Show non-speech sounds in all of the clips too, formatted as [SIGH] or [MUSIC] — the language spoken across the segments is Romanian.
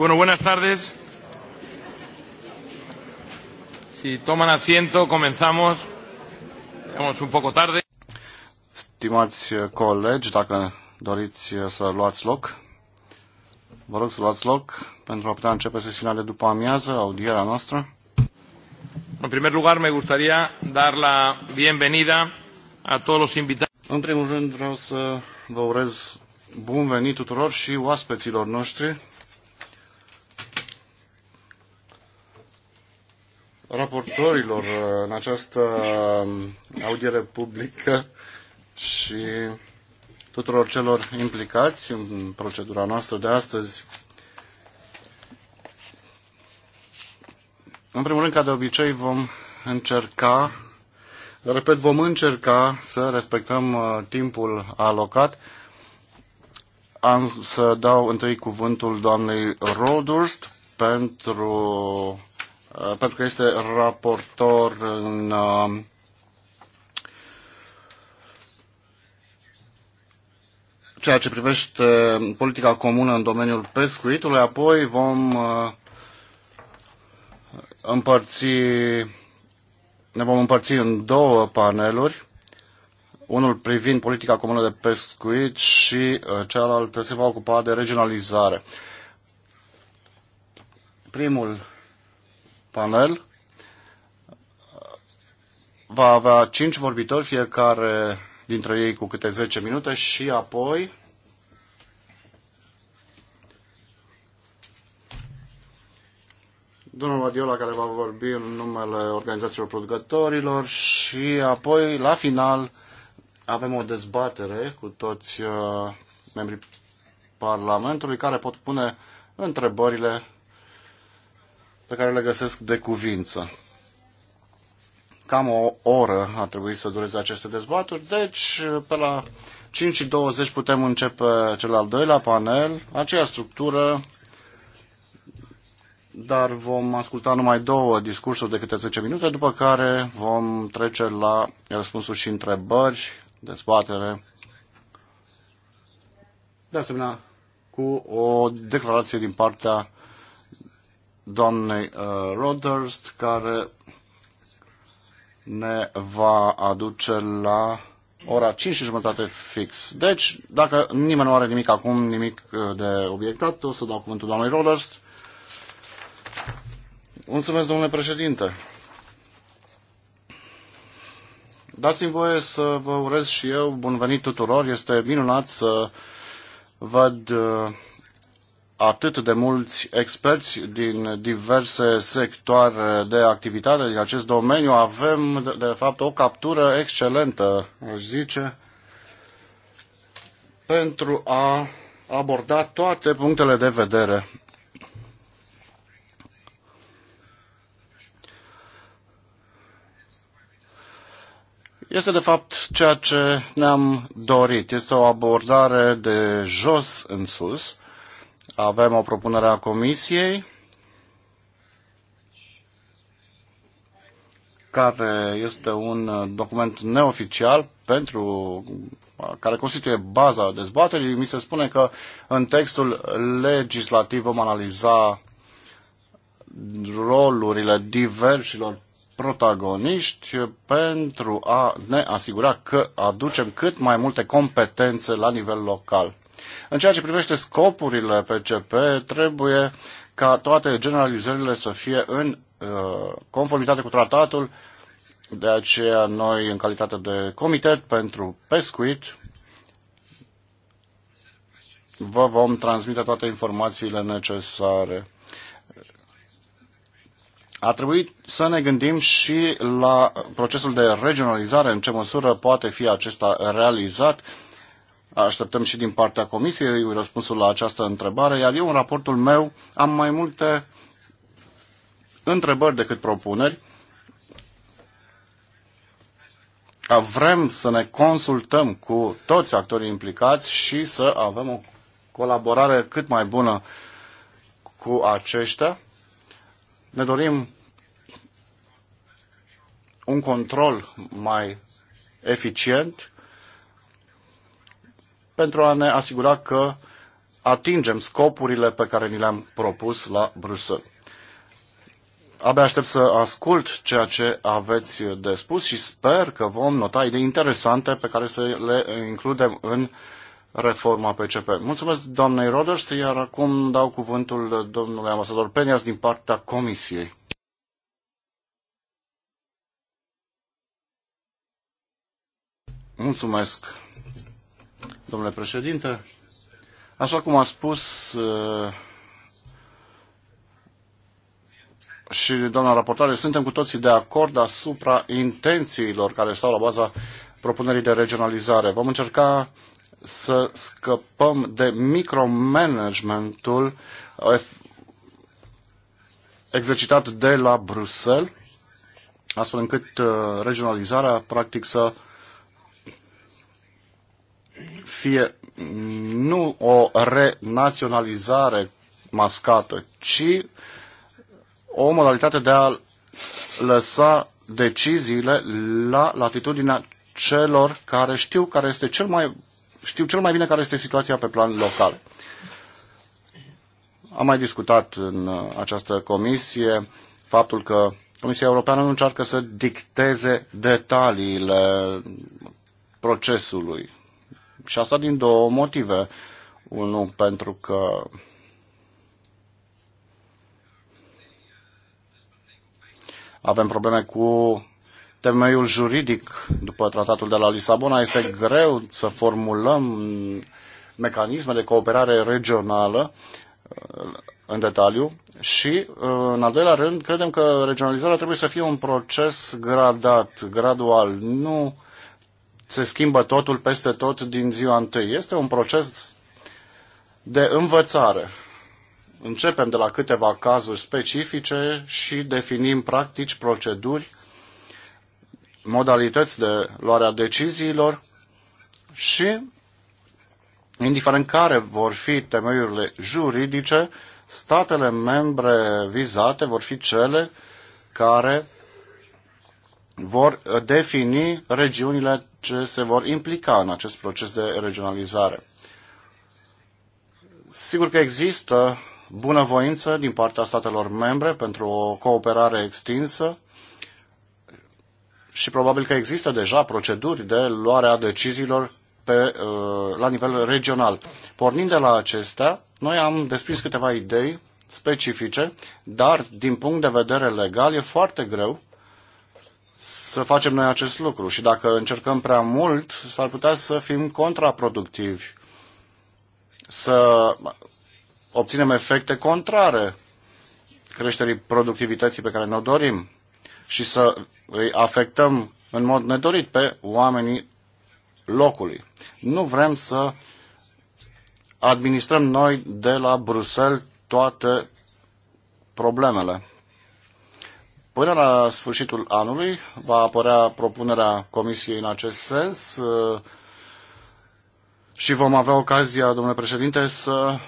Bueno, buenas tardes. Si toman asiento, comenzamos. Llegamos un poco tarde. Stimați eh, colegi, dacă doriți eh, să luați loc, vă rog să luați loc pentru a putea începe sesiunea de după amiază, audierea noastră. În primul lugar, me gustaría dar la bienvenida a todos los invitados. În primul rând, vreau să vă urez bun venit tuturor și oaspeților noștri raportorilor uh, în această um, audiere publică și tuturor celor implicați în procedura noastră de astăzi. În primul rând, ca de obicei, vom încerca, repet, vom încerca să respectăm uh, timpul alocat. Am să dau întâi cuvântul doamnei Rodurst pentru Uh, pentru că este raportor în uh, ceea ce privește politica comună în domeniul pescuitului, apoi vom uh, împărți, ne vom împărți în două paneluri, unul privind politica comună de pescuit și cealaltă se va ocupa de regionalizare. Primul panel va avea 5 vorbitori, fiecare dintre ei cu câte 10 minute și apoi domnul Vadiola care va vorbi în numele organizațiilor producătorilor și apoi la final avem o dezbatere cu toți uh, membrii Parlamentului care pot pune întrebările pe care le găsesc de cuvință. Cam o oră a trebuit să dureze aceste dezbaturi, deci pe la 5.20 putem începe cel al doilea panel, Aceea structură, dar vom asculta numai două discursuri de câte 10 minute, după care vom trece la răspunsuri și întrebări, dezbatere, de asemenea cu o declarație din partea doamnei uh, care ne va aduce la ora 5 și jumătate fix. Deci, dacă nimeni nu are nimic acum, nimic uh, de obiectat, o să dau cuvântul doamnei Rodhurst. Mulțumesc, domnule președinte. Dați-mi voie să vă urez și eu bun venit tuturor. Este minunat să văd uh, atât de mulți experți din diverse sectoare de activitate din acest domeniu, avem de, fapt o captură excelentă, aș zice, pentru a aborda toate punctele de vedere. Este de fapt ceea ce ne-am dorit. Este o abordare de jos în sus avem o propunere a Comisiei care este un document neoficial pentru care constituie baza dezbaterii. Mi se spune că în textul legislativ vom analiza rolurile diversilor protagoniști pentru a ne asigura că aducem cât mai multe competențe la nivel local. În ceea ce privește scopurile PCP, trebuie ca toate generalizările să fie în uh, conformitate cu tratatul. De aceea noi, în calitate de comitet pentru pescuit, vă vom transmite toate informațiile necesare. A trebuit să ne gândim și la procesul de regionalizare, în ce măsură poate fi acesta realizat Așteptăm și din partea Comisiei răspunsul la această întrebare, iar eu în raportul meu am mai multe întrebări decât propuneri. Vrem să ne consultăm cu toți actorii implicați și să avem o colaborare cât mai bună cu aceștia. Ne dorim un control mai eficient pentru a ne asigura că atingem scopurile pe care ni le-am propus la Bruxelles. Abia aștept să ascult ceea ce aveți de spus și sper că vom nota idei interesante pe care să le includem în reforma PCP. Mulțumesc doamnei Roders, iar acum dau cuvântul domnului ambasador Penias din partea Comisiei. Mulțumesc domnule președinte. Așa cum a spus uh, și doamna raportoare, suntem cu toții de acord asupra intențiilor care stau la baza propunerii de regionalizare. Vom încerca să scăpăm de micromanagementul uh, exercitat de la Bruxelles, astfel încât uh, regionalizarea practic să fie nu o renaționalizare mascată, ci o modalitate de a lăsa deciziile la latitudinea celor care știu care este cel mai știu cel mai bine care este situația pe plan local. Am mai discutat în această comisie faptul că Comisia Europeană nu încearcă să dicteze detaliile procesului. Și asta din două motive. Unul pentru că avem probleme cu temeiul juridic după tratatul de la Lisabona. Este greu să formulăm mecanisme de cooperare regională uh, în detaliu și, uh, în al doilea rând, credem că regionalizarea trebuie să fie un proces gradat, gradual, nu se schimbă totul peste tot din ziua întâi. Este un proces de învățare. Începem de la câteva cazuri specifice și definim practici, proceduri, modalități de luarea deciziilor și, indiferent care vor fi temeiurile juridice, statele membre vizate vor fi cele care vor defini regiunile ce se vor implica în acest proces de regionalizare. Sigur că există bunăvoință din partea statelor membre pentru o cooperare extinsă și probabil că există deja proceduri de luare a deciziilor pe, uh, la nivel regional. Pornind de la acestea, noi am desprins câteva idei specifice, dar din punct de vedere legal e foarte greu să facem noi acest lucru și dacă încercăm prea mult, s-ar putea să fim contraproductivi, să obținem efecte contrare creșterii productivității pe care ne-o dorim și să îi afectăm în mod nedorit pe oamenii locului. Nu vrem să administrăm noi de la Bruxelles toate problemele. Până la sfârșitul anului va apărea propunerea Comisiei în acest sens uh, și vom avea ocazia, domnule președinte, să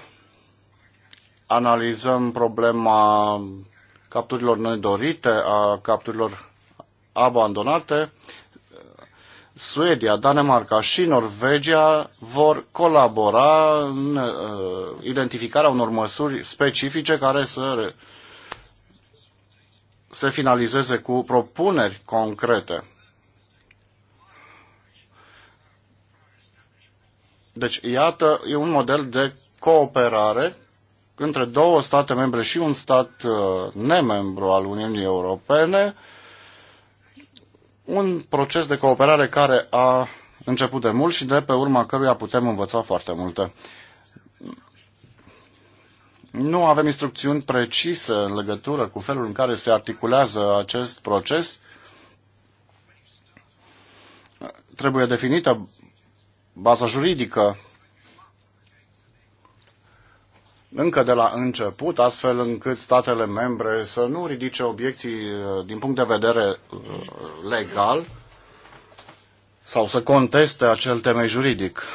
analizăm problema capturilor nedorite, a capturilor abandonate. Suedia, Danemarca și Norvegia vor colabora în uh, identificarea unor măsuri specifice care să se finalizeze cu propuneri concrete. Deci, iată, e un model de cooperare între două state membre și un stat uh, nemembru al Uniunii Europene, un proces de cooperare care a început de mult și de pe urma căruia putem învăța foarte multe. Nu avem instrucțiuni precise în legătură cu felul în care se articulează acest proces. Trebuie definită baza juridică încă de la început, astfel încât statele membre să nu ridice obiecții uh, din punct de vedere uh, legal sau să conteste acel temei juridic.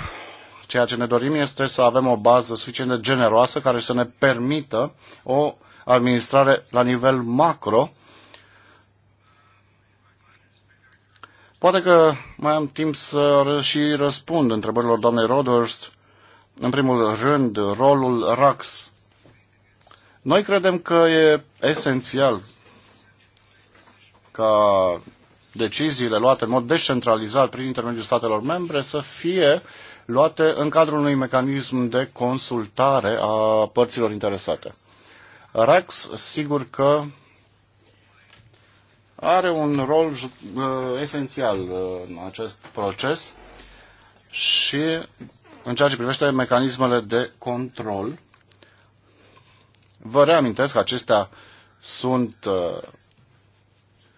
Ceea ce ne dorim este să avem o bază suficient de generoasă care să ne permită o administrare la nivel macro. Poate că mai am timp să și răspund întrebărilor doamnei Rodhurst. În primul rând, rolul RAX. Noi credem că e esențial ca deciziile luate în mod descentralizat prin intermediul statelor membre să fie uh, luate în cadrul unui mecanism de consultare a părților interesate. RAX, sigur că are un rol uh, esențial uh, în acest proces și în ceea ce privește mecanismele de control. Vă reamintesc că acestea sunt uh,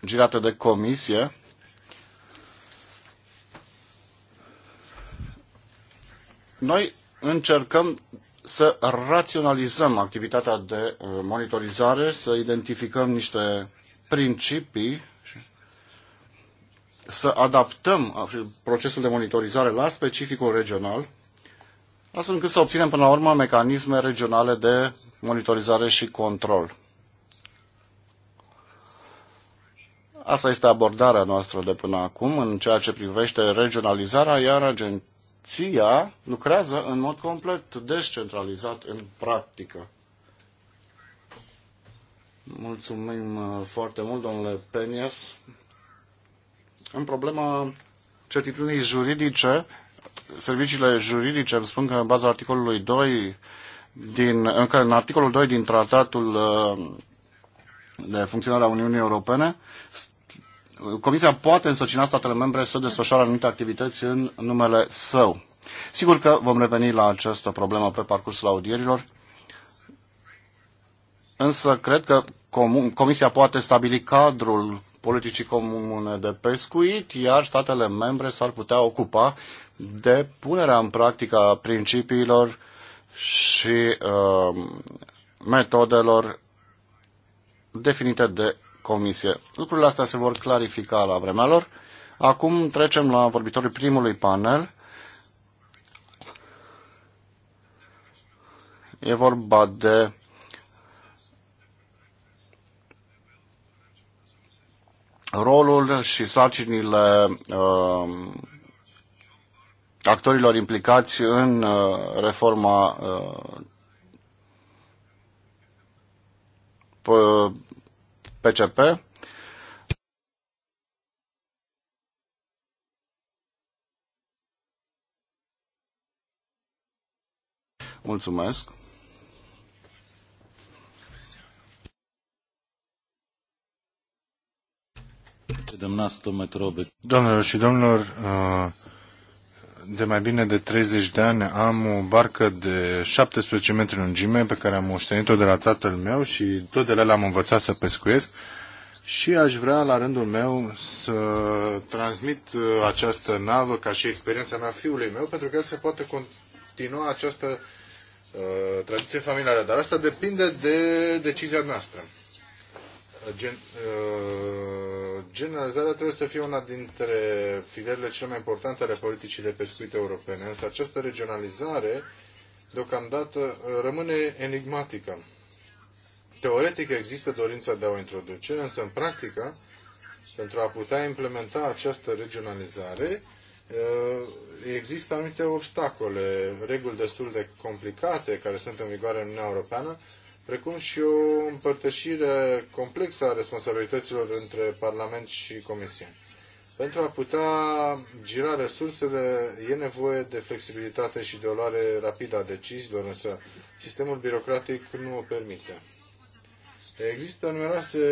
girate de comisie Noi încercăm să raționalizăm activitatea de uh, monitorizare, să identificăm niște principii, să adaptăm uh, procesul de monitorizare la specificul regional, astfel încât să obținem până la urmă mecanisme regionale de monitorizare și control. Asta este abordarea noastră de până acum în ceea ce privește regionalizarea, iar CIA lucrează în mod complet descentralizat în practică. Mulțumim uh, foarte mult, domnule Penias. În problema certitudinii juridice, serviciile juridice îmi spun că în baza articolului 2 din, încă în articolul 2 din tratatul uh, de funcționare a Uniunii Europene, Comisia poate însăcina statele membre să desfășoare anumite activități în numele său. Sigur că vom reveni la această problemă pe parcursul audierilor, însă cred că Comisia poate stabili cadrul politicii comune de pescuit, iar statele membre s-ar putea ocupa de punerea în practică a principiilor și uh, metodelor definite de comisie. Lucrurile astea se vor clarifica la vremea lor. Acum trecem la vorbitorii primului panel. E vorba de rolul și sarcinile uh, actorilor implicați în uh, reforma uh, PCP. Mulțumesc. Domnilor și domnilor, uh, de mai bine de 30 de ani am o barcă de 17 metri lungime pe care am moștenit-o de la tatăl meu și tot de la l-am învățat să pescuiesc și aș vrea la rândul meu să transmit uh, această navă ca și experiența mea fiului meu pentru că el se poate continua această uh, tradiție familială. Dar asta depinde de decizia noastră gen, uh, generalizarea trebuie să fie una dintre filierele cele mai importante ale politicii de pescuit europene, însă această regionalizare deocamdată rămâne enigmatică. Teoretic există dorința de a o introduce, însă în practică, pentru a putea implementa această regionalizare, uh, există anumite obstacole, reguli destul de complicate care sunt în vigoare în Uniunea Europeană, precum și o împărtășire complexă a responsabilităților între Parlament și Comisie. Pentru a putea gira resursele, e nevoie de flexibilitate și de o luare rapidă a deciziilor, însă sistemul birocratic nu o permite. Există numeroase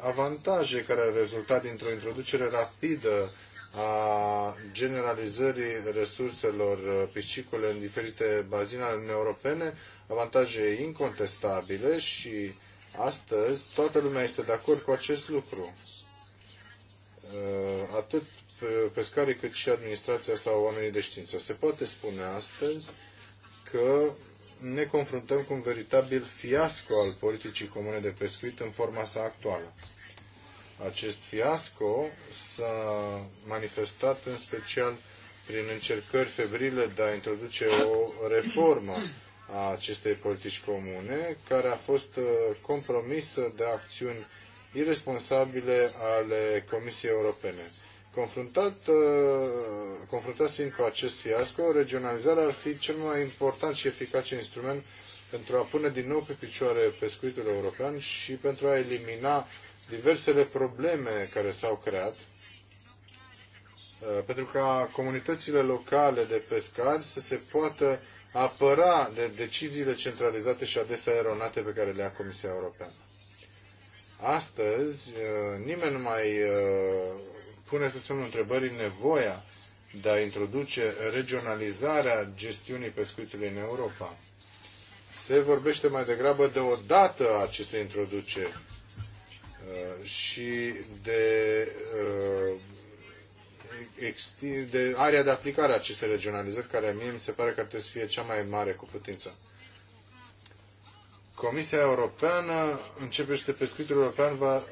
avantaje care au rezultat dintr-o introducere rapidă a generalizării resurselor piscicole în diferite bazine ale Uniunii Europene, avantaje incontestabile și astăzi toată lumea este de acord cu acest lucru. Uh, atât pescarii cât și administrația sau oamenii de știință. Se poate spune astăzi că ne confruntăm cu un veritabil fiasco al politicii comune de pescuit în forma sa actuală. Acest fiasco s-a manifestat în special prin încercări febrile de a introduce o reformă a acestei politici comune, care a fost uh, compromisă de acțiuni irresponsabile ale Comisiei Europene. Confruntat, uh, confruntat fiind cu acest fiasco, regionalizarea ar fi cel mai important și eficace instrument pentru a pune din nou pe picioare pescuitul european și pentru a elimina diversele probleme care s-au creat, uh, pentru ca comunitățile locale de pescari să se poată apăra de deciziile centralizate și adesea eronate pe care le ia Comisia Europeană. Astăzi, uh, nimeni nu mai uh, pune sub semnul întrebării nevoia de a introduce regionalizarea gestiunii pescuitului în Europa. Se vorbește mai degrabă de o dată a acestei introduceri uh, și de de area de aplicare a acestei regionalizări, care mie mi se pare că ar trebui să fie cea mai mare cu putință. Comisia Europeană pe pescuitul european va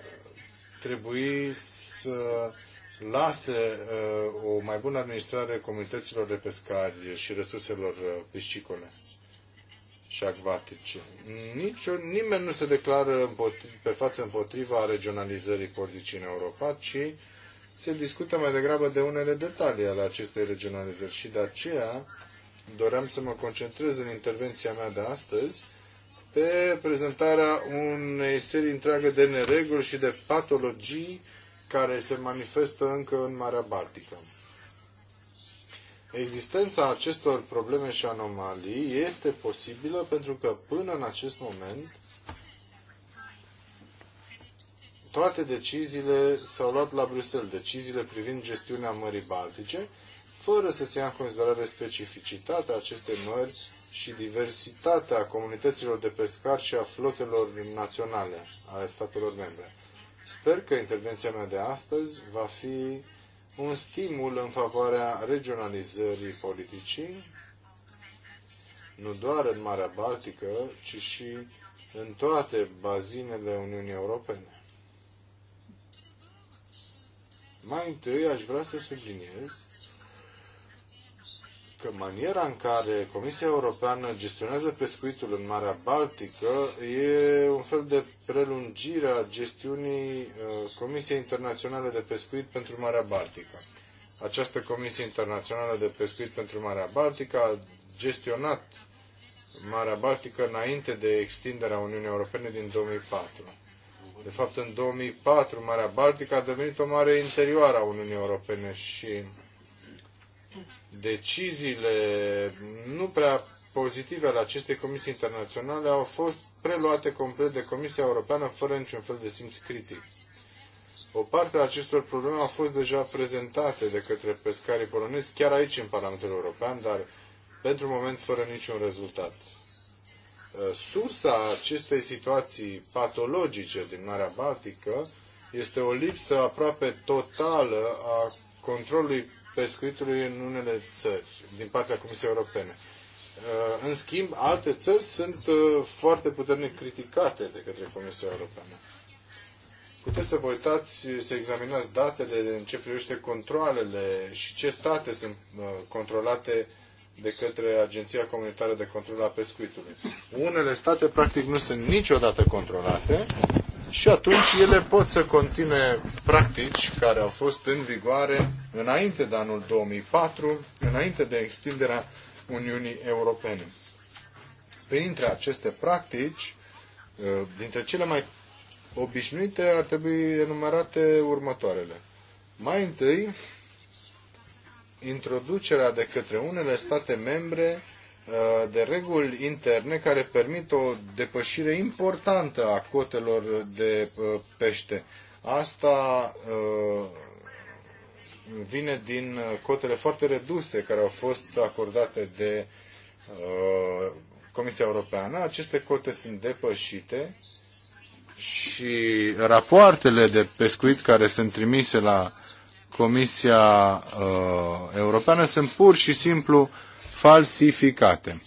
trebui să lase uh, o mai bună administrare comunităților de pescari și resurselor uh, piscicole și acvatice. Nici, nimeni nu se declară pe față împotriva regionalizării politicii în Europa, ci se discută mai degrabă de unele detalii ale acestei regionalizări și de aceea doream să mă concentrez în intervenția mea de astăzi pe prezentarea unei serii întreagă de nereguli și de patologii care se manifestă încă în Marea Baltică. Existența acestor probleme și anomalii este posibilă pentru că până în acest moment toate deciziile s-au luat la Bruxelles, deciziile privind gestiunea Mării Baltice, fără să se ia în considerare specificitatea acestei mări și diversitatea comunităților de pescar și a flotelor naționale ale statelor membre. Sper că intervenția mea de astăzi va fi un stimul în favoarea regionalizării politicii, nu doar în Marea Baltică, ci și în toate bazinele Uniunii Europene. Mai întâi aș vrea să subliniez că maniera în care Comisia Europeană gestionează pescuitul în Marea Baltică e un fel de prelungire a gestiunii uh, Comisiei Internaționale de Pescuit pentru Marea Baltică. Această Comisie Internațională de Pescuit pentru Marea Baltică a gestionat Marea Baltică înainte de extinderea Uniunii Europene din 2004. De fapt, în 2004, Marea Baltică a devenit o mare interioară a Uniunii Europene și deciziile nu prea pozitive ale acestei comisii internaționale au fost preluate complet de Comisia Europeană fără niciun fel de simț critic. O parte a acestor probleme au fost deja prezentate de către pescarii polonezi chiar aici în Parlamentul European, dar pentru moment fără niciun rezultat. Ă, sursa acestei situații patologice din Marea Baltică este o lipsă aproape totală a controlului pescuitului în unele țări, din partea Comisiei Europene. Ă, în schimb, alte țări sunt ă, foarte puternic criticate de către Comisia Europeană. Puteți să vă uitați, să examinați datele în ce privește controlele și ce state sunt controlate de către Agenția Comunitară de Control a Pescuitului. Unele state practic nu sunt niciodată controlate și atunci ele pot să continue practici care au fost în vigoare înainte de anul 2004, înainte de extinderea Uniunii Europene. Printre aceste practici, uh, dintre cele mai obișnuite, ar trebui enumerate următoarele. Mai întâi, introducerea de către unele state membre uh, de reguli interne care permit o depășire importantă a cotelor de uh, pește. Asta uh, vine din cotele foarte reduse care au fost acordate de Comisia Europeană. Aceste cote sunt depășite și rapoartele de pescuit care sunt trimise la uh, Comisia uh, Europeană sunt pur și simplu falsificate.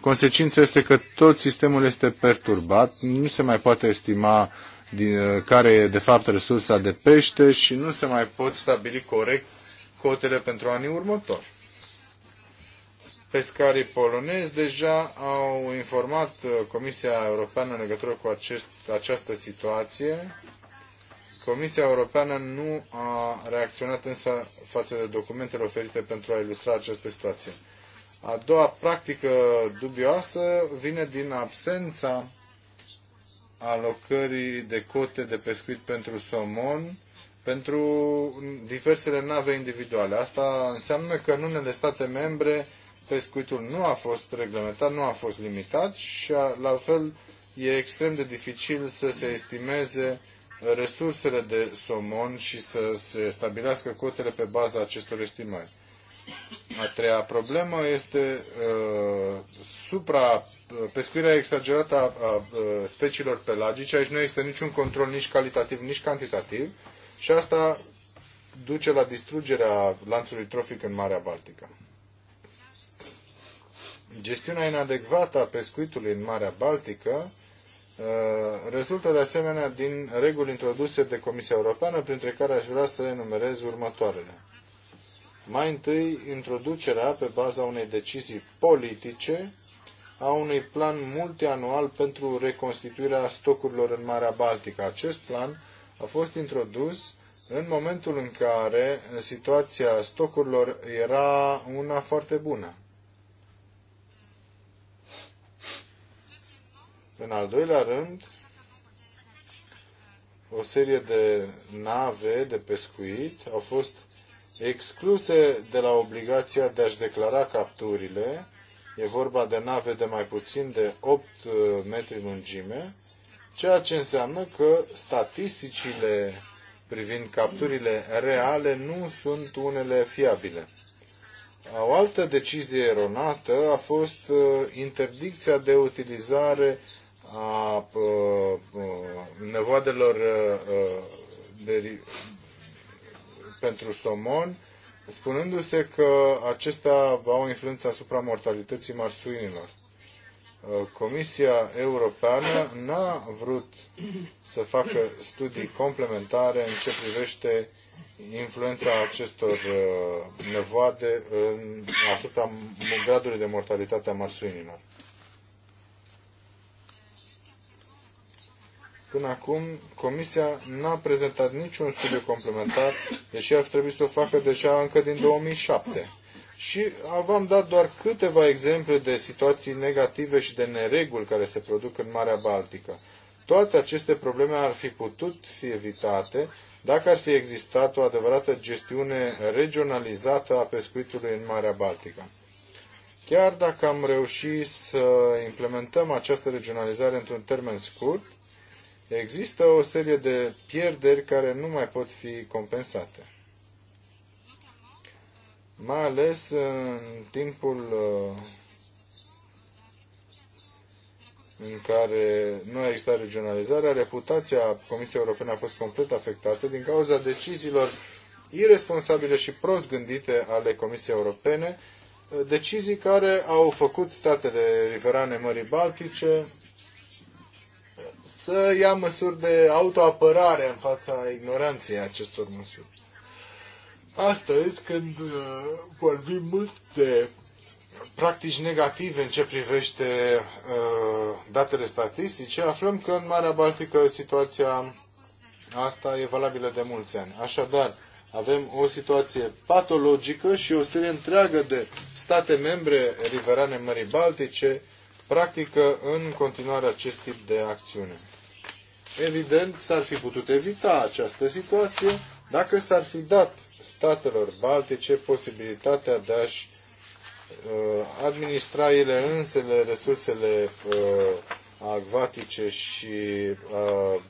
Consecința este că tot sistemul este perturbat, nu se mai poate estima din, uh, care e de fapt resursa de pește și nu se mai pot stabili corect cotele pentru anii următori. Pescarii polonezi deja au informat uh, Comisia Europeană în legătură cu acest, această situație Comisia Europeană nu a reacționat însă față de documentele oferite pentru a ilustra această situație. A doua practică dubioasă vine din absența alocării de cote de pescuit pentru somon pentru diversele nave individuale. Asta înseamnă că în unele state membre pescuitul nu a fost reglementat, nu a fost limitat și la fel e extrem de dificil să se estimeze resursele de somon și să se stabilească cotele pe baza acestor estimări. A treia problemă este uh, supra uh, pescuirea exagerată a, a, a uh, speciilor pelagice. Aici nu există niciun control nici calitativ, nici cantitativ și asta duce la distrugerea lanțului trofic în Marea Baltică. Gestiunea inadecvată a pescuitului în Marea Baltică Uh, rezultă de asemenea din reguli introduse de Comisia Europeană, printre care aș vrea să enumerez următoarele. Mai întâi, introducerea pe baza unei decizii politice a unui plan multianual pentru reconstituirea stocurilor în Marea Baltică. Acest plan a fost introdus în momentul în care situația stocurilor era una foarte bună. În al doilea rând, o serie de nave de pescuit au fost excluse de la obligația de a-și declara capturile. E vorba de nave de mai puțin de 8 uh, metri lungime, ceea ce înseamnă că statisticile privind capturile reale nu sunt unele fiabile. O altă decizie eronată a fost uh, interdicția de utilizare a nevoadelor de, pentru somon, spunându-se că acestea au o influență asupra mortalității marsuinilor. Comisia Europeană n-a vrut să facă studii complementare în ce privește influența acestor nevoade în, asupra gradului de mortalitate a marsuinilor. Până acum, Comisia n-a prezentat niciun studiu complementar, deși ar trebui să o facă deja încă din 2007. Și v-am dat doar câteva exemple de situații negative și de nereguli care se produc în Marea Baltică. Toate aceste probleme ar fi putut fi evitate dacă ar fi existat o adevărată gestiune regionalizată a pescuitului în Marea Baltică. Chiar dacă am reușit să implementăm această regionalizare într-un termen scurt, există o serie de pierderi care nu mai pot fi compensate. Mai ales în timpul uh, în care nu a existat regionalizarea, reputația Comisiei Europene a fost complet afectată din cauza deciziilor irresponsabile și prost gândite ale Comisiei Europene, uh, decizii care au făcut statele riverane Mării Baltice să ia măsuri de autoapărare în fața ignoranței acestor măsuri. Astăzi, când uh, vorbim mult de practici negative în ce privește uh, datele statistice, aflăm că în Marea Baltică situația asta e valabilă de mulți ani. Așadar, avem o situație patologică și o serie întreagă de state membre riverane Mării Baltice practică în continuare acest tip de acțiune. Evident, s-ar fi putut evita această situație dacă s-ar fi dat statelor baltice posibilitatea de a-și uh, administra ele însele resursele uh, acvatice și uh,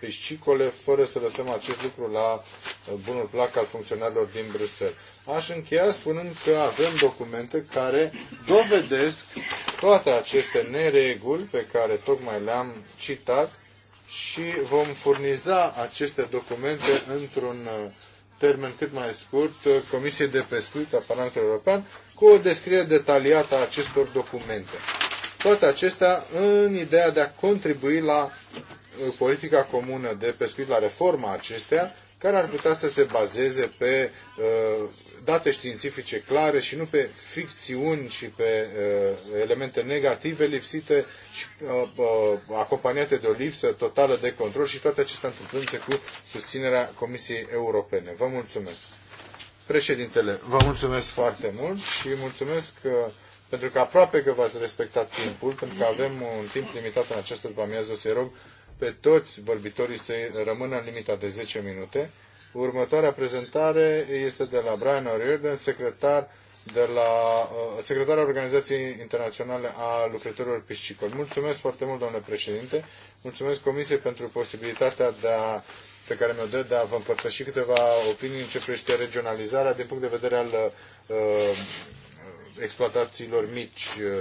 piscicole, fără să lăsăm acest lucru la bunul plac al funcționarilor din Bruxelles. Aș încheia spunând că avem documente care dovedesc toate aceste nereguli pe care tocmai le-am citat și vom furniza aceste documente într-un uh, termen cât mai scurt uh, Comisiei de Pescuit a Parlamentului European cu o descriere detaliată a acestor documente. Toate acestea în ideea de a contribui la uh, politica comună de pescuit, la reforma acesteia, care ar putea să se bazeze pe uh, date științifice clare și nu pe ficțiuni și pe uh, elemente negative lipsite și uh, uh, acompaniate de o lipsă totală de control și toate acestea întâmplându-se cu susținerea Comisiei Europene. Vă mulțumesc. Președintele, vă mulțumesc foarte mult și mulțumesc că, uh, pentru că aproape că v-ați respectat timpul, pentru că avem un timp limitat în această după amiază, o să rog pe toți vorbitorii să rămână în limita de 10 minute Următoarea prezentare este de la Brian O'Riordan, secretar de la uh, secretarul Organizației Internaționale a Lucrătorilor Piscicoli. Mulțumesc foarte mult, domnule președinte. Mulțumesc Comisiei pentru posibilitatea de a, pe care mi-o dă de a vă împărtăși câteva opinii în ce privește regionalizarea din punct de vedere al uh, exploatațiilor mici, uh,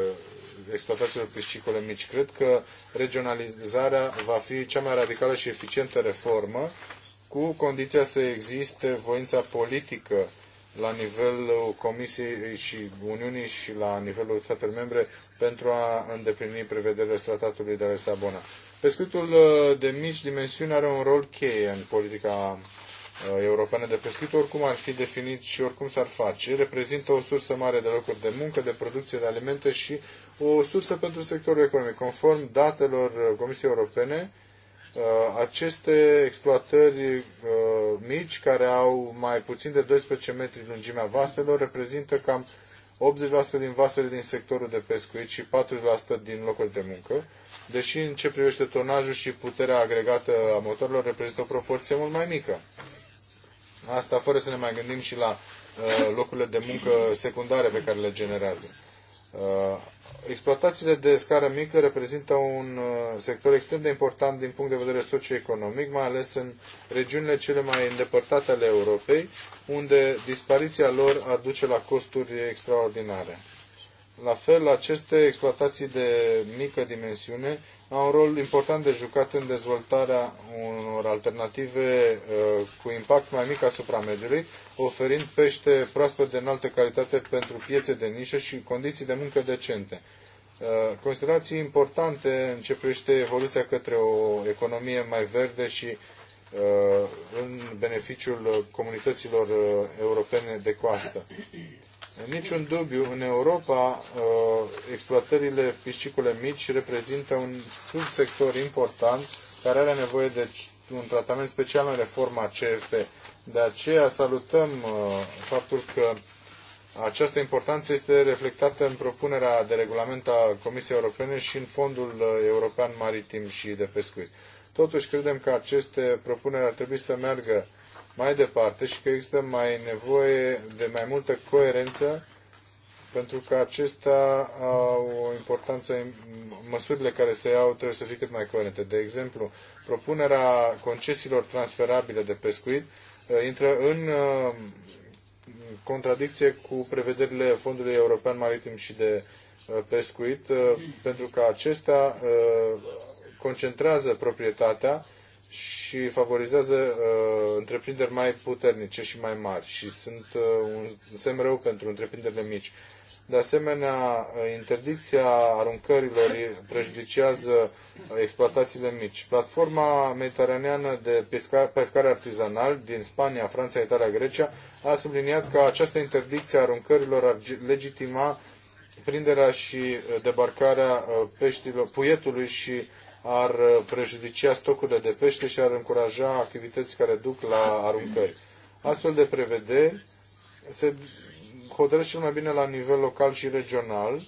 exploatațiilor piscicole mici. Cred că regionalizarea va fi cea mai radicală și eficientă reformă cu condiția să existe voința politică la nivelul Comisiei și Uniunii și la nivelul statelor membre pentru a îndeplini prevederile tratatului de la Lisabona. Pescuitul uh, de mici dimensiuni are un rol cheie în politica uh, europeană de pescuit, oricum ar fi definit și oricum s-ar face. Reprezintă o sursă mare de locuri de muncă, de producție de alimente și o sursă pentru sectorul economic. Conform datelor uh, Comisiei Europene, Uh, aceste exploatări uh, mici, care au mai puțin de 12 metri lungimea vaselor, reprezintă cam 80% din vasele din sectorul de pescuit și 40% din locuri de muncă, deși în ce privește tonajul și puterea agregată a motorilor reprezintă o proporție mult mai mică. Asta fără să ne mai gândim și la uh, locurile de muncă secundare pe care le generează. Exploatațiile de scară mică reprezintă un uh, sector extrem de important din punct de vedere socioeconomic, mai ales în regiunile cele mai îndepărtate ale Europei, unde dispariția lor ar duce la costuri extraordinare. La fel, aceste exploatații de mică dimensiune au un rol important de jucat în dezvoltarea unor alternative uh, cu impact mai mic asupra mediului, oferind pește proaspăt de înaltă calitate pentru piețe de nișă și condiții de muncă decente. Uh, considerații importante în ce privește evoluția către o economie mai verde și uh, în beneficiul comunităților europene de coastă niciun dubiu, în Europa uh, exploatările piscicole mici reprezintă un subsector important care are nevoie de un tratament special în reforma CFP. De aceea salutăm uh, faptul că această importanță este reflectată în propunerea de regulament a Comisiei Europene și în Fondul uh, European Maritim și de Pescuit. Totuși, credem că aceste propuneri ar trebui să meargă mai departe și că există mai nevoie de mai multă coerență pentru că acestea au o importanță, măsurile care se iau trebuie să fie cât mai coerente. De exemplu, propunerea concesiilor transferabile de pescuit uh, intră în uh, contradicție cu prevederile Fondului European Maritim și de uh, pescuit, pentru că acestea concentrează proprietatea și favorizează uh, întreprinderi mai puternice și mai mari și sunt uh, un semn rău pentru întreprinderile mici. De asemenea, uh, interdicția aruncărilor prejudiciază uh, exploatațiile mici. Platforma mediteraneană de pescare artizanal din Spania, Franța, Italia, Grecia a subliniat că această interdicție a aruncărilor ar legitima prinderea și uh, debarcarea peștilor, puietului și ar uh, prejudicia stocurile de pește și ar încuraja activități care duc la aruncări. Astfel de prevederi se hotărăsc cel mai bine la nivel local și regional,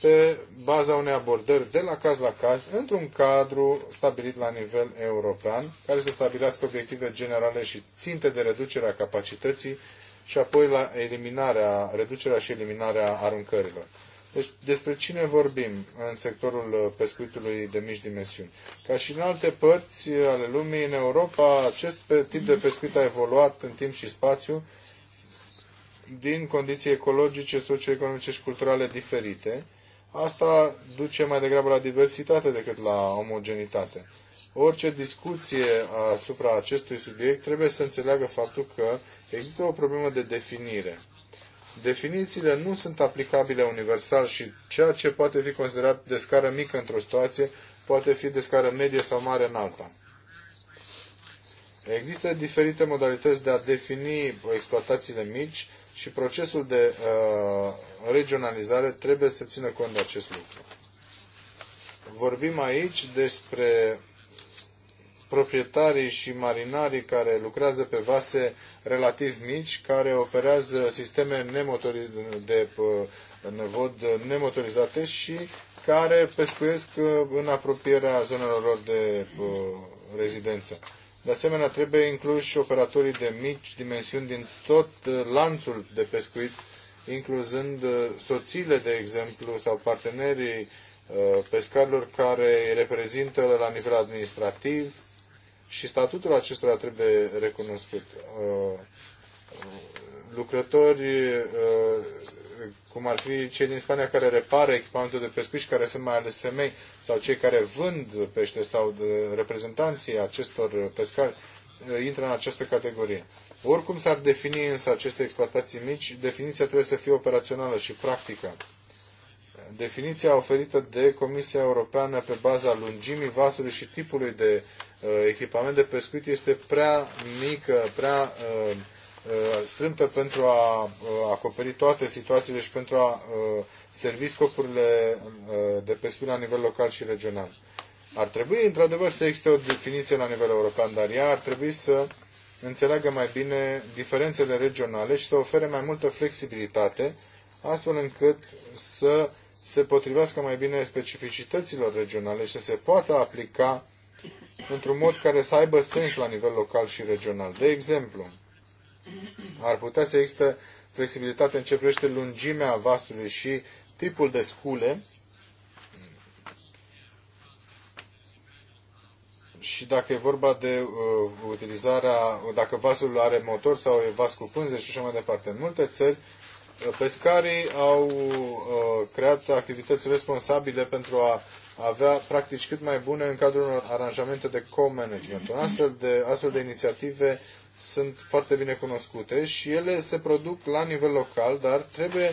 pe baza unei abordări de la caz la caz, într-un cadru stabilit la nivel european, care să stabilească obiective generale și ținte de reducere a capacității și apoi la eliminarea, reducerea și eliminarea aruncărilor. Deci, despre cine vorbim în sectorul uh, pescuitului de mici dimensiuni? Ca și în alte părți uh, ale lumii, în Europa, acest tip de pescuit a evoluat în timp și spațiu din condiții ecologice, socioeconomice și culturale diferite. Asta duce mai degrabă la diversitate decât la omogenitate. Orice discuție asupra acestui subiect trebuie să înțeleagă faptul că există o problemă de definire definițiile nu sunt aplicabile universal și ceea ce poate fi considerat de scară mică într-o situație poate fi de scară medie sau mare în alta. Există diferite modalități de a defini exploatațiile mici și procesul de uh, regionalizare trebuie să țină cont de acest lucru. Vorbim aici despre proprietarii și marinarii care lucrează pe vase relativ mici, care operează sisteme nemotori- de uh, nevod nemotorizate și care pescuiesc uh, în apropierea zonelor lor de uh, rezidență. De asemenea, trebuie inclus și operatorii de mici dimensiuni din tot lanțul de pescuit, incluzând soțiile, de exemplu, sau partenerii pescarilor care îi reprezintă la nivel administrativ, și statutul acestora trebuie recunoscut. Uh, lucrători, uh, cum ar fi cei din Spania care repară echipamentul de pescuit și care sunt mai ales femei, sau cei care vând pește sau reprezentanții acestor pescari, uh, intră în această categorie. Oricum s-ar defini însă aceste exploatații mici, definiția trebuie să fie operațională și practică. Definiția oferită de Comisia Europeană pe baza lungimii vasului și tipului de uh, Uh, echipament de pescuit este prea mică, prea uh, uh, strâmtă pentru a acoperi toate situațiile și pentru a servi scopurile de pescuit la nivel local și regional. Ar trebui, într-adevăr, să existe o definiție la nivel european, dar ea ar trebui să înțeleagă mai bine diferențele regionale și să ofere mai multă flexibilitate, astfel încât să se potrivească mai bine specificităților regionale și să se poată aplica într-un mod care să aibă sens la nivel local și regional. De exemplu, ar putea să există flexibilitate în ce privește lungimea vasului și tipul de scule și dacă e vorba de uh, utilizarea, dacă vasul are motor sau e vas cu pânze și așa mai departe. În multe țări, uh, pescarii au uh, creat activități responsabile pentru a avea practici cât mai bune în cadrul unor aranjamente de co-management. astfel de, astfel de inițiative sunt foarte bine cunoscute și ele se produc la nivel local, dar trebuie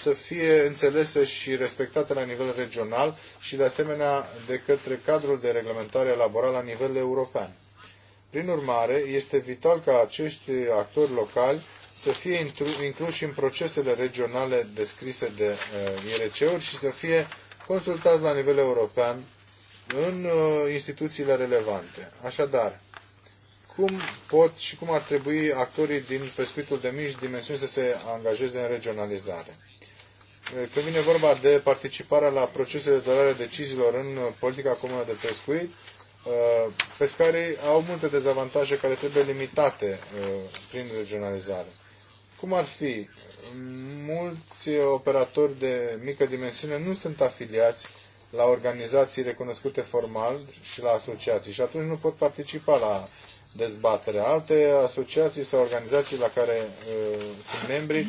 să fie înțelese și respectate la nivel regional și de asemenea de către cadrul de reglementare elaborat la nivel european. Prin urmare, este vital ca acești actori locali să fie incluși în procesele regionale descrise de uh, IRC-uri și să fie consultați la nivel european în uh, instituțiile relevante. Așadar, cum pot și cum ar trebui actorii din pescuitul de mici dimensiuni să se angajeze în regionalizare? Uh, când vine vorba de participarea la procesele de luare deciziilor în uh, politica comună de pescuit, pescarii au multe dezavantaje care trebuie limitate prin regionalizare. Cum ar fi mulți operatori de mică dimensiune nu sunt afiliați la organizații recunoscute formal și la asociații și atunci nu pot participa la dezbatere. Alte asociații sau organizații la care uh, sunt membri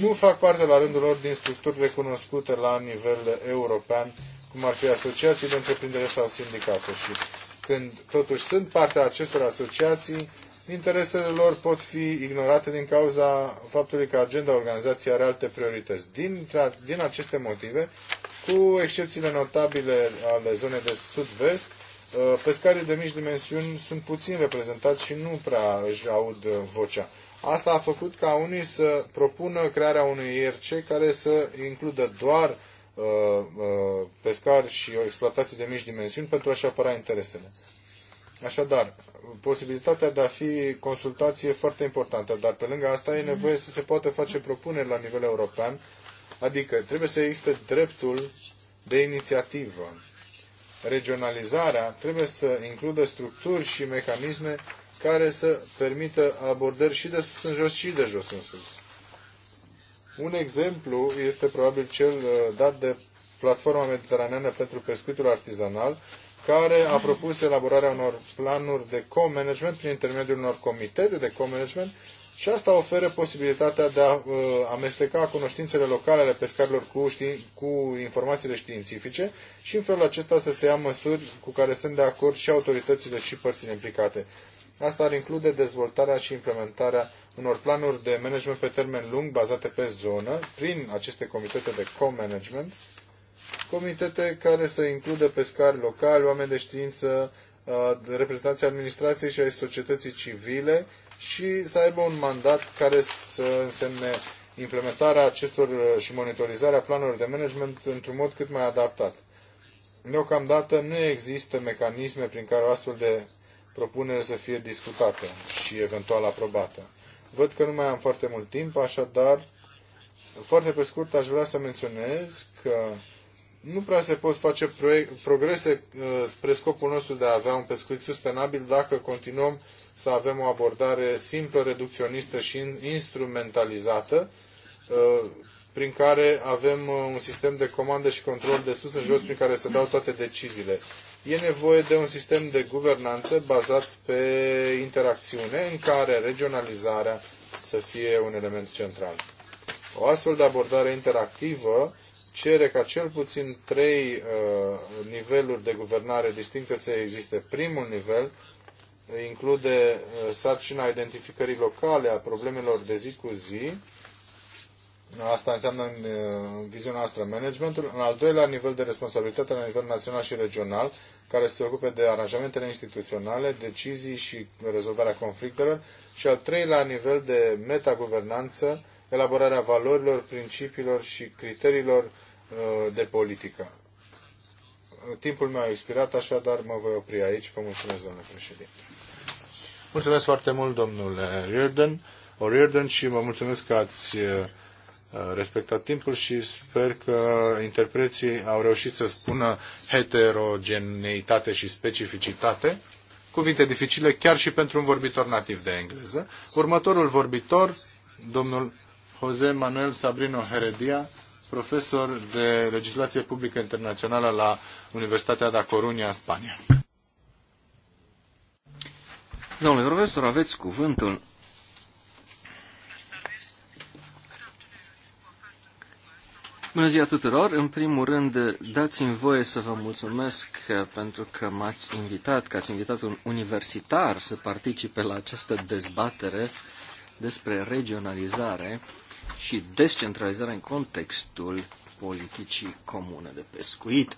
nu fac parte la rândul lor din structuri recunoscute la nivel european, cum ar fi asociații de întreprindere sau sindicate. Și când totuși sunt partea acestor asociații, interesele lor pot fi ignorate din cauza faptului că agenda organizației are alte priorități. Din, din aceste motive, cu excepțiile notabile ale zonei de sud-vest, uh, pescarii de mici dimensiuni sunt puțin reprezentați și nu prea își aud uh, vocea. Asta a făcut ca unii să propună crearea unui IRC care să includă doar uh, pescari și o exploatație de mici dimensiuni pentru a-și apăra interesele. Așadar, posibilitatea de a fi consultație e foarte importantă, dar pe lângă asta e nevoie să se poată face propuneri la nivel european, adică trebuie să existe dreptul de inițiativă. Regionalizarea trebuie să includă structuri și mecanisme care să permită abordări și de sus în jos și de jos în sus. Un exemplu este probabil cel uh, dat de Platforma Mediteraneană pentru Pescuitul Artizanal, care a propus elaborarea unor planuri de co-management prin intermediul unor comitete de co-management și asta oferă posibilitatea de a uh, amesteca cunoștințele locale ale pescarilor cu, știin, cu informațiile științifice și în felul acesta să se ia măsuri cu care sunt de acord și autoritățile și părțile implicate. Asta ar include dezvoltarea și implementarea unor planuri de management pe termen lung bazate pe zonă prin aceste comitete de co-management comitete care să includă pescari locali, oameni de știință, uh, reprezentanții administrației și ai societății civile și să aibă un mandat care să însemne implementarea acestor uh, și monitorizarea planurilor de management într-un mod cât mai adaptat. Deocamdată nu există mecanisme prin care o astfel de propunere să fie discutată și eventual aprobată. Văd că nu mai am foarte mult timp, așadar, foarte pe scurt, aș vrea să menționez că nu prea se pot face progrese uh, spre scopul nostru de a avea un pescuit sustenabil dacă continuăm să avem o abordare simplă, reducționistă și instrumentalizată, uh, prin care avem uh, un sistem de comandă și control de sus în jos prin care se dau toate deciziile. E nevoie de un sistem de guvernanță bazat pe interacțiune, în care regionalizarea să fie un element central. O astfel de abordare interactivă cere ca cel puțin trei uh, niveluri de guvernare distincte să existe. Primul nivel include uh, sarcina identificării locale a problemelor de zi cu zi. Asta înseamnă în uh, viziunea noastră managementul. În al doilea nivel de responsabilitate la nivel național și regional, care se ocupe de aranjamentele instituționale, decizii și rezolvarea conflictelor. Și al treilea nivel de metaguvernanță, elaborarea valorilor, principiilor și criteriilor Uh, de politică. Timpul meu a expirat, așadar mă voi opri aici. Vă mulțumesc, domnule președinte. Mulțumesc foarte mult, domnule Riordan, Riordan și vă mulțumesc că ați uh, respectat timpul și sper că interpreții au reușit să spună heterogeneitate și specificitate, cuvinte dificile chiar și pentru un vorbitor nativ de engleză. Următorul vorbitor, domnul José Manuel Sabrino Heredia, profesor de legislație publică internațională la Universitatea de Coruña, Spania. Domnule profesor, aveți cuvântul. Bună ziua tuturor! În primul rând, dați-mi voie să vă mulțumesc pentru că m-ați invitat, că ați invitat un universitar să participe la această dezbatere despre regionalizare și descentralizarea în contextul politicii comune de pescuit.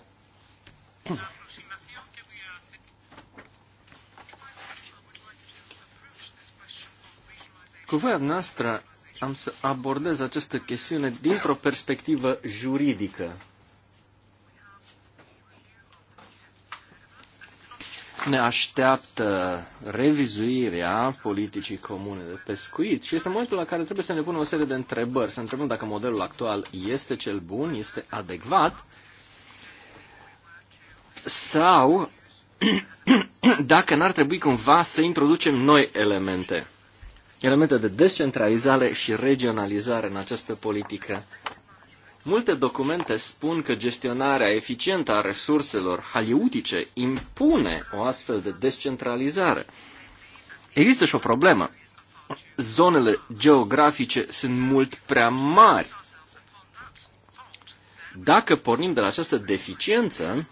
Cu voia noastră am să abordez această chestiune dintr-o perspectivă juridică, ne așteaptă revizuirea politicii comune de pescuit și este momentul la care trebuie să ne punem o serie de întrebări, să întrebăm dacă modelul actual este cel bun, este adecvat sau [CLEARS THROAT] dacă n-ar trebui cumva să introducem noi elemente, elemente de descentralizare și regionalizare în această politică Multe documente spun că gestionarea eficientă a resurselor haliutice impune o astfel de descentralizare. Există și o problemă. Zonele geografice sunt mult prea mari. Dacă pornim de la această deficiență,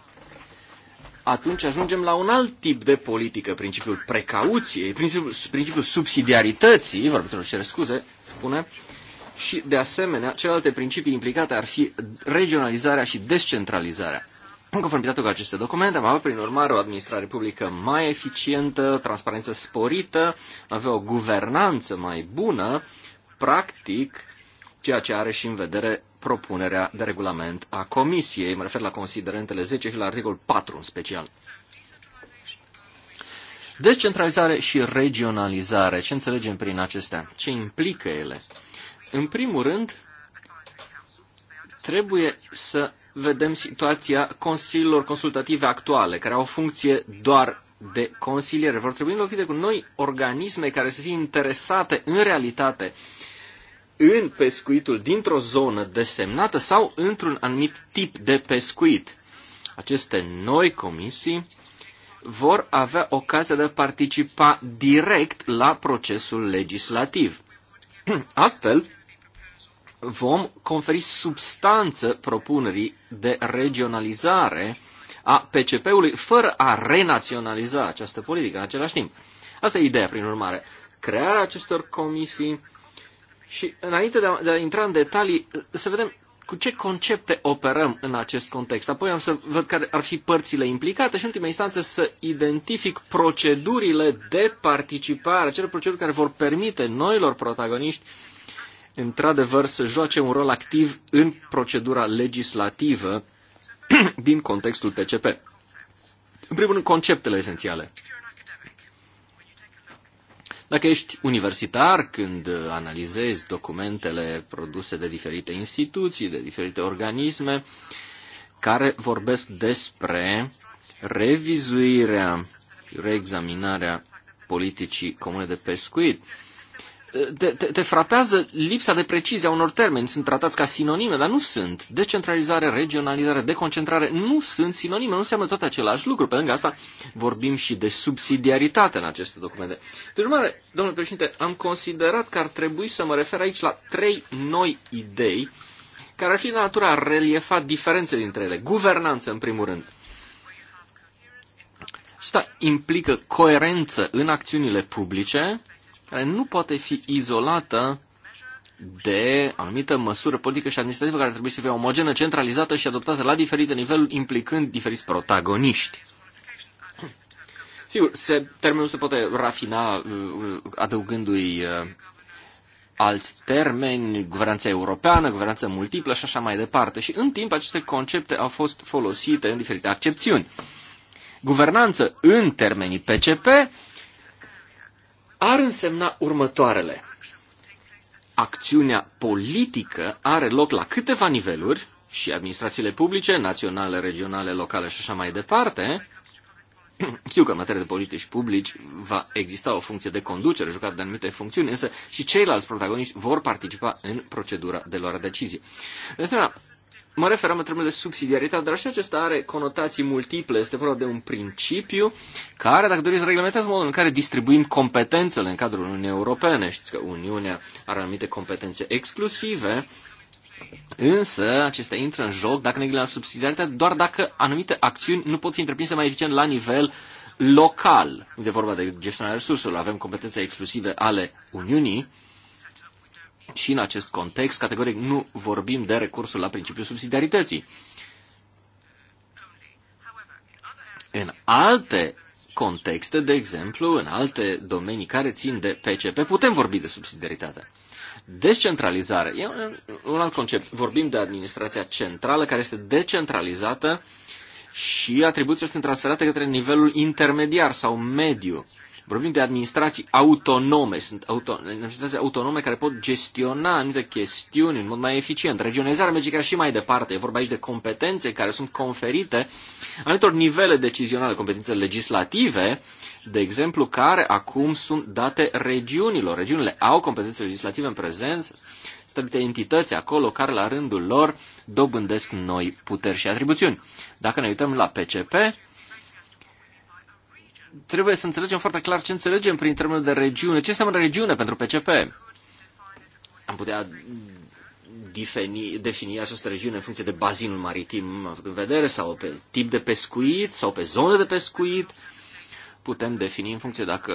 atunci ajungem la un alt tip de politică, principiul precauției, principiul, principiul subsidiarității, vorbitorul cer scuze, spune, uh, și, de asemenea, celelalte principii implicate ar fi regionalizarea și descentralizarea. În conformitate cu aceste documente, am avut, prin urmare, o administrare publică mai eficientă, transparență sporită, avea o guvernanță mai bună, practic, ceea ce are și în vedere propunerea de regulament a Comisiei. Mă refer la considerentele 10 și la articolul 4 în special. Descentralizare și regionalizare. Ce înțelegem prin acestea? Ce implică ele? În primul rând, trebuie să vedem situația consiliilor consultative actuale, care au o funcție doar de consiliere. Vor trebui înlocuite cu noi organisme care să fie interesate în realitate în pescuitul dintr-o zonă desemnată sau într-un anumit tip de pescuit. Aceste noi comisii vor avea ocazia de a participa direct la procesul legislativ. [CLEARS THROAT] Astfel, vom conferi substanță propunerii de regionalizare a PCP-ului fără a renaționaliza această politică în același timp. Asta e ideea, prin urmare. Crearea acestor comisii și înainte de a, de a intra în detalii, să vedem cu ce concepte operăm în acest context. Apoi am să văd care ar fi părțile implicate și, în ultima instanță, să identific procedurile de participare, acele proceduri care vor permite noilor protagoniști într-adevăr, să joace un rol activ în procedura legislativă [CLEARS THROAT] din contextul PCP. În primul rând, conceptele esențiale. Dacă ești universitar, când analizezi documentele produse de diferite instituții, de diferite organisme, care vorbesc despre revizuirea, reexaminarea politicii comune de pescuit, te, te, te frapează lipsa de precizie a unor termeni. Sunt tratați ca sinonime, dar nu sunt. Decentralizare, regionalizare, deconcentrare nu sunt sinonime, nu înseamnă tot același lucru. Pe lângă asta vorbim și de subsidiaritate în aceste documente. Prin urmare, domnule președinte, am considerat că ar trebui să mă refer aici la trei noi idei care ar fi de natura a reliefa diferențele dintre ele. Guvernanță, în primul rând. Asta implică coerență în acțiunile publice, care nu poate fi izolată de anumită măsură politică și administrativă care trebuie să fie omogenă, centralizată și adoptată la diferite niveluri, implicând diferiți protagoniști. Sigur, se, termenul se poate rafina uh, uh, adăugându-i uh, alți termeni, guvernanța europeană, guvernanța multiplă și așa mai departe. Și în timp aceste concepte au fost folosite în diferite accepțiuni. Guvernanță în termenii PCP ar însemna următoarele. Acțiunea politică are loc la câteva niveluri, și administrațiile publice, naționale, regionale, locale și așa mai departe. [CLEARS THROAT] Știu că în materie de politici publici va exista o funcție de conducere jucată de anumite funcțiuni, însă și ceilalți protagoniști vor participa în procedura de luare a decizii. De asemenea, mă referam în termenul de subsidiaritate, dar și acesta are conotații multiple. Este vorba de un principiu care, dacă doriți, reglementează modul în care distribuim competențele în cadrul Uniunii Europene. Știți că Uniunea are anumite competențe exclusive, însă acestea intră în joc dacă ne gândim la subsidiaritate doar dacă anumite acțiuni nu pot fi întreprinse mai eficient la nivel local. De vorba de gestionarea resurselor, avem competențe exclusive ale Uniunii, și în acest context, categoric, nu vorbim de recursul la principiul subsidiarității. În alte contexte, de exemplu, în alte domenii care țin de PCP, putem vorbi de subsidiaritate. Descentralizare e un, alt concept. Vorbim de administrația centrală care este decentralizată și atribuțiile sunt transferate către nivelul intermediar sau mediu. Uh, Vorbim de administrații autonome, sunt auto, administrații autonome care pot gestiona anumite chestiuni în mod mai eficient. Regionalizarea merge chiar și mai departe. E vorba aici de competențe care sunt conferite anumitor nivele decizionale, competențe legislative, de exemplu, care acum sunt date regiunilor. Regiunile au competențe legislative în prezență, anumite entități acolo care la rândul lor dobândesc noi puteri și atribuțiuni. Dacă ne uităm la PCP, trebuie să înțelegem foarte clar ce înțelegem prin termenul de regiune. Ce înseamnă regiune pentru PCP? Am putea defini, defini această regiune în funcție de bazinul maritim în vedere sau pe tip de pescuit sau pe zonă de pescuit. Putem defini în funcție dacă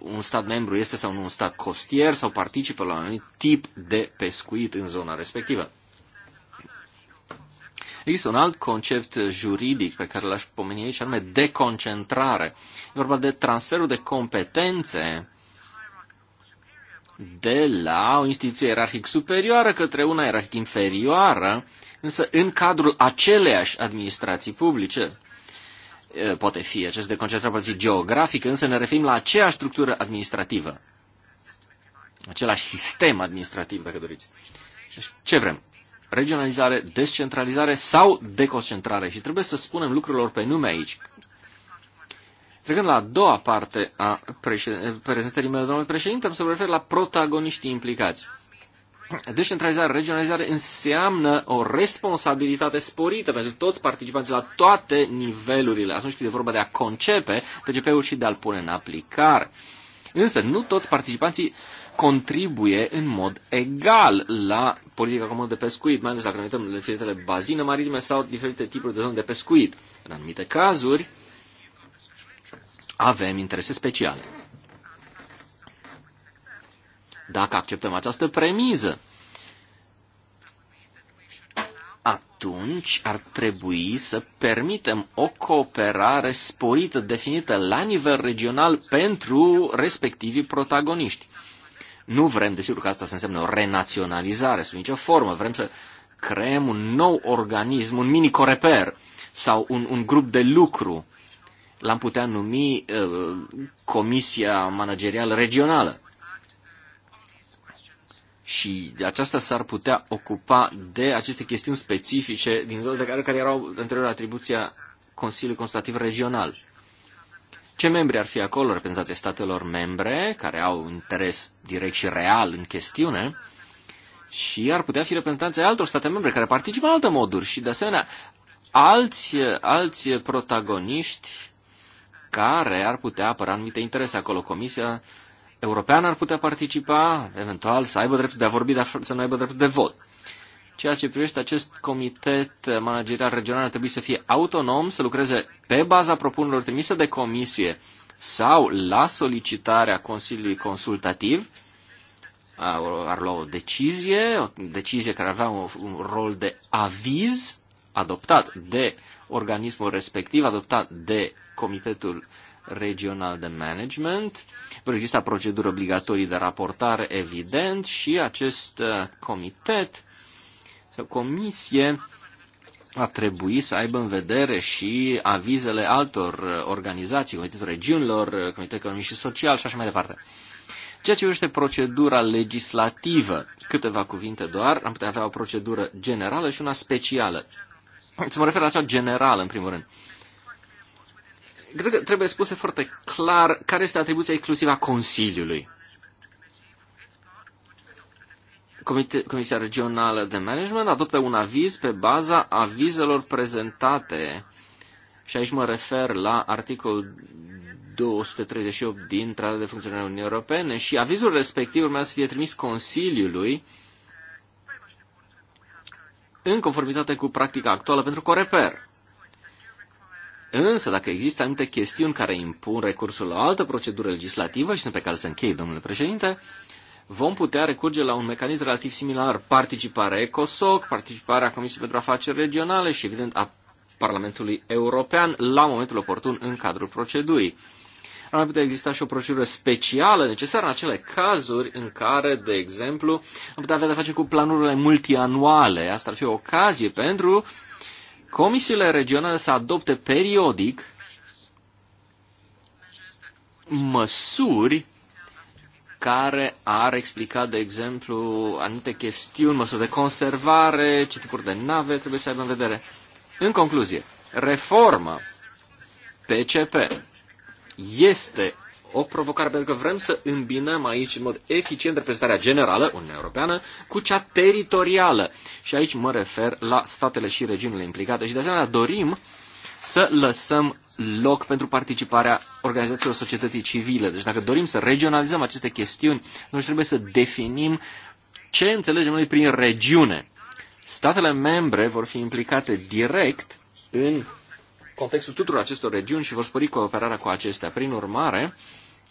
un stat membru este sau nu un stat costier sau participă la un anumit tip de pescuit în zona respectivă. Există un alt concept juridic pe care l-aș pomeni aici, anume deconcentrare. E vorba de transferul de competențe de la o instituție ierarhic superioară către una ierarhic inferioară, însă în cadrul aceleiași administrații publice. Poate fi acest deconcentrare, poate fi geografic, însă ne referim la aceeași structură administrativă același sistem administrativ, dacă doriți. Deci, ce vrem? regionalizare, descentralizare sau deconcentrare. Și trebuie să spunem lucrurilor pe nume aici. Trecând la a doua parte a prezentării mele, domnule președinte, am să mă refer la protagoniștii implicați. Decentralizare, regionalizare înseamnă o responsabilitate sporită pentru toți participanții la toate nivelurile. Atunci când e vorba de a concepe PGP-ul și de a-l pune în aplicare. Însă nu toți participanții contribuie în mod egal la politica comună de pescuit, mai ales dacă ne uităm la diferitele bazine maritime sau diferite tipuri de zone de pescuit. În anumite cazuri avem interese speciale. Dacă acceptăm această premiză, atunci ar trebui să permitem o cooperare sporită, definită la nivel regional pentru respectivii protagoniști. Nu vrem, desigur că asta se însemnă o renaționalizare sub nicio formă, vrem să creăm un nou organism, un mini-coreper sau un, un grup de lucru. L-am putea numi uh, Comisia Managerială Regională. Și aceasta s-ar putea ocupa de aceste chestiuni specifice din zonele care, care erau anterior atribuția Consiliului Consultativ Regional. Ce membri ar fi acolo, reprezentanții statelor membre, care au interes direct și real în chestiune, și ar putea fi reprezentanții altor state membre care participă în alte moduri și, de asemenea, alți, alți protagoniști care ar putea apăra anumite interese acolo. Comisia Europeană ar putea participa, eventual să aibă dreptul de a vorbi, dar să nu aibă dreptul de vot ceea ce privește acest comitet managerial regional ar trebui să fie autonom, să lucreze pe baza propunerilor trimise de comisie sau la solicitarea Consiliului Consultativ, ar lua o decizie, o decizie care avea un, un rol de aviz adoptat de organismul respectiv, adoptat de Comitetul Regional de Management. Vor exista proceduri obligatorii de raportare, evident, și acest uh, comitet sau comisie a trebuit să aibă în vedere și avizele altor organizații, Comitetul Regiunilor, Comitetul Economic și Social și așa mai departe. Ceea ce privește procedura legislativă, câteva cuvinte doar, am putea avea o procedură generală și una specială. Să mă refer la cea generală, în primul rând. Cred că trebuie spuse foarte clar care este atribuția exclusivă a Consiliului. Comisia Regională de Management adoptă un aviz pe baza avizelor prezentate. Și aici mă refer la articolul 238 din Tratatul de Funcționare a Uniunii Europene și avizul respectiv urmează să fie trimis Consiliului în conformitate cu practica actuală pentru Coreper. Însă, dacă există anumite chestiuni care impun recursul la o altă procedură legislativă și sunt pe care să închei, domnule președinte, vom putea recurge la un mecanism relativ similar, participarea ECOSOC, participarea Comisiei pentru Afaceri Regionale și, evident, a Parlamentului European la momentul oportun în cadrul procedurii. Ar mai putea exista și o procedură specială necesară în acele cazuri în care, de exemplu, am putea avea de face cu planurile multianuale. Asta ar fi o ocazie pentru comisiile regionale să adopte periodic măsuri care ar explica, de exemplu, anumite chestiuni, măsuri de conservare, ce tipuri de nave trebuie să aibă în vedere. În concluzie, reforma PCP este o provocare pentru că vrem să îmbinăm aici în mod eficient reprezentarea generală, Uniunea Europeană, cu cea teritorială. Și aici mă refer la statele și regiunile implicate și de asemenea dorim să lăsăm loc pentru participarea organizațiilor societății civile. Deci dacă dorim să regionalizăm aceste chestiuni, noi trebuie să definim ce înțelegem noi prin regiune. Statele membre vor fi implicate direct în contextul tuturor acestor regiuni și vor spori cooperarea cu acestea. Prin urmare,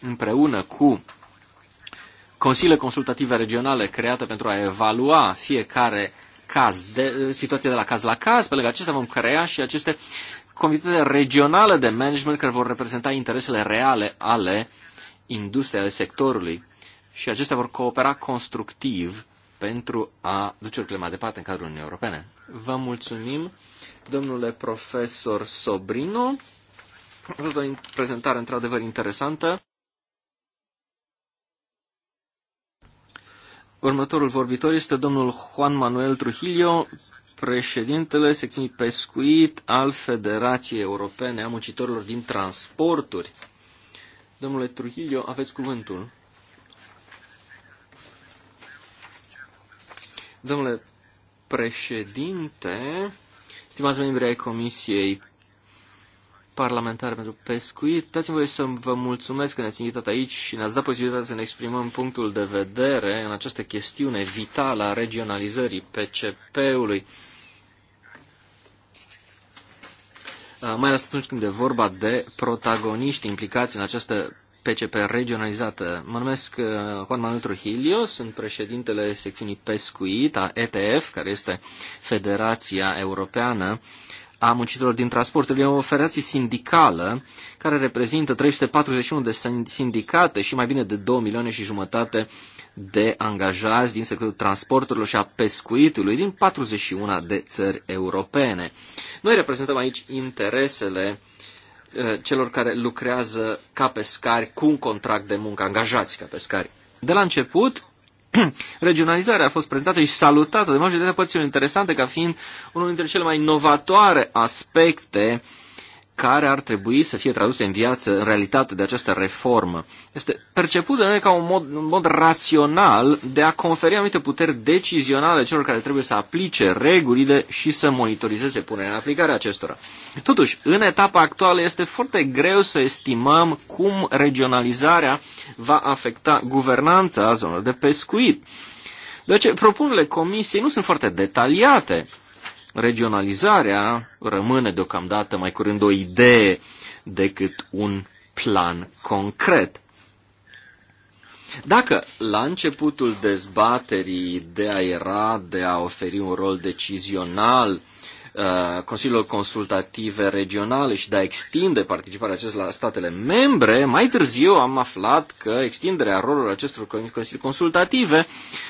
împreună cu consiliile consultative regionale create pentru a evalua fiecare caz, de, situația de la caz la caz, pe lângă acestea vom crea și aceste comitete regionale de management care vor reprezenta interesele reale ale industriei, ale sectorului. Și acestea vor coopera constructiv pentru a duce lucrurile mai departe în cadrul Uniunii Europene. Vă mulțumim, domnule profesor Sobrino. A fost o prezentare într-adevăr interesantă. Următorul vorbitor este domnul Juan Manuel Trujillo, președintele secțiunii pescuit al Federației Europene a muncitorilor din transporturi. Domnule Trujillo, aveți cuvântul. Domnule președinte, stimați membri ai Comisiei Parlamentar pentru pescuit. Dați-mi voie să vă mulțumesc că ne-ați invitat aici și ne-ați dat posibilitatea să ne exprimăm punctul de vedere în această chestiune vitală a regionalizării PCP-ului. Mai ales atunci când e vorba de protagoniști implicați în această PCP regionalizată. Mă numesc Juan Manuel Trujillo, sunt președintele secțiunii pescuit a ETF, care este Federația Europeană a muncitorilor din transportul. E o federație sindicală care reprezintă 341 de sindicate și mai bine de 2 milioane și jumătate de angajați din sectorul transporturilor și a pescuitului din 41 de țări europene. Noi reprezentăm aici interesele eh, celor care lucrează ca pescari cu un contract de muncă, angajați ca pescari. De la început, [CLEARS THROAT] Regionalizarea a fost prezentată și salutată de majoritatea părților interesante ca fiind unul dintre cele mai inovatoare aspecte uh, care ar trebui să fie traduse în viață, în realitate, de această reformă. Este perceput de noi ca un mod, un mod rațional de a conferi anumite puteri decizionale celor care trebuie să aplice regulile și să monitorizeze punerea în aplicare acestora. Totuși, în etapa actuală este foarte greu să estimăm cum regionalizarea va afecta guvernanța zonelor de pescuit. Deoarece propunerile comisiei nu sunt foarte detaliate regionalizarea rămâne deocamdată mai curând o idee decât un plan concret. Dacă la începutul dezbaterii ideea era de a oferi un rol decizional Uh, Consiliul Consultative Regionale și de a extinde participarea acestora la statele membre, mai târziu am aflat că extinderea rolului acestor consilii consultative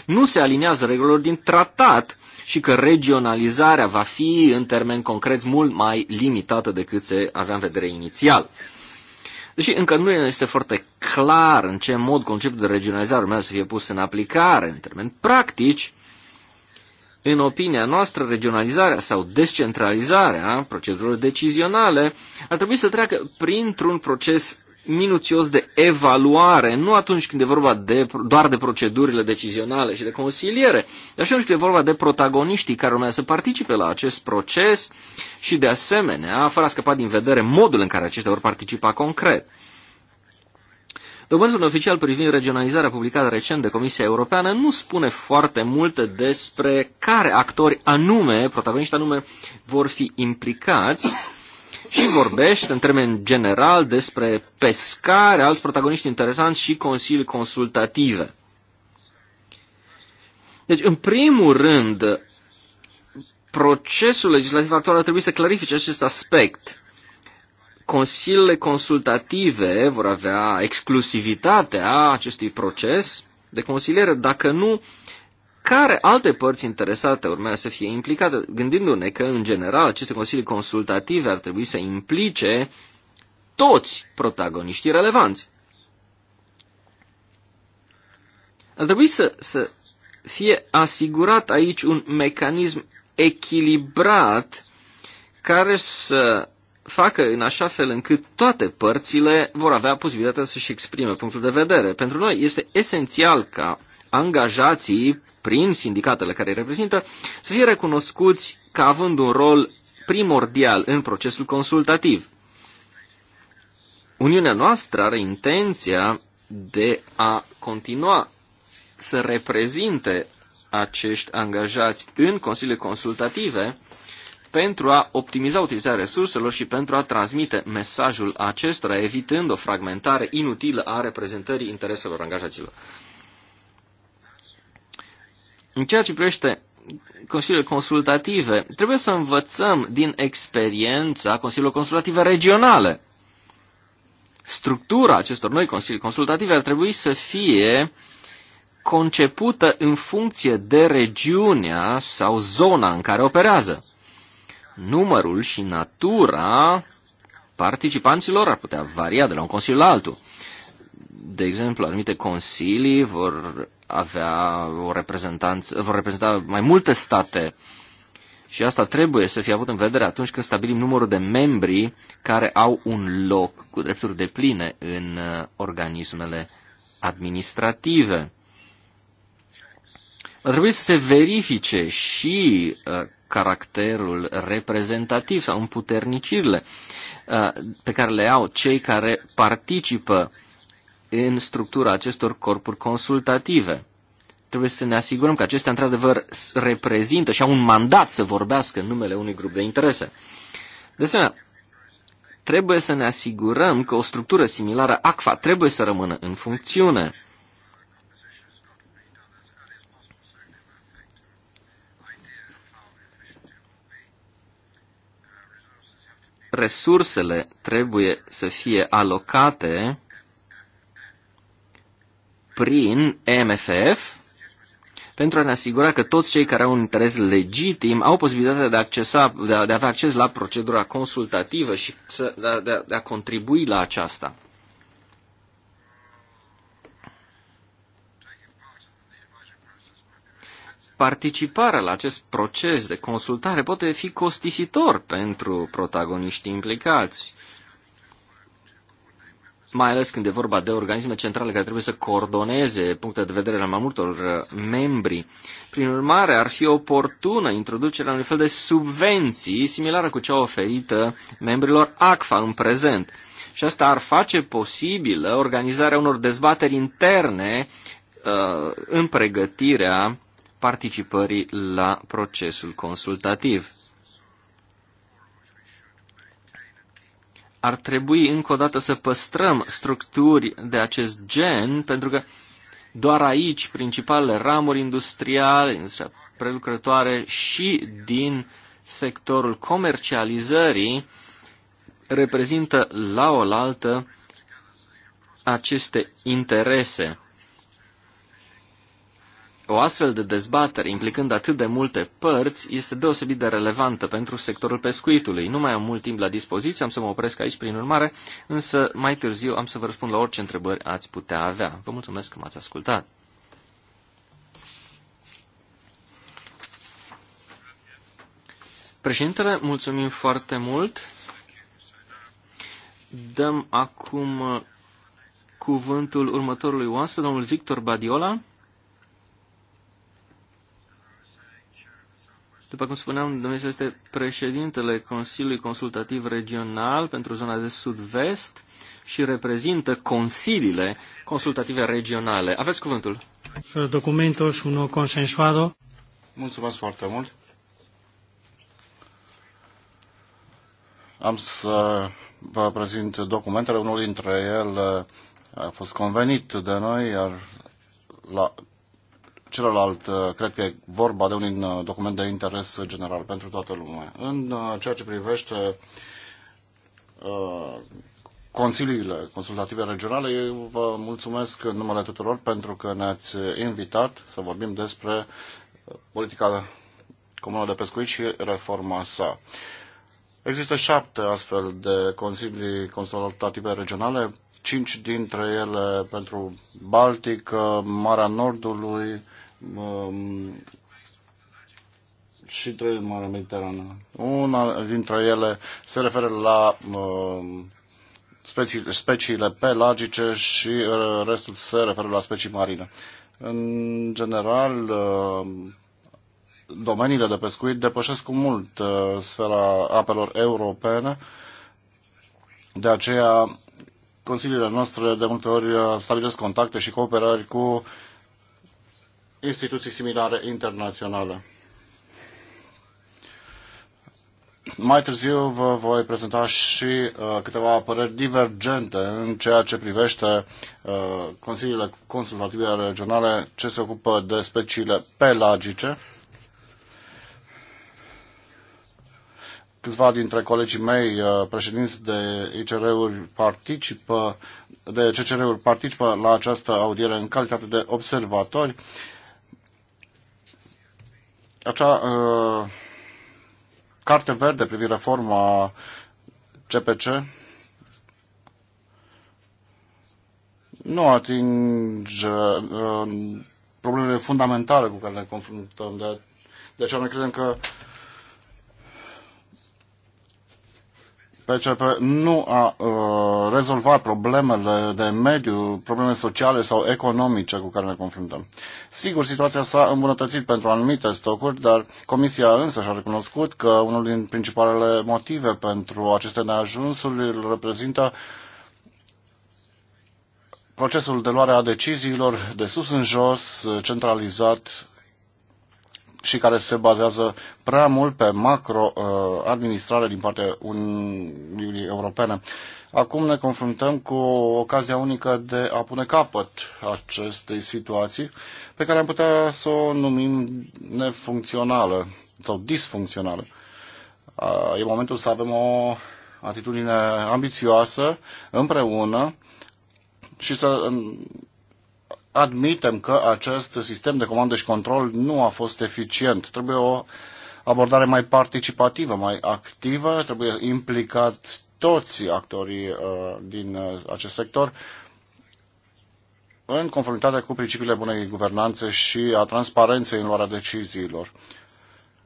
nu se aliniază regulilor din tratat și că regionalizarea va fi în termeni concreți mult mai limitată decât se avea în vedere inițial. Deși încă nu este foarte clar în ce mod conceptul de regionalizare urmează să fie pus în aplicare în termeni practici, în opinia noastră, regionalizarea sau descentralizarea procedurilor decizionale ar trebui să treacă printr-un proces minuțios de evaluare, nu atunci când e vorba de, doar de procedurile decizionale și de consiliere, dar și atunci când e vorba de protagoniștii care urmează să participe la acest proces și, de asemenea, fără a scăpa din vedere modul în care aceștia vor participa concret. Documentul oficial privind regionalizarea publicată recent de Comisia Europeană nu spune foarte multe despre care actori anume, protagoniști anume, vor fi implicați și vorbește în termen general despre pescare, alți protagoniști interesanți și consilii consultative. Deci, în primul rând, procesul legislativ actual ar trebui să clarifice acest aspect. Consiliile consultative vor avea exclusivitatea acestui proces de consiliere, dacă nu, care alte părți interesate urmează să fie implicate, gândindu-ne că, în general, aceste consilii consultative ar trebui să implice toți protagoniștii relevanți. Ar trebui să, să fie asigurat aici un mecanism echilibrat care să facă în așa fel încât toate părțile vor avea posibilitatea să-și exprime punctul de vedere. Pentru noi este esențial ca angajații prin sindicatele care îi reprezintă să fie recunoscuți ca având un rol primordial în procesul consultativ. Uniunea noastră are intenția de a continua să reprezinte acești angajați în consiliile consultative pentru a optimiza utilizarea resurselor și pentru a transmite mesajul acestora, evitând o fragmentare inutilă a reprezentării intereselor angajaților. În ceea ce privește consiliile consultative, trebuie să învățăm din experiența consiliilor consultative regionale. Structura acestor noi consilii consultative ar trebui să fie concepută în funcție de regiunea sau zona în care operează numărul și natura participanților ar putea varia de la un consiliu la altul. De exemplu, anumite consilii vor avea o reprezentanță, vor reprezenta mai multe state și asta trebuie să fie avut în vedere atunci când stabilim numărul de membri care au un loc cu drepturi de pline în uh, organismele administrative. Ar trebui să se verifice și uh, caracterul reprezentativ sau împuternicirile uh, pe care le au cei care participă în structura acestor corpuri consultative. Trebuie să ne asigurăm că acestea, într-adevăr, reprezintă și au un mandat să vorbească în numele unui grup de interese. De asemenea, trebuie să ne asigurăm că o structură similară ACFA trebuie să rămână în funcțiune. resursele trebuie să fie alocate prin MFF pentru a ne asigura că toți cei care au un interes legitim au posibilitatea de, accesa, de, a, de a avea acces la procedura consultativă și să, de, a, de a contribui la aceasta. participarea la acest proces de consultare poate fi costisitor pentru protagoniștii implicați, mai ales când e vorba de organisme centrale care trebuie să coordoneze puncte de vedere al mai multor uh, membri. Prin urmare, ar fi oportună introducerea unui fel de subvenții similară cu cea oferită membrilor ACFA în prezent. Și asta ar face posibilă organizarea unor dezbateri interne uh, în pregătirea participării la procesul consultativ. Ar trebui încă o dată să păstrăm structuri de acest gen, pentru că doar aici principalele ramuri industriale, industria prelucrătoare și din sectorul comercializării reprezintă la oaltă aceste interese o astfel de dezbatere implicând atât de multe părți este deosebit de relevantă pentru sectorul pescuitului. Nu mai am mult timp la dispoziție, am să mă opresc aici prin urmare, însă mai târziu am să vă răspund la orice întrebări ați putea avea. Vă mulțumesc că m-ați ascultat. Președintele, mulțumim foarte mult. Dăm acum cuvântul următorului oaspet, domnul Victor Badiola După cum spuneam, Dumnezeu este președintele Consiliului Consultativ Regional pentru zona de sud-vest și reprezintă consiliile consultative regionale. Aveți cuvântul. Documentul și unul consensuado. Mulțumesc foarte mult. Am să vă prezint documentele. Unul dintre ele a fost convenit de noi, iar la celălalt, uh, cred că e vorba de un uh, document de interes general pentru toată lumea. În uh, ceea ce privește consiliile consultative regionale, eu vă mulțumesc în numele tuturor pentru că ne-ați invitat să vorbim despre politica comună de pescuit și reforma sa. Există șapte astfel de consilii consultative regionale, cinci dintre ele pentru Baltic, Marea Nordului, Um, și trei în Marea Mediterană. Una dintre ele se referă la um, specii, speciile pelagice și uh, restul se referă la specii marine. În general, um, domeniile de pescuit depășesc cu mult uh, sfera apelor europene, de aceea consiliile noastre de multe ori uh, stabilesc contacte și cooperări cu instituții similare internaționale. Mai târziu vă voi prezenta și uh, câteva păreri divergente în ceea ce privește uh, Consiliile Consultative Regionale ce se ocupă de speciile pelagice. Câțiva dintre colegii mei uh, președinți de ICR-uri participă de CCR-uri participă la această audiere în calitate de observatori. Uh, acea uh, carte verde privind reforma CPC nu atinge uh, problemele fundamentale cu care ne confruntăm. De, de aceea noi credem că PCP nu a uh, rezolvat problemele de mediu, probleme sociale sau economice cu care ne confruntăm. Sigur, situația s-a îmbunătățit pentru anumite stocuri, dar Comisia însă și-a recunoscut că unul din principalele motive pentru aceste neajunsuri îl reprezintă procesul de luare a deciziilor de sus în jos, centralizat și care se bazează prea mult pe macro-administrare uh, din partea Uniunii Europene. Acum ne confruntăm cu ocazia unică de a pune capăt acestei situații, pe care am putea să o numim nefuncțională sau disfuncțională. Uh, e momentul să avem o atitudine ambițioasă împreună și să admitem că acest sistem de comandă și control nu a fost eficient. Trebuie o abordare mai participativă, mai activă, trebuie implicați toți actorii uh, din uh, acest sector în conformitate cu principiile bunei guvernanțe și a transparenței în luarea deciziilor.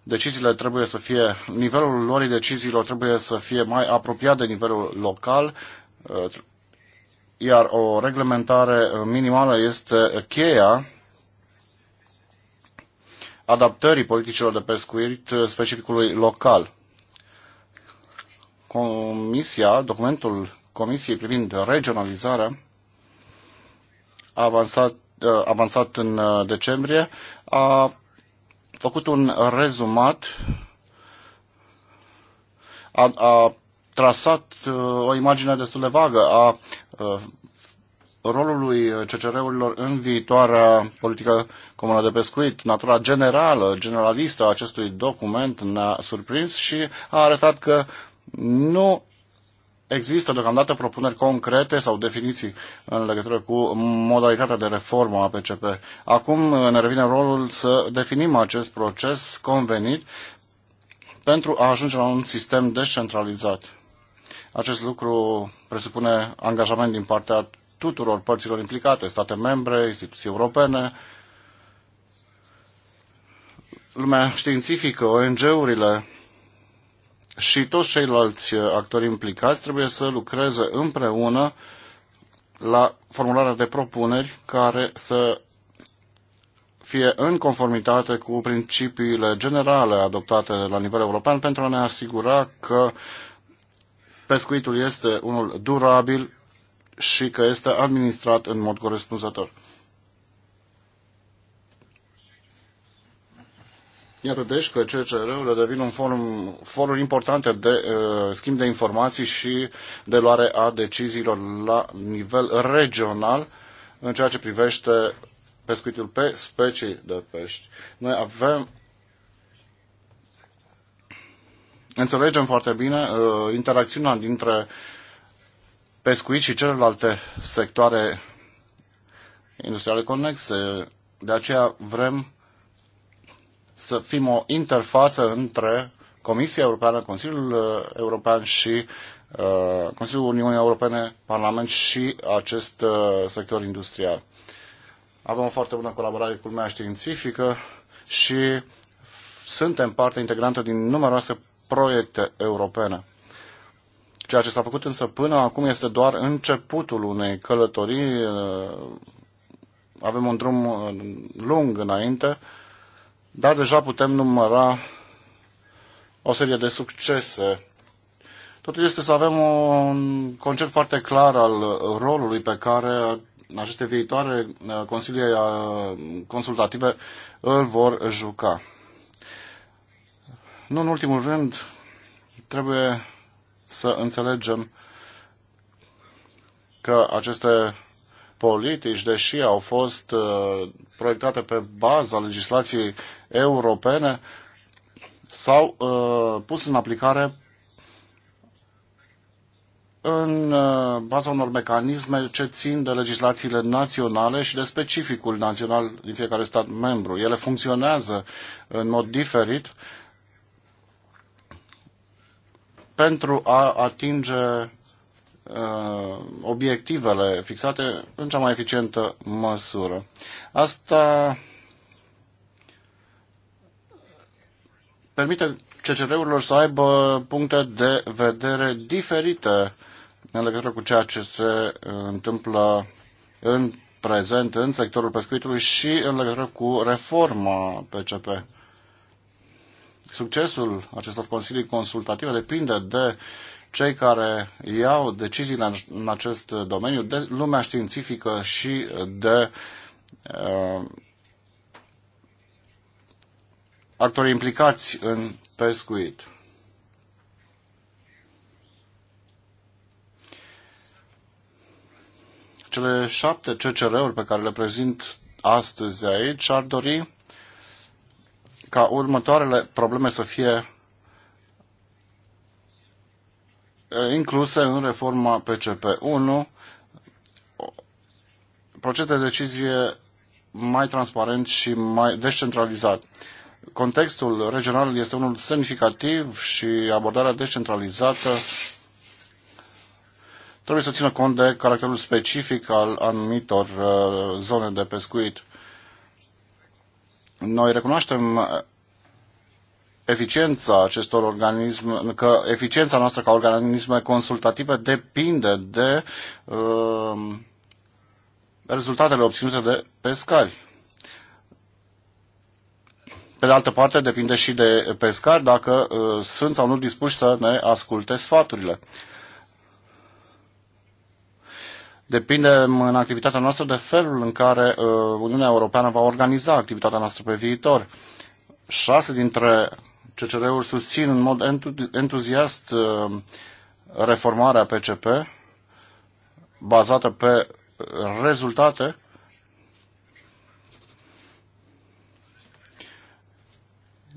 Deciziile trebuie să fie, nivelul luării deciziilor trebuie să fie mai apropiat de nivelul local, uh, iar o reglementare minimală este cheia adaptării politicilor de pescuit specificului local. Comisia, documentul Comisiei privind regionalizarea avansat, avansat în uh, decembrie a făcut un rezumat, a, a trasat uh, o imagine destul de vagă a Uh, rolului uh, CCR-urilor în viitoarea politică comună de pescuit. Natura generală, generalistă a acestui document ne-a surprins și a arătat că nu există deocamdată propuneri concrete sau definiții în legătură cu modalitatea de reformă a PCP. Acum uh, ne revine rolul să definim acest proces convenit pentru a ajunge la un sistem descentralizat. Acest lucru presupune angajament din partea tuturor părților implicate, state membre, instituții europene, lumea științifică, ONG-urile și toți ceilalți actori implicați trebuie să lucreze împreună la formularea de propuneri care să fie în conformitate cu principiile generale adoptate la nivel european pentru a ne asigura că uh, pescuitul este unul durabil și că este administrat în mod corespunzător. Iată deci că CCR-urile devin un forum, forum important de uh, schimb de informații și de luare a deciziilor la nivel regional în ceea ce privește pescuitul pe specii de pești. Noi avem înțelegem foarte bine uh, interacțiunea dintre pescuit și celelalte sectoare industriale conexe. De aceea vrem să fim o interfață între Comisia Europeană, Consiliul uh, European și uh, Consiliul Uniunii Europene, Parlament și acest uh, sector industrial. Avem o foarte bună colaborare cu lumea științifică și suntem parte integrantă din numeroase proiecte europene. Ceea ce s-a făcut însă până acum este doar începutul unei călătorii. Avem un drum uh, lung înainte, dar deja putem număra o serie de succese. Totul este să avem un concept foarte clar al rolului pe care aceste viitoare uh, consilii uh, consultative îl vor juca. Nu în ultimul rând, trebuie să înțelegem că aceste politici, deși au fost uh, proiectate pe baza legislației europene, s-au uh, pus în aplicare în uh, baza unor mecanisme ce țin de legislațiile naționale și de specificul național din fiecare stat membru. Ele funcționează în mod diferit uh, pentru a atinge uh, obiectivele fixate în cea mai eficientă măsură. Asta permite CCR-urilor să aibă puncte de vedere diferite în legătură cu ceea ce se întâmplă în prezent în sectorul pescuitului și în legătură cu reforma PCP. Succesul acestor consilii consultative depinde de cei care iau deciziile în acest domeniu, de lumea științifică și de uh, actorii implicați în pescuit. Cele șapte CCR-uri pe care le prezint astăzi aici ar dori ca următoarele probleme să fie incluse în reforma PCP 1, proces de decizie mai transparent și mai descentralizat. Contextul regional este unul semnificativ și abordarea descentralizată trebuie să țină cont de caracterul specific al anumitor uh, zone de pescuit. Noi recunoaștem uh, eficiența acestor organisme, că eficiența noastră ca organisme consultative depinde de uh, rezultatele obținute de pescari. Pe de altă parte, depinde și de pescari dacă uh, sunt sau nu dispuși să ne asculte sfaturile. Uh, depindem în activitatea noastră de felul în care uh, Uniunea Europeană va organiza activitatea noastră pe viitor. Șase dintre CCR-uri susțin în mod entuziast uh, reformarea PCP bazată pe rezultate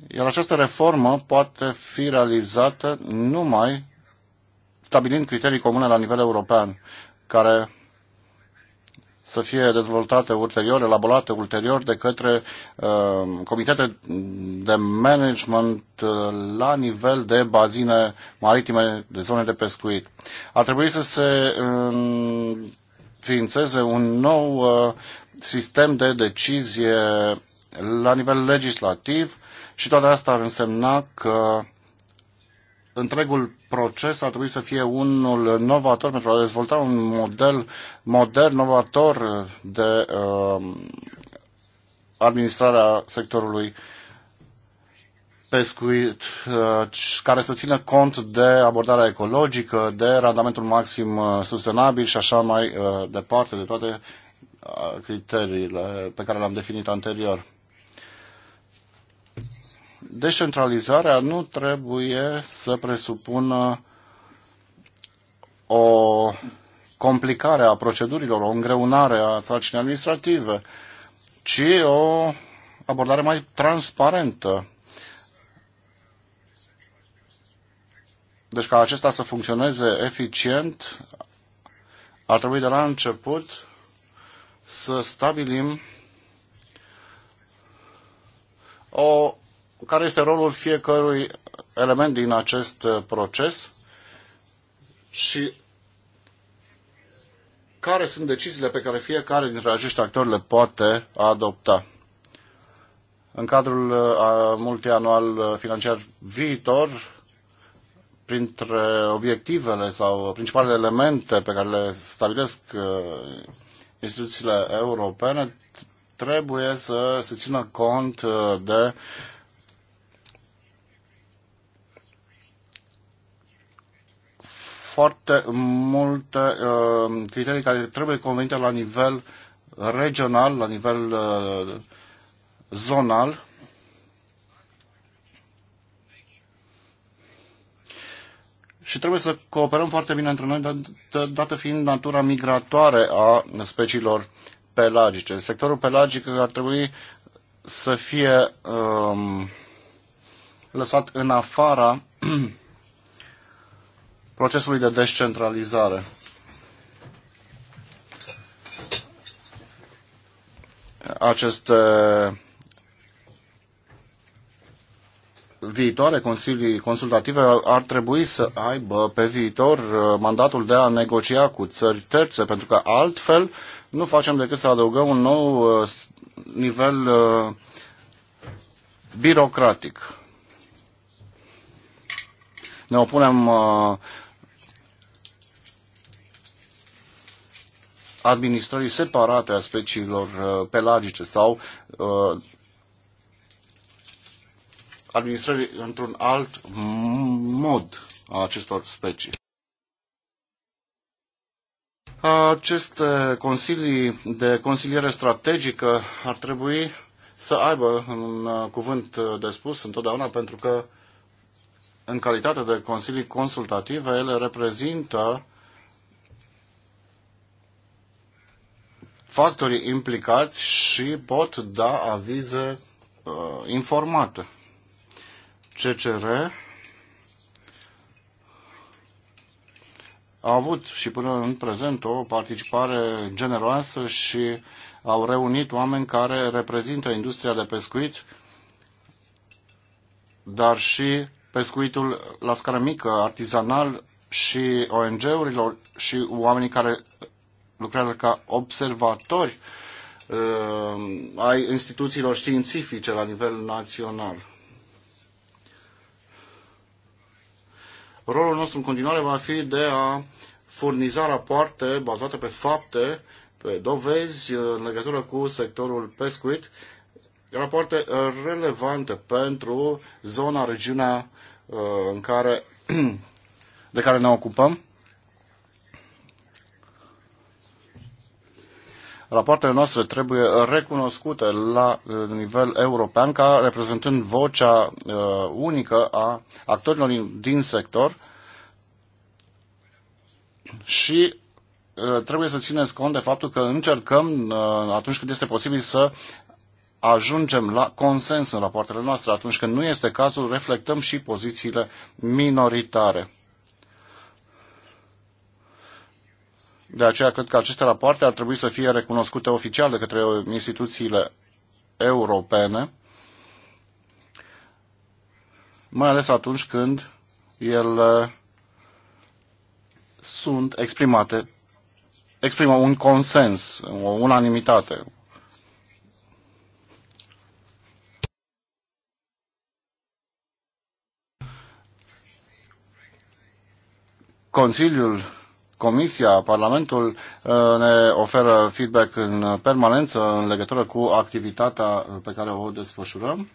Iar această reformă poate fi realizată numai stabilind criterii comune la nivel european, care să fie dezvoltate ulterior, elaborate ulterior de către uh, comitete de management uh, la nivel de bazine maritime, de zone de pescuit. Ar trebui să se ființeze un nou uh, sistem de decizie la nivel legislativ și toate asta ar însemna că întregul proces ar trebui să fie unul novator pentru a dezvolta un model modern, novator de uh, administrarea sectorului pescuit, uh, care să țină cont de abordarea ecologică, de randamentul maxim uh, sustenabil și așa mai uh, departe, de toate uh, criteriile pe care le-am definit anterior. Decentralizarea nu trebuie să presupună o complicare a procedurilor, o îngreunare a sarcinii administrative, ci o abordare mai transparentă. Deci ca acesta să funcționeze eficient, ar trebui de la început să stabilim o care este rolul fiecărui element din acest uh, proces și care sunt deciziile pe care fiecare dintre acești actori le poate adopta. În cadrul uh, multianual uh, financiar viitor, printre obiectivele sau principalele elemente pe care le stabilesc instituțiile europene, trebuie să se țină cont de foarte multe uh, criterii care trebuie convenite la nivel regional, la nivel uh, zonal. Și trebuie să cooperăm foarte bine între noi, dată fiind natura migratoare a speciilor pelagice. Sectorul pelagic ar trebui să fie um, lăsat în afara [CLEARS THROAT] procesului de descentralizare. Aceste viitoare consilii consultative ar trebui să aibă pe viitor uh, mandatul de a negocia cu țări terțe, pentru că altfel nu facem decât să adăugăm un nou uh, nivel uh, birocratic. Ne opunem administrării separate a speciilor uh, pelagice sau uh, administrării într-un alt mod a acestor specii. Aceste consilii de consiliere strategică ar trebui să aibă un uh, cuvânt de spus întotdeauna pentru că în calitate de consilii consultative ele reprezintă factorii implicați și pot da avize uh, informate. CCR a avut și până în prezent o participare generoasă și au reunit oameni care reprezintă industria de pescuit, dar și pescuitul la scară mică, artizanal și ONG-urilor și oamenii care lucrează ca observatori uh, ai instituțiilor științifice la nivel național. Rolul nostru în continuare va fi de a furniza rapoarte bazate pe fapte, pe dovezi uh, în legătură cu sectorul pescuit, rapoarte uh, relevante pentru zona, regiunea uh, în care, [CLEARS THROAT] de care ne ocupăm Rapoartele noastre trebuie recunoscute la uh, nivel european ca reprezentând vocea uh, unică a actorilor din sector și uh, trebuie să țineți cont de faptul că încercăm, atunci când este posibil, să ajungem la consens în rapoartele noastre. Atunci când nu este cazul, reflectăm și pozițiile minoritare. De aceea cred că aceste rapoarte ar trebui să fie recunoscute oficial de către instituțiile europene, mai ales atunci când ele sunt exprimate, exprimă un consens, o unanimitate, Consiliul Comisia, Parlamentul uh, ne oferă feedback în permanență în legătură cu activitatea pe care o desfășurăm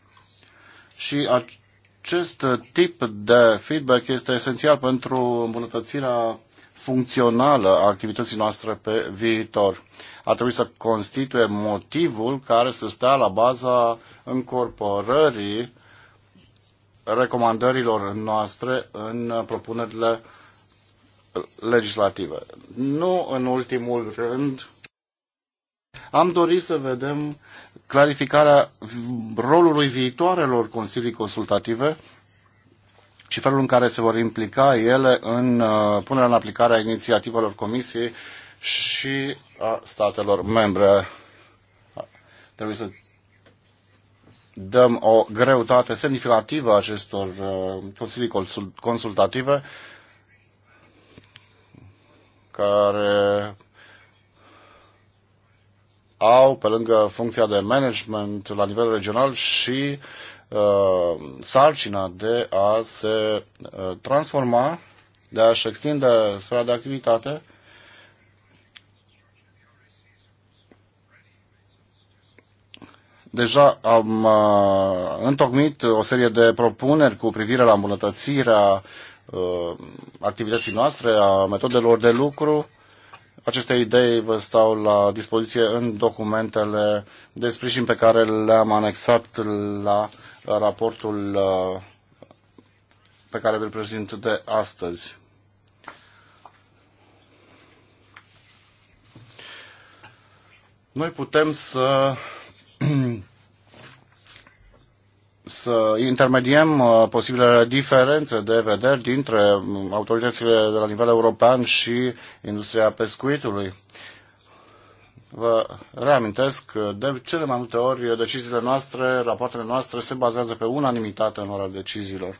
și acest tip de feedback este esențial pentru îmbunătățirea funcțională a activității noastre pe viitor. Ar trebui să constituie motivul care să stea la baza încorporării recomandărilor noastre în propunerile uh, legislativă. Nu în ultimul rând, am dorit să vedem clarificarea rolului viitoarelor consilii consultative și felul în care se vor implica ele în uh, punerea în aplicare a inițiativelor Comisiei și a statelor membre. Trebuie să dăm o greutate semnificativă acestor uh, consilii consultative care au, pe lângă funcția de management la nivel regional, și uh, sarcina de a se uh, transforma, de a-și extinde sfera de activitate. Deja am uh, întocmit o serie de propuneri cu privire la îmbunătățirea Uh, activității noastre, a metodelor de lucru. Aceste idei vă stau la dispoziție în documentele de sprijin pe care le-am anexat la raportul uh, pe care îl prezint de astăzi. Noi putem să să intermediem uh, posibile diferențe de vedere dintre mm, autoritățile de la nivel european și industria pescuitului. Vă reamintesc că de cele mai multe ori deciziile noastre, rapoartele noastre se bazează pe unanimitate în ora deciziilor.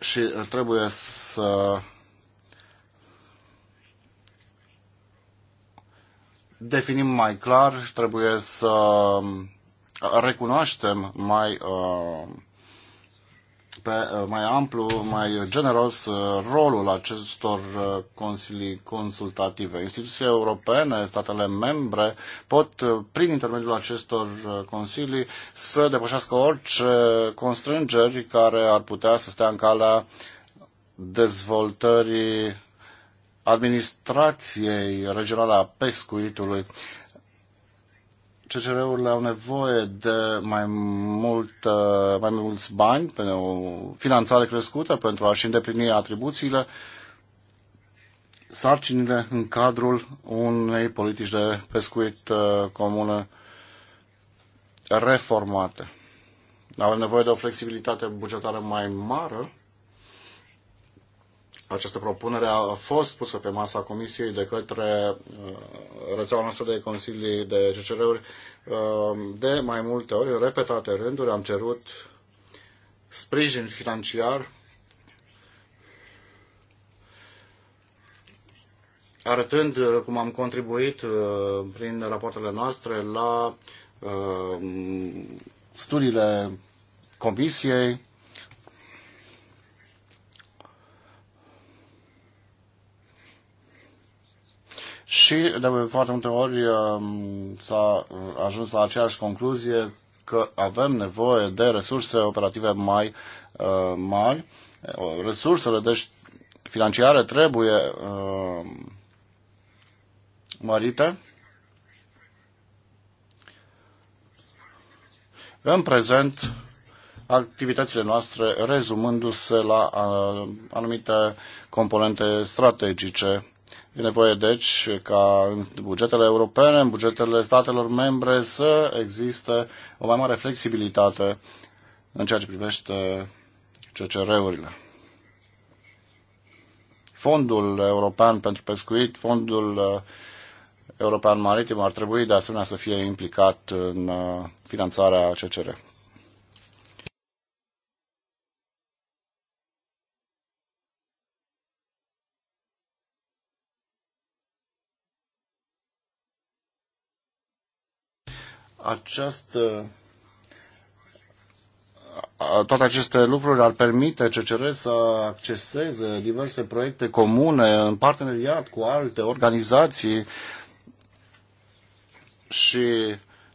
Și trebuie să definim mai clar, trebuie să recunoaștem mai uh, pe, uh, mai amplu, mai generos uh, rolul acestor consilii consultative. Instituțiile europene, statele membre pot, prin intermediul acestor consilii, să depășească orice constrângeri care ar putea să stea în calea dezvoltării administrației regionale a pescuitului. CCR-urile au nevoie de mai, mult, mai mulți bani, pentru o finanțare crescută pentru a-și îndeplini atribuțiile, sarcinile în cadrul unei politici de pescuit uh, comună reformate. Avem nevoie de o flexibilitate bugetară mai mare această propunere a fost pusă pe masa Comisiei de către uh, rețeaua noastră de consilii de CCR-uri uh, de mai multe ori, în repetate rânduri, am cerut sprijin financiar arătând uh, cum am contribuit prin rapoartele noastre la studiile Comisiei, și de foarte multe ori um, s-a uh, ajuns la aceeași concluzie că avem nevoie de resurse operative mai uh, mari. Uh, resursele deci, financiare trebuie mărite. În prezent, activitățile noastre rezumându-se la anumite componente strategice E nevoie, deci, ca în bugetele europene, în bugetele statelor membre, să existe o mai mare flexibilitate în ceea ce privește CCR-urile. Fondul European pentru Pescuit, Fondul uh, European Maritim ar trebui de asemenea să fie implicat în uh, finanțarea CCR. această toate aceste lucruri ar permite CCR să acceseze diverse proiecte comune în parteneriat cu alte organizații și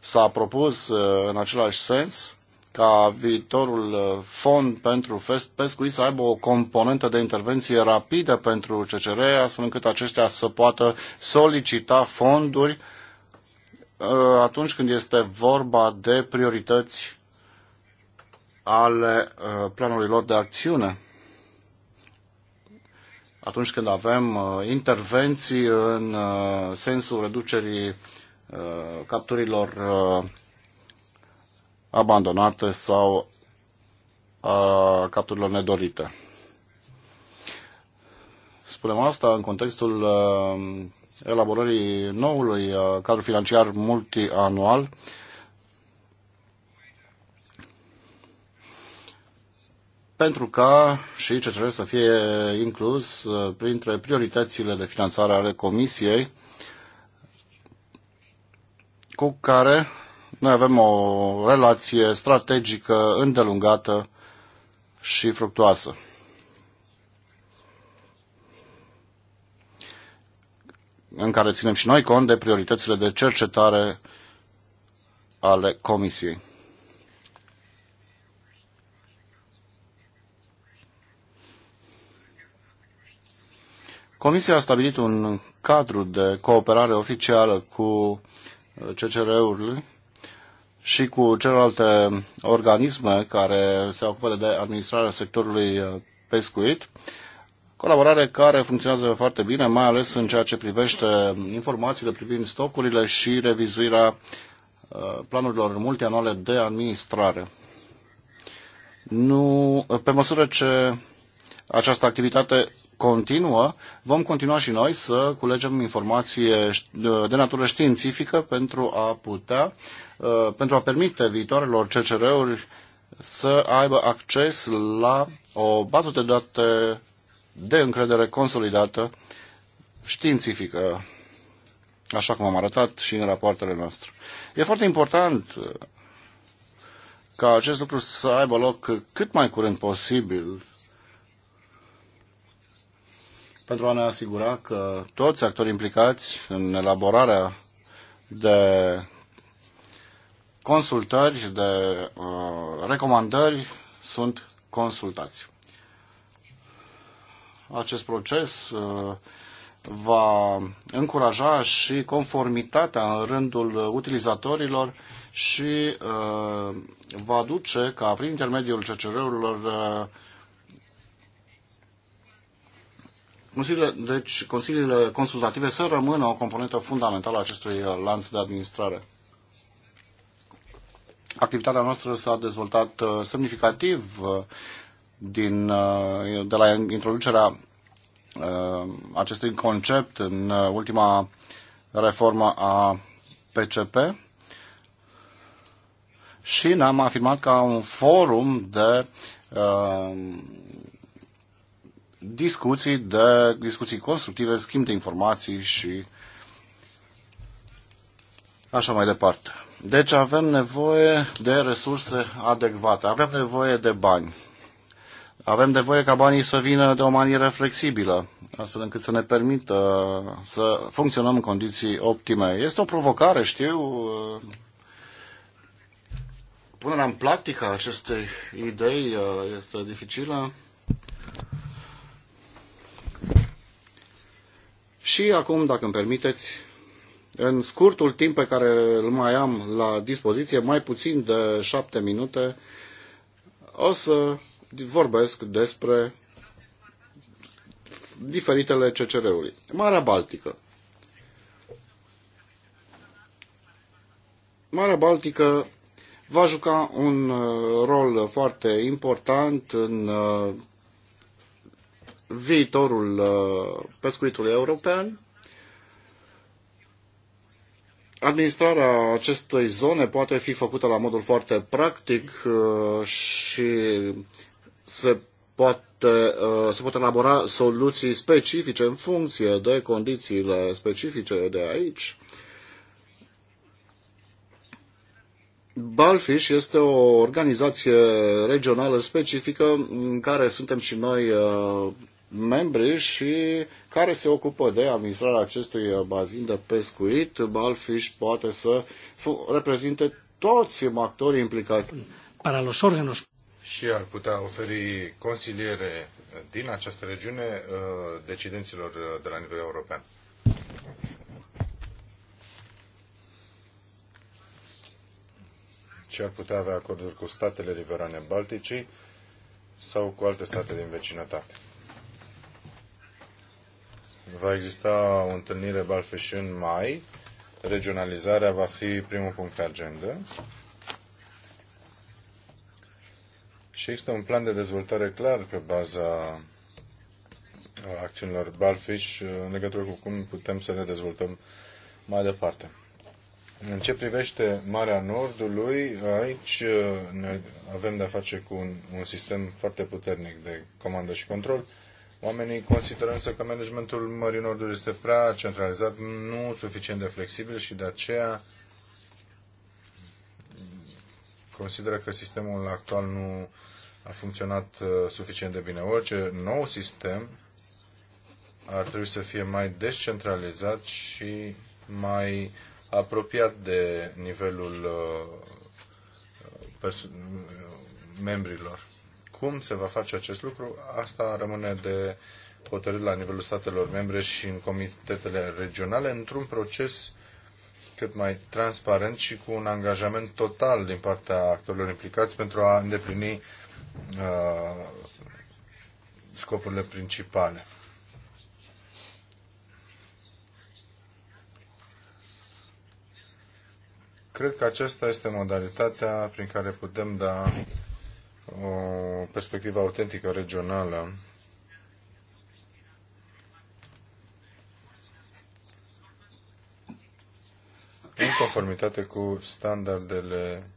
s-a propus uh, în același sens ca viitorul uh, fond pentru pescuit să aibă o componentă de intervenție rapidă pentru CCR, astfel încât acestea să poată solicita fonduri uh, Uh, atunci când este vorba de priorități ale uh, planului lor de acțiune. Atunci când avem uh, intervenții în sensul reducerii capturilor abandonate sau a capturilor nedorite. Spunem asta în contextul elaborării noului uh, cadru financiar multianual. pentru ca și CCR să fie inclus uh, printre prioritățile de finanțare ale Comisiei cu care noi avem o relație strategică îndelungată și fructuoasă. în care ținem și noi cont de prioritățile de cercetare ale Comisiei. Comisia a stabilit un cadru de cooperare oficială cu CCR-urile și cu celelalte organisme care se ocupă de administrarea sectorului pescuit. Colaborare care funcționează foarte bine, mai ales în ceea ce privește informațiile privind stocurile și revizuirea uh, planurilor multianuale de administrare. Nu, pe măsură ce această activitate continuă, vom continua și noi să culegem informații de natură științifică pentru a putea, uh, pentru a permite viitoarelor CCR-uri să aibă acces la o bază de date de încredere consolidată, științifică, așa cum am arătat și în rapoartele noastre. E foarte important uh, ca acest lucru să aibă loc cât mai curând posibil pentru a ne asigura că toți actorii implicați în elaborarea de consultări, de uh, recomandări sunt consultați acest proces uh, va încuraja și conformitatea în rândul utilizatorilor și uh, va duce ca prin intermediul CCR-urilor uh, Consiliile, deci, consiliile consultative să rămână o componentă fundamentală a acestui lanț de administrare. Activitatea noastră s-a dezvoltat semnificativ din, uh, de la introducerea uh, acestui concept în uh, ultima reformă a PCP și ne-am afirmat ca un forum de discuții, de discuții constructive, schimb de informații și așa mai departe. Deci avem nevoie de resurse adecvate, avem nevoie de bani. Avem nevoie ca banii să vină de o manieră flexibilă, astfel încât să ne permită să funcționăm în condiții optime. Este o provocare, știu, uh, punerea în practică acestei idei uh, este dificilă. Și acum, dacă îmi permiteți, în scurtul timp pe care îl mai am la dispoziție, mai puțin de șapte minute, o să vorbesc despre diferitele CCR-uri. Marea Baltică. Marea Baltică va juca un uh, rol foarte important în uh, viitorul uh, pescuitului european. Administrarea acestei zone poate fi făcută la modul foarte practic și se poate, uh, se pot elabora soluții specifice în funcție de condițiile specifice de aici. Balfish este o organizație regională specifică în care suntem și noi uh, membri și care se ocupă de administrarea acestui bazin de pescuit. Balfish poate să reprezinte toți actorii implicați. Para los órganos și ar putea oferi consiliere din această regiune uh, decidenților uh, de la nivel european. Și ar putea avea acorduri cu statele riverane Balticii sau cu alte state din vecinătate. Va exista o întâlnire Balfeș în mai. Regionalizarea va fi primul punct pe agenda. și există un plan de dezvoltare clar pe baza uh, acțiunilor Barfish uh, în legătură cu cum putem să ne dezvoltăm mai departe. În ce privește Marea Nordului, aici uh, ne avem de-a face cu un, un sistem foarte puternic de comandă și control. Oamenii consideră însă că managementul Mării Nordului este prea centralizat, nu suficient de flexibil și de aceea consideră că sistemul actual nu a funcționat uh, suficient de bine. Orice nou sistem ar trebui să fie mai descentralizat și mai apropiat de nivelul uh, membrilor. Cum se va face acest lucru? Asta rămâne de hotărât la nivelul statelor membre și în comitetele regionale într-un proces cât mai transparent și cu un angajament total din partea actorilor implicați pentru a îndeplini Uh, scopurile principale. Cred că aceasta este modalitatea prin care putem da o perspectivă autentică regională în conformitate cu standardele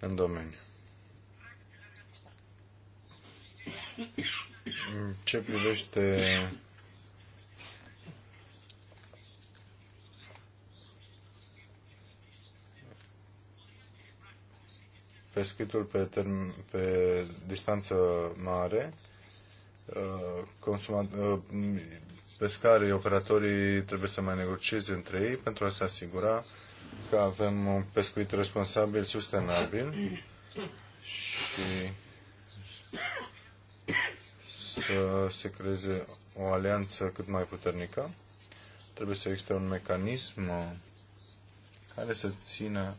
în domeniu. În ce privește pescuitul pe, term, pe distanță mare, uh, consuma, uh, pescarii, operatorii trebuie să mai negocieze între ei pentru a se asigura că avem un pescuit responsabil, sustenabil și să se creeze o alianță cât mai puternică. Trebuie să existe un mecanism care să țină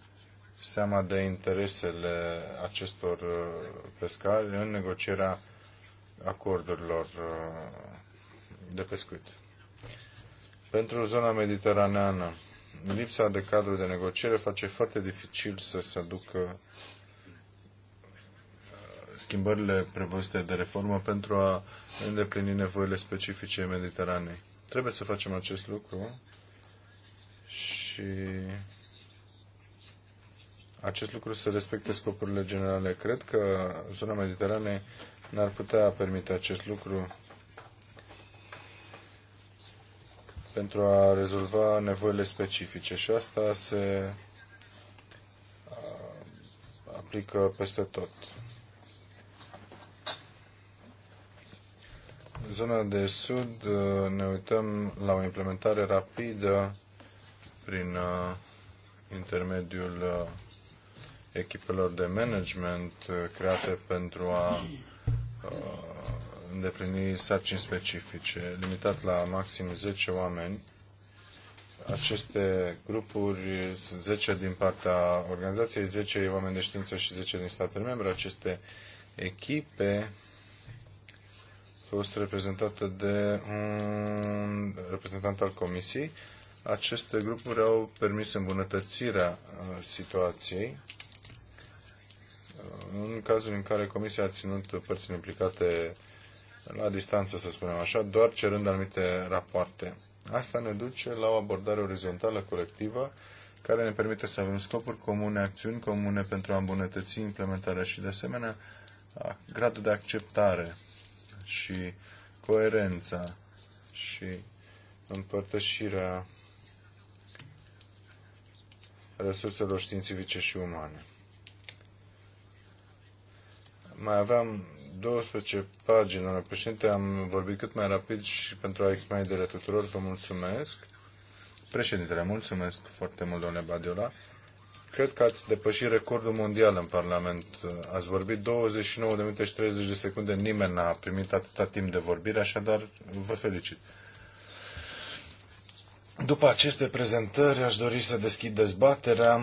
seama de interesele acestor uh, pescari în negocierea acordurilor uh, de pescuit. Pentru zona mediteraneană, lipsa de cadru de negociere face foarte dificil să se ducă schimbările prevăzute de reformă pentru a îndeplini nevoile specifice Mediteranei. Trebuie să facem acest lucru și acest lucru să respecte scopurile generale. Cred că zona Mediteranei n-ar putea permite acest lucru pentru a rezolva nevoile specifice și asta se aplică peste tot. zona de sud uh, ne uităm la o implementare rapidă prin uh, intermediul uh, echipelor de management create pentru a îndeplini sarcini specifice, limitat la maxim 10 oameni. Aceste grupuri sunt 10 din partea organizației, 10 oameni de știință și 10 din statele membre. Aceste echipe fost reprezentată de un reprezentant al Comisiei. Aceste grupuri au permis îmbunătățirea uh, situației uh, în cazul în care Comisia a ținut părțile implicate la distanță, să spunem așa, doar cerând anumite rapoarte. Asta ne duce la o abordare orizontală colectivă care ne permite să avem scopuri comune, acțiuni comune pentru a îmbunătăți implementarea și, de asemenea, gradul de acceptare și coerența și împărtășirea resurselor științifice și umane. Mai aveam 12 pagini, domnule președinte, am vorbit cât mai rapid și pentru a explica tuturor, vă mulțumesc. Președintele, mulțumesc foarte mult, domnule Badiola. Cred că ați depășit recordul mondial în Parlament. Ați vorbit 29 de minute și 30 de secunde. Nimeni n-a primit atâta timp de vorbire, așadar vă felicit. După aceste prezentări, aș dori să deschid dezbaterea,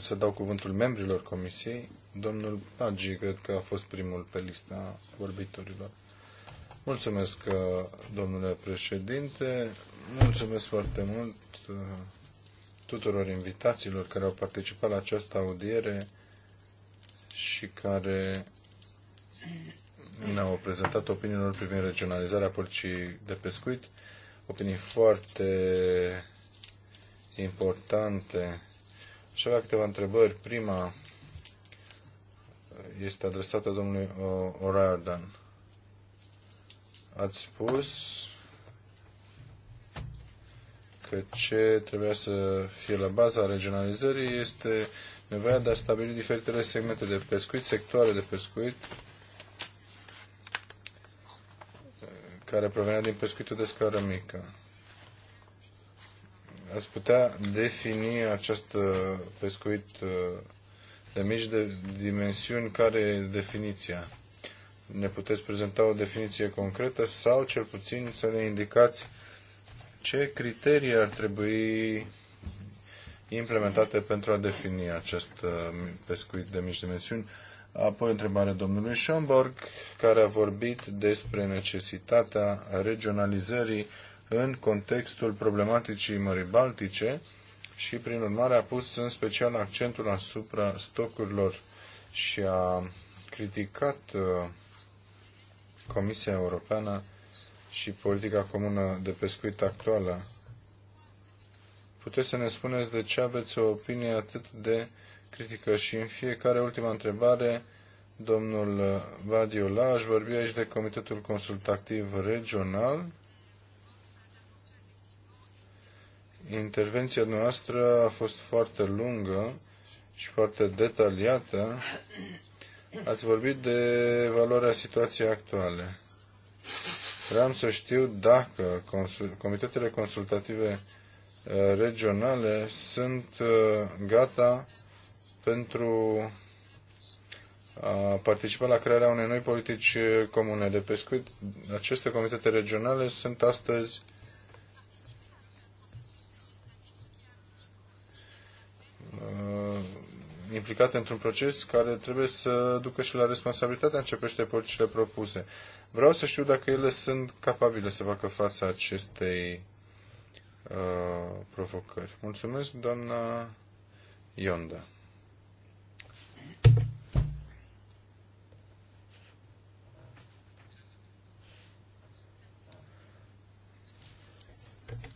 să dau cuvântul membrilor comisiei. Domnul Pagi, cred că a fost primul pe lista vorbitorilor. Mulțumesc, domnule președinte, mulțumesc foarte mult tuturor invitațiilor care au participat la această audiere și care ne-au prezentat opiniilor privind regionalizarea politicii de pescuit, opinii foarte importante. Și avea câteva întrebări. Prima este adresată domnului O'Riordan. Ați spus că ce trebuia să fie la baza regionalizării este nevoia de a stabili diferitele segmente de pescuit, sectoare de pescuit, care provenea din pescuitul de scară mică. Ați putea defini acest uh, pescuit uh, de mici de dimensiuni, care e definiția? Ne puteți prezenta o definiție concretă sau cel puțin să ne indicați ce criterii ar trebui implementate pentru a defini acest uh, pescuit de mici dimensiuni? Apoi întrebarea domnului Schomburg, care a vorbit despre necesitatea regionalizării în contextul problematicii Mării Baltice și, prin urmare, a pus în special accentul asupra stocurilor și a criticat uh, Comisia Europeană și politica comună de pescuit actuală. Puteți să ne spuneți de ce aveți o opinie atât de critică și în fiecare ultima întrebare, domnul Vadiola, aș vorbi aici de Comitetul Consultativ Regional. Intervenția noastră a fost foarte lungă și foarte detaliată. Ați vorbit de valoarea situației actuale. Vreau să știu dacă consul, comitetele consultative uh, regionale sunt uh, gata pentru a participa la crearea unei noi politici uh, comune de pescuit. Aceste comitete regionale sunt astăzi implicate într-un proces care trebuie să ducă și la responsabilitatea începește politicile propuse. Vreau să știu dacă ele sunt capabile să facă fața acestei uh, provocări. Mulțumesc, doamna Ionda.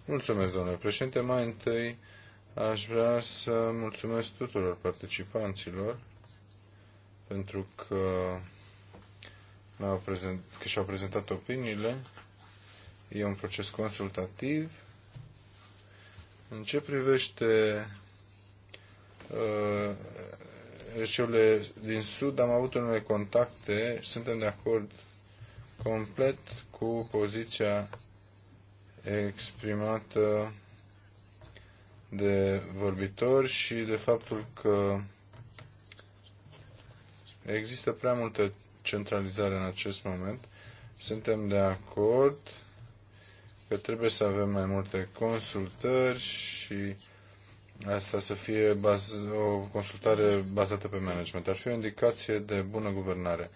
Mulțumesc, domnule președinte. Mai întâi aș vrea să mulțumesc tuturor participanților pentru că că și-au prezentat opiniile. E un proces consultativ. În ce privește uh, din Sud, am avut unele contacte, suntem de acord complet cu poziția exprimată de vorbitori și de faptul că există prea multă centralizare în acest moment. Suntem de acord că trebuie să avem mai multe consultări și asta să fie baz- o consultare bazată pe management. Ar fi o indicație de bună guvernare.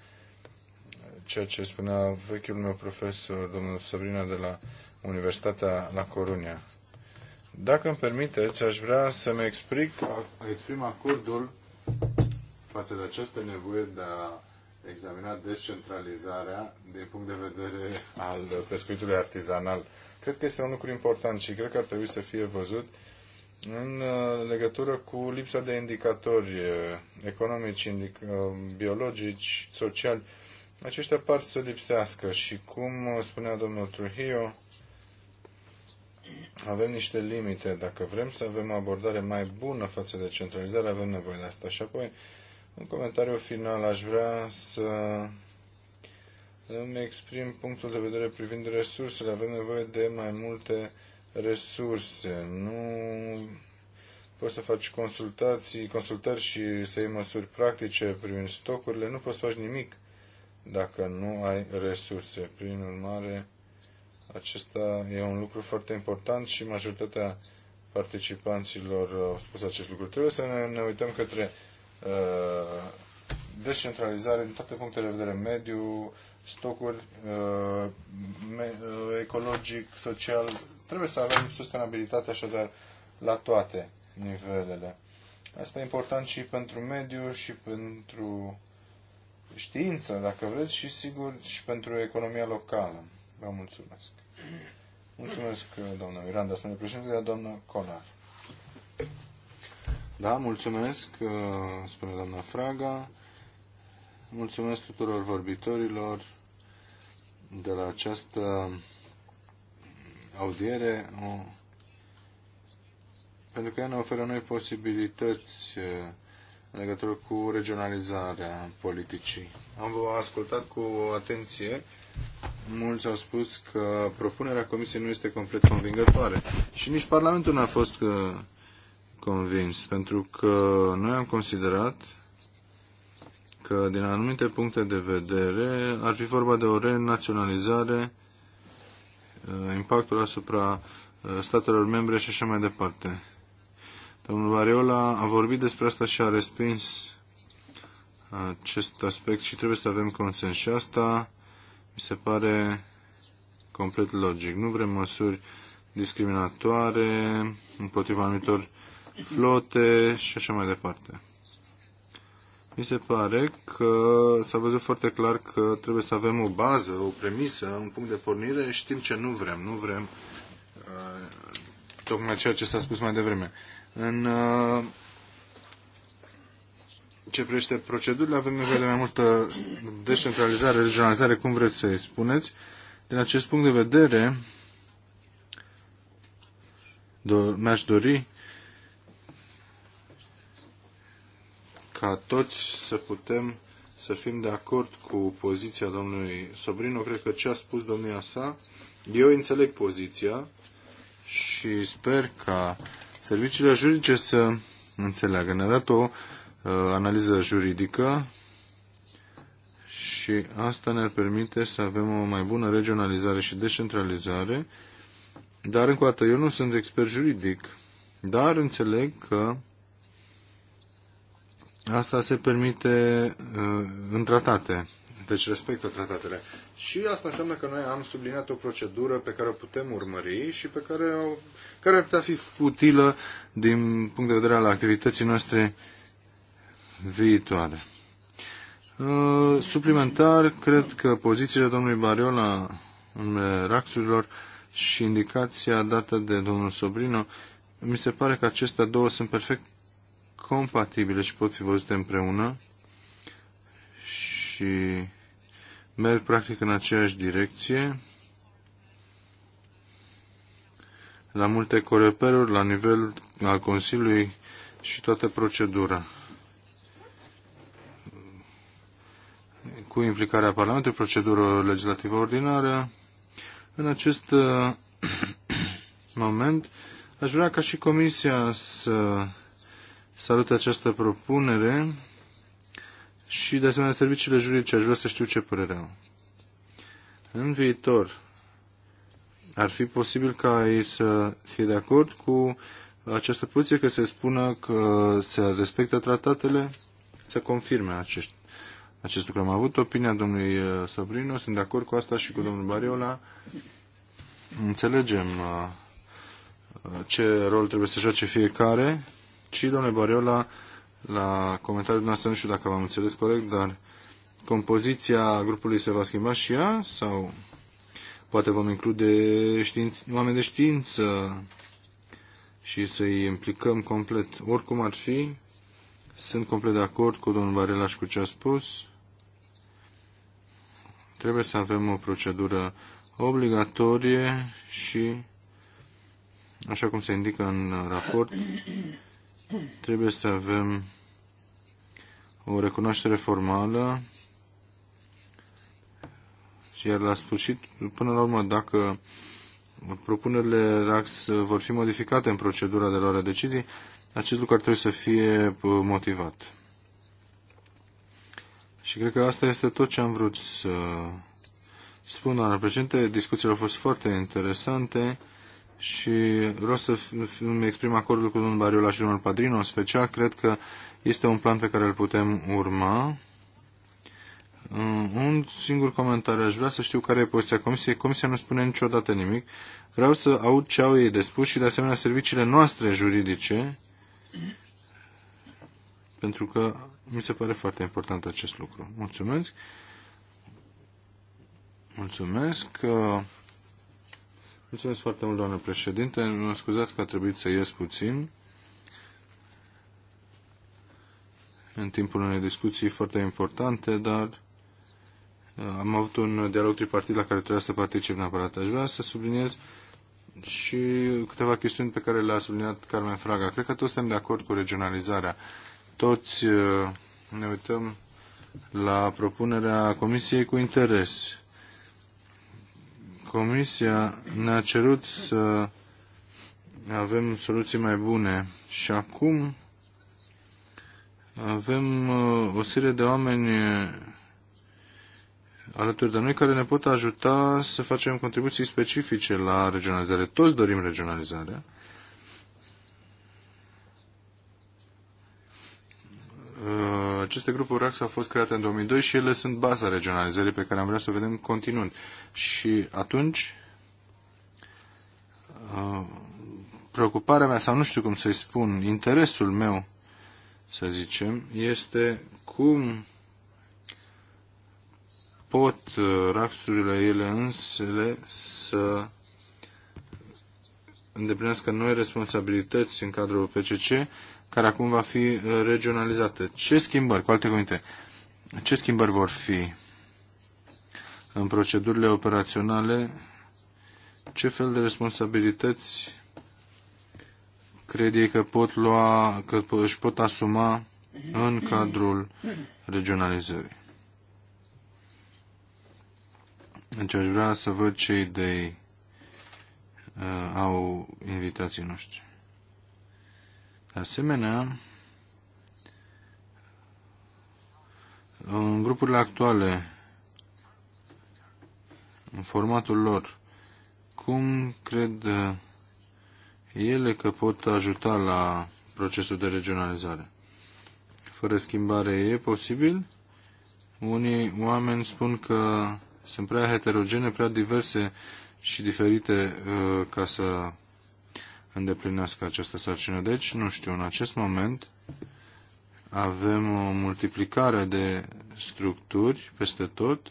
Ceea ce spunea vechiul meu profesor, domnul Sabrina, de la Universitatea La Corunia. Dacă îmi permiteți, aș vrea să-mi exprim acordul față de această nevoie de a examina descentralizarea din punct de vedere al pescuitului artizanal. Cred că este un lucru important și cred că ar trebui să fie văzut în uh, legătură cu lipsa de indicatori uh, economici, uh, biologici, sociali. Aceștia par să lipsească și cum spunea domnul Trujillo, avem niște limite. Dacă vrem să avem o abordare mai bună față de centralizare, avem nevoie de asta. Și apoi, în comentariu final aș vrea să îmi exprim punctul de vedere privind resursele. Avem nevoie de mai multe resurse. Nu poți să faci consultații, consultări și să iei măsuri practice privind stocurile. Nu poți să faci nimic dacă nu ai resurse. Prin urmare, acesta e un lucru foarte important și majoritatea participanților au spus acest lucru. Trebuie să ne, ne uităm către Uh, descentralizare din toate punctele de vedere, mediu, stocuri, uh, uh, ecologic, social. Trebuie să avem sustenabilitate așadar la toate nivelele. Asta e important și pentru mediu și pentru știință, dacă vreți, și sigur și pentru economia locală. Vă mulțumesc. Mulțumesc, doamna Miranda, ne președinte, doamna Conar. Da, mulțumesc, uh, spune doamna Fraga. Mulțumesc tuturor vorbitorilor de la această audiere, pentru că ea ne oferă noi posibilități uh, în legătură cu regionalizarea politicii. Am ascultat cu atenție. Mulți au spus că propunerea Comisiei nu este complet convingătoare și nici Parlamentul n-a fost uh, convins, pentru că noi am considerat că din anumite puncte de vedere ar fi vorba de o renaționalizare, uh, impactul asupra uh, statelor membre și așa mai departe. Domnul Variola a vorbit despre asta și a respins acest aspect și trebuie să avem consens și asta mi se pare complet logic. Nu vrem măsuri discriminatoare împotriva anumitor flote și așa mai departe. Mi se pare că s-a văzut foarte clar că trebuie să avem o bază, o premisă, un punct de pornire. Știm ce nu vrem. Nu vrem uh, tocmai ceea ce s-a spus mai devreme. În uh, ce privește procedurile, avem nevoie de mai multă descentralizare, regionalizare, cum vreți să-i spuneți. Din acest punct de vedere, do- mi-aș dori ca toți să putem să fim de acord cu poziția domnului Sobrino. Cred că ce a spus domnia sa, eu înțeleg poziția și sper ca serviciile juridice să înțeleagă. Ne-a dat o uh, analiză juridică și asta ne-ar permite să avem o mai bună regionalizare și descentralizare, dar încă o dată eu nu sunt expert juridic, dar înțeleg că Asta se permite uh, în tratate, deci respectă tratatele. Și asta înseamnă că noi am subliniat o procedură pe care o putem urmări și pe care, o, care ar putea fi utilă din punct de vedere al activității noastre viitoare. Uh, suplimentar, cred că pozițiile domnului Bariola în raxurilor și indicația dată de domnul Sobrino, mi se pare că acestea două sunt perfect compatibile și pot fi văzute împreună și merg practic în aceeași direcție. La multe coreperuri, la nivel al Consiliului și toată procedura. Cu implicarea Parlamentului, procedură legislativă ordinară. În acest uh, [COUGHS] moment, aș vrea ca și Comisia să salută această propunere și, de asemenea, serviciile juridice. Aș vrea să știu ce părere au. În viitor, ar fi posibil ca ei să fie de acord cu această poziție că se spună că se respectă tratatele, să confirme acest, acest lucru. Am avut opinia domnului uh, Sabrino, sunt de acord cu asta și cu domnul Bariola. Înțelegem uh, uh, ce rol trebuie să joace fiecare și, domnule Boriola, la comentariul dumneavoastră, nu știu dacă v-am înțeles corect, dar compoziția grupului se va schimba și ea sau poate vom include științ, oameni de știință și să-i implicăm complet. Oricum ar fi, sunt complet de acord cu domnul Varela și cu ce a spus. Trebuie să avem o procedură obligatorie și, așa cum se indică în raport, Trebuie să avem o recunoaștere formală și iar la sfârșit, până la urmă, dacă propunerile RAX vor fi modificate în procedura de luare a decizii, acest lucru ar trebui să fie uh, motivat. Și cred că asta este tot ce am vrut să spun, doamna președinte. Discuțiile au fost foarte interesante și vreau să îmi exprim acordul cu domnul Bariola și domnul Padrino. În special, cred că este un plan pe care îl putem urma. Uh, un singur comentariu. Aș vrea să știu care e poziția Comisiei. Comisia nu spune niciodată nimic. Vreau să aud ce au ei de spus și, de asemenea, serviciile noastre juridice, pentru că mi se pare foarte important acest lucru. Mulțumesc. Mulțumesc. Uh, Mulțumesc foarte mult, doamnă președinte. Mă scuzați că a trebuit să ies puțin. În timpul unei discuții foarte importante, dar uh, am avut un dialog tripartit la care trebuia să particip neapărat. Aș vrea să subliniez și câteva chestiuni pe care le-a subliniat Carmen Fraga. Cred că toți suntem de acord cu regionalizarea. Toți uh, ne uităm la propunerea Comisiei cu interes. Comisia ne-a cerut să avem soluții mai bune și acum avem uh, o serie de oameni uh, alături de noi care ne pot ajuta să facem contribuții specifice la regionalizare. Toți dorim regionalizarea Uh, aceste grupuri RAX au fost create în 2002 și ele sunt baza regionalizării pe care am vrea să o vedem continuând. Și atunci, uh, preocuparea mea, sau nu știu cum să-i spun, interesul meu, să zicem, este cum pot uh, raxurile ele însele să îndeplinească noi responsabilități în cadrul PCC care acum va fi uh, regionalizată. Ce schimbări, cu alte cuvinte, ce schimbări vor fi în procedurile operaționale? Ce fel de responsabilități cred ei că pot lua, că își pot asuma în cadrul regionalizării? Deci aș vrea să văd ce idei uh, au invitații noștri. De asemenea, în grupurile actuale, în formatul lor, cum cred ele că pot ajuta la procesul de regionalizare? Fără schimbare e posibil? Unii oameni spun că sunt prea heterogene, prea diverse și diferite uh, ca să îndeplinească această sarcină. Deci, nu știu, în acest moment avem o multiplicare de structuri peste tot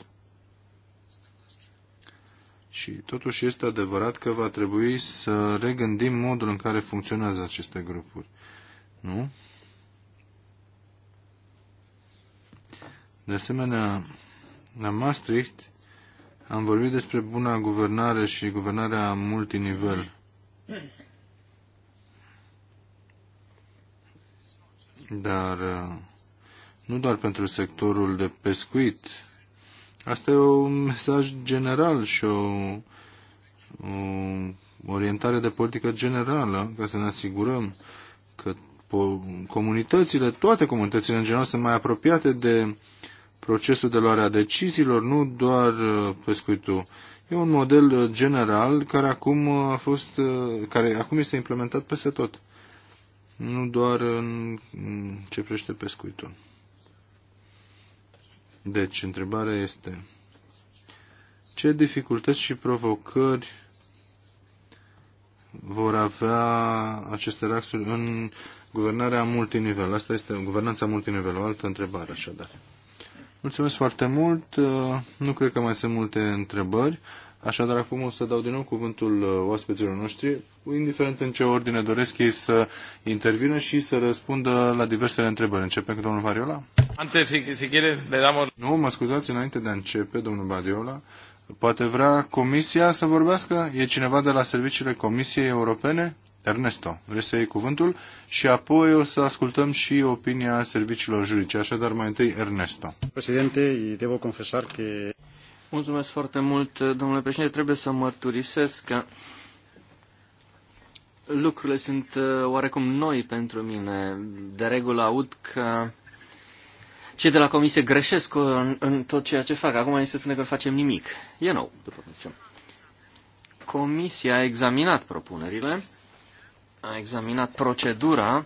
și totuși este adevărat că va trebui să regândim modul în care funcționează aceste grupuri. Nu? De asemenea, la Maastricht am vorbit despre buna guvernare și guvernarea multinivel. dar uh, nu doar pentru sectorul de pescuit. Asta e un mesaj general și o, o orientare de politică generală, ca să ne asigurăm că comunitățile, toate comunitățile în general, sunt mai apropiate de procesul de luare a deciziilor, nu doar uh, pescuitul. E un model uh, general care acum a fost, care acum este implementat peste tot nu doar în ce privește pescuitul. Deci, întrebarea este ce dificultăți și provocări vor avea aceste reacții în guvernarea multinivel? Asta este guvernanța multinivel, o altă întrebare așadar. Mulțumesc foarte mult. Nu cred că mai sunt multe întrebări. Așadar, acum o să dau din nou cuvântul uh, oaspeților noștri indiferent în ce ordine doresc ei să intervină și să răspundă la diversele întrebări. Începem cu domnul Variola? Antes, si, si quiere, le damos... Nu, mă scuzați, înainte de a începe, domnul Variola, poate vrea Comisia să vorbească? E cineva de la serviciile Comisiei Europene? Ernesto, vrei să iei cuvântul? Și apoi o să ascultăm și opinia serviciilor juridice. Așadar, mai întâi Ernesto. Președinte, devo confesar că... Mulțumesc foarte mult, domnule președinte. Trebuie să mărturisesc că lucrurile sunt uh, oarecum noi pentru mine. De regulă aud că cei de la comisie greșesc în, în tot ceea ce fac. Acum ni se spune că nu facem nimic. E nou, după cum ziceam. Comisia a examinat propunerile, a examinat procedura,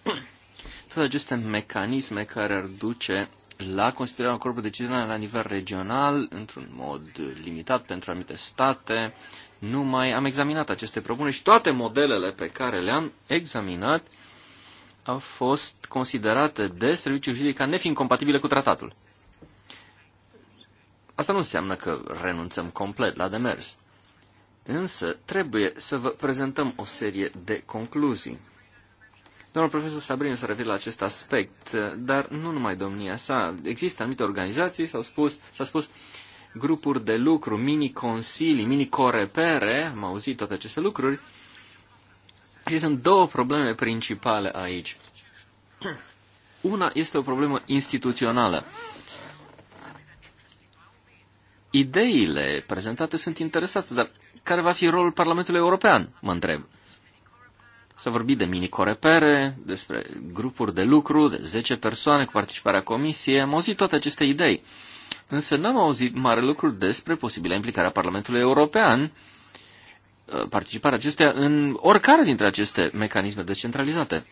[CLEARS THROAT] toate aceste mecanisme care ar duce la considerarea corpului decizional la nivel regional, într-un mod limitat pentru anumite state, nu mai am examinat aceste propuneri și toate modelele pe care le-am examinat au fost considerate de serviciul juridic ca nefiind compatibile cu tratatul. Asta nu înseamnă că renunțăm complet la demers. Însă trebuie să vă prezentăm o serie de concluzii. Domnul profesor Sabrin s-a referit la acest aspect, dar nu numai domnia sa. Există anumite organizații, s-au spus, s-a spus, grupuri de lucru, mini-consilii, mini-corepere, am auzit toate aceste lucruri, și sunt două probleme principale aici. Una este o problemă instituțională. Ideile prezentate sunt interesate, dar care va fi rolul Parlamentului European, mă întreb. S-a vorbit de mini-corepere, despre grupuri de lucru, de 10 persoane cu participarea comisiei, am auzit toate aceste idei însă n-am auzit mare lucru despre posibilă implicarea Parlamentului European, uh, participarea acestea în oricare dintre aceste mecanisme descentralizate.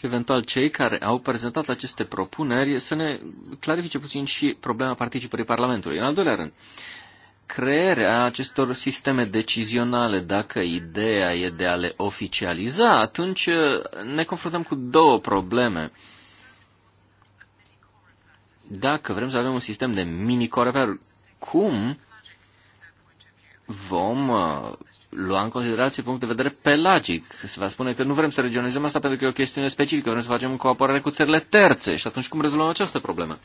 Eventual, cei care au prezentat aceste propuneri să ne clarifice puțin și problema participării Parlamentului. În al doilea rând, crearea acestor sisteme decizionale, dacă ideea e de a le oficializa, atunci uh, ne confruntăm cu două probleme. Uh, dacă vrem să avem un sistem de mini-coreper, cum vom uh, lua în considerație punct de vedere pelagic. Se va spune că nu vrem să regionalizăm asta pentru că e o chestiune specifică, vrem să facem în cooperare cu țările terțe și atunci cum rezolvăm această problemă?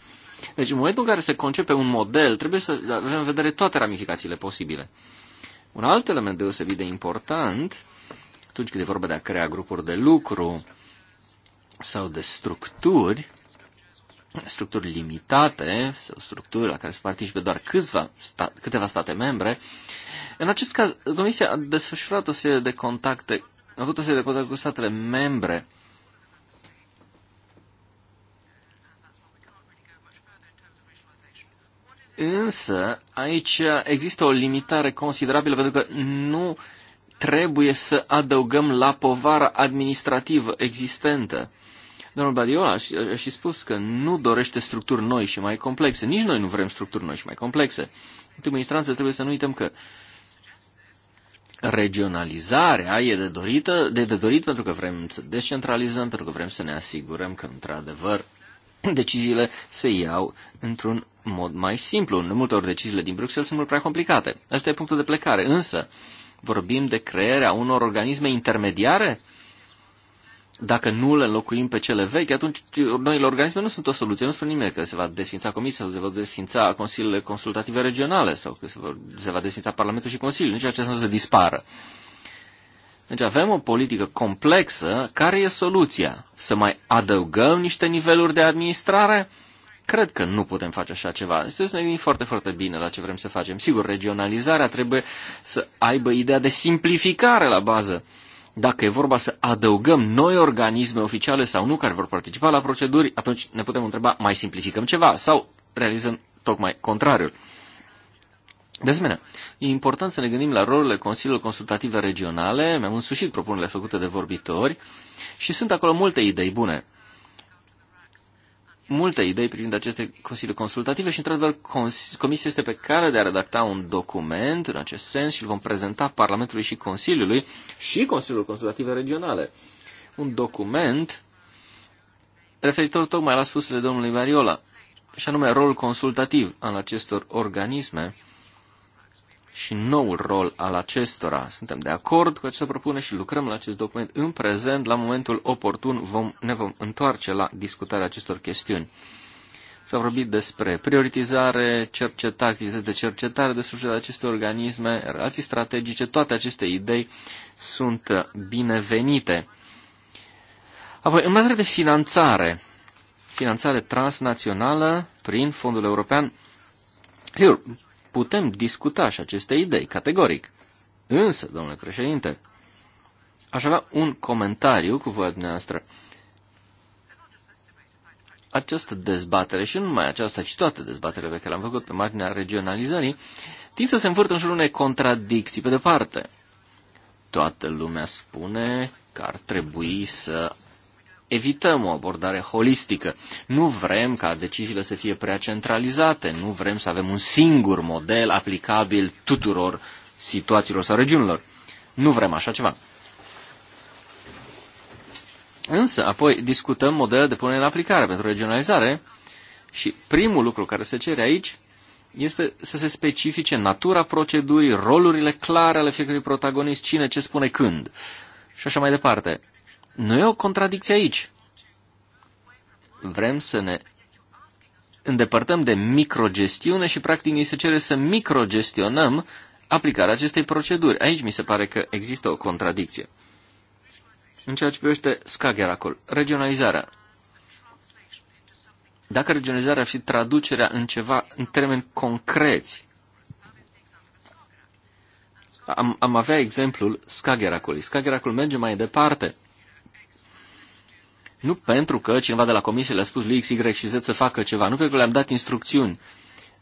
Deci în momentul în care se concepe un model, trebuie să avem în vedere toate ramificațiile posibile. Un alt element deosebit de important, atunci când e vorba de a crea grupuri de lucru sau de structuri, structuri limitate, structuri la care se participe doar câțiva stat, câteva state membre. În acest caz, Comisia a desfășurat o serie de contacte, a avut o serie de contacte cu statele membre. Însă, aici există o limitare considerabilă pentru că nu trebuie să adăugăm la povara administrativă existentă. Domnul Badiola a și spus că nu dorește structuri noi și mai complexe. Nici noi nu vrem structuri noi și mai complexe. În ultimă instanță trebuie să nu uităm că regionalizarea e de, dorită, de, de dorit pentru că vrem să descentralizăm, pentru că vrem să ne asigurăm că, într-adevăr, [CLEARS THROAT] deciziile se iau într-un mod mai simplu. În multe ori deciziile din Bruxelles sunt mult prea complicate. Asta e punctul de plecare. Însă, vorbim de crearea unor organisme intermediare dacă nu le înlocuim pe cele vechi, atunci noile organisme nu sunt o soluție. Nu spun nimeni că se va desința Comisia se va desința Consiliile Consultative Regionale sau că se va, se va Parlamentul și Consiliul. Nici acestea nu se dispară. Deci avem o politică complexă. Care e soluția? Să mai adăugăm niște niveluri de administrare? Cred că nu putem face așa ceva. Este să ne gândim foarte, foarte bine la ce vrem să facem. Sigur, regionalizarea trebuie să aibă ideea de simplificare la bază. Dacă e vorba să adăugăm noi organisme oficiale sau nu care vor participa la proceduri, atunci ne putem întreba, mai simplificăm ceva sau realizăm tocmai contrariul. De asemenea, e important să ne gândim la rolurile Consiliului Consultative Regionale, mi-am însușit propunerile făcute de vorbitori și sunt acolo multe idei bune multe idei privind aceste consilii consultative și, într-adevăr, Comisia este pe cale de a redacta un document în acest sens și îl vom prezenta Parlamentului și Consiliului și Consiliul Consultative Regionale. Un document referitor tocmai la spusele domnului Variola, și anume rolul consultativ al acestor organisme și noul rol al acestora. Suntem de acord cu această propunere și lucrăm la acest document în prezent. La momentul oportun vom, ne vom întoarce la discutarea acestor chestiuni. S-a vorbit despre prioritizare, cercetare, activități de cercetare, desfășurarea aceste organisme, relații strategice, toate aceste idei sunt binevenite. Apoi, în materie de finanțare, finanțare transnațională prin Fondul European, sigur, Putem discuta și aceste idei, categoric. Însă, domnule președinte, aș avea un comentariu cu voia dumneavoastră. Această dezbatere, și nu numai aceasta, ci toate dezbaterile pe care le-am făcut pe marginea regionalizării, tind să se învârtă în jurul unei contradicții. Pe de parte, toată lumea spune că ar trebui să evităm o abordare holistică. Nu vrem ca deciziile să fie prea centralizate, nu vrem să avem un singur model aplicabil tuturor situațiilor sau regiunilor. Nu vrem așa ceva. Însă, apoi discutăm modele de punere în aplicare pentru regionalizare și primul lucru care se cere aici este să se specifice natura procedurii, rolurile clare ale fiecărui protagonist, cine ce spune când și așa mai departe. Nu e o contradicție aici. Vrem să ne îndepărtăm de microgestiune și practic ni se cere să microgestionăm aplicarea acestei proceduri. Aici mi se pare că există o contradicție. În ceea ce privește scageracul, regionalizarea. Dacă regionalizarea și traducerea în ceva, în termeni concreți, am, am avea exemplul Skageracului. Skageracul merge mai departe nu pentru că cineva de la comisie le-a spus lui X, Y și Z să facă ceva, nu pentru că le-am dat instrucțiuni.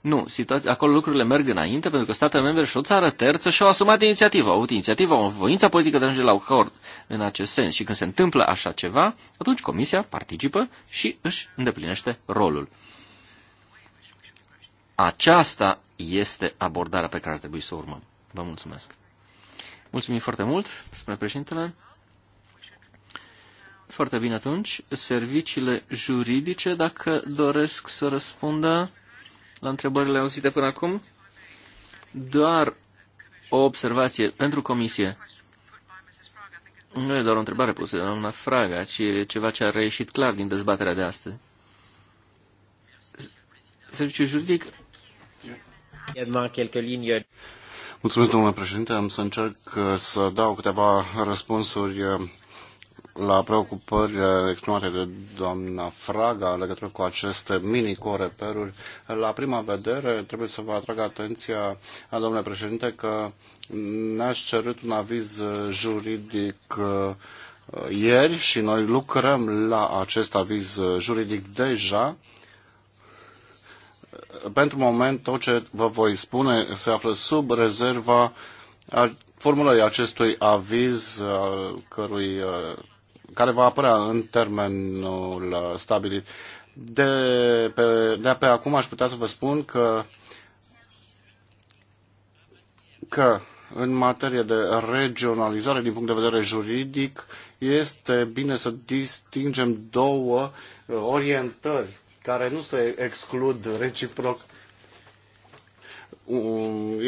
Nu, acolo lucrurile merg înainte pentru că statele membre și o țară terță și-au asumat inițiativa. Au avut inițiativa, au voința politică de ajunge la acord în acest sens. Și când se întâmplă așa ceva, atunci Comisia participă și își îndeplinește rolul. Aceasta este abordarea pe care ar trebui să o urmăm. Vă mulțumesc. Mulțumim foarte mult, spune președintele. Foarte bine atunci. Serviciile juridice, dacă doresc să răspundă la întrebările auzite până acum, doar o observație pentru comisie. Nu e doar o întrebare pusă de doamna Fraga, ci e ceva ce a reieșit clar din dezbaterea de astăzi. Serviciul juridic... Mulțumesc, domnule președinte. Am să încerc să dau câteva răspunsuri la preocupări exprimate de doamna Fraga în legătură cu aceste mini-coreperuri, la prima vedere trebuie să vă atrag atenția, domnule președinte, că ne-ați cerut un aviz juridic uh, ieri și noi lucrăm la acest aviz juridic deja. Pentru moment, tot ce vă voi spune se află sub rezerva formulării acestui aviz al cărui uh, care va apărea în termenul uh, stabilit. De pe, de pe acum aș putea să vă spun că, că în materie de regionalizare, din punct de vedere juridic, este bine să distingem două uh, orientări care nu se exclud reciproc.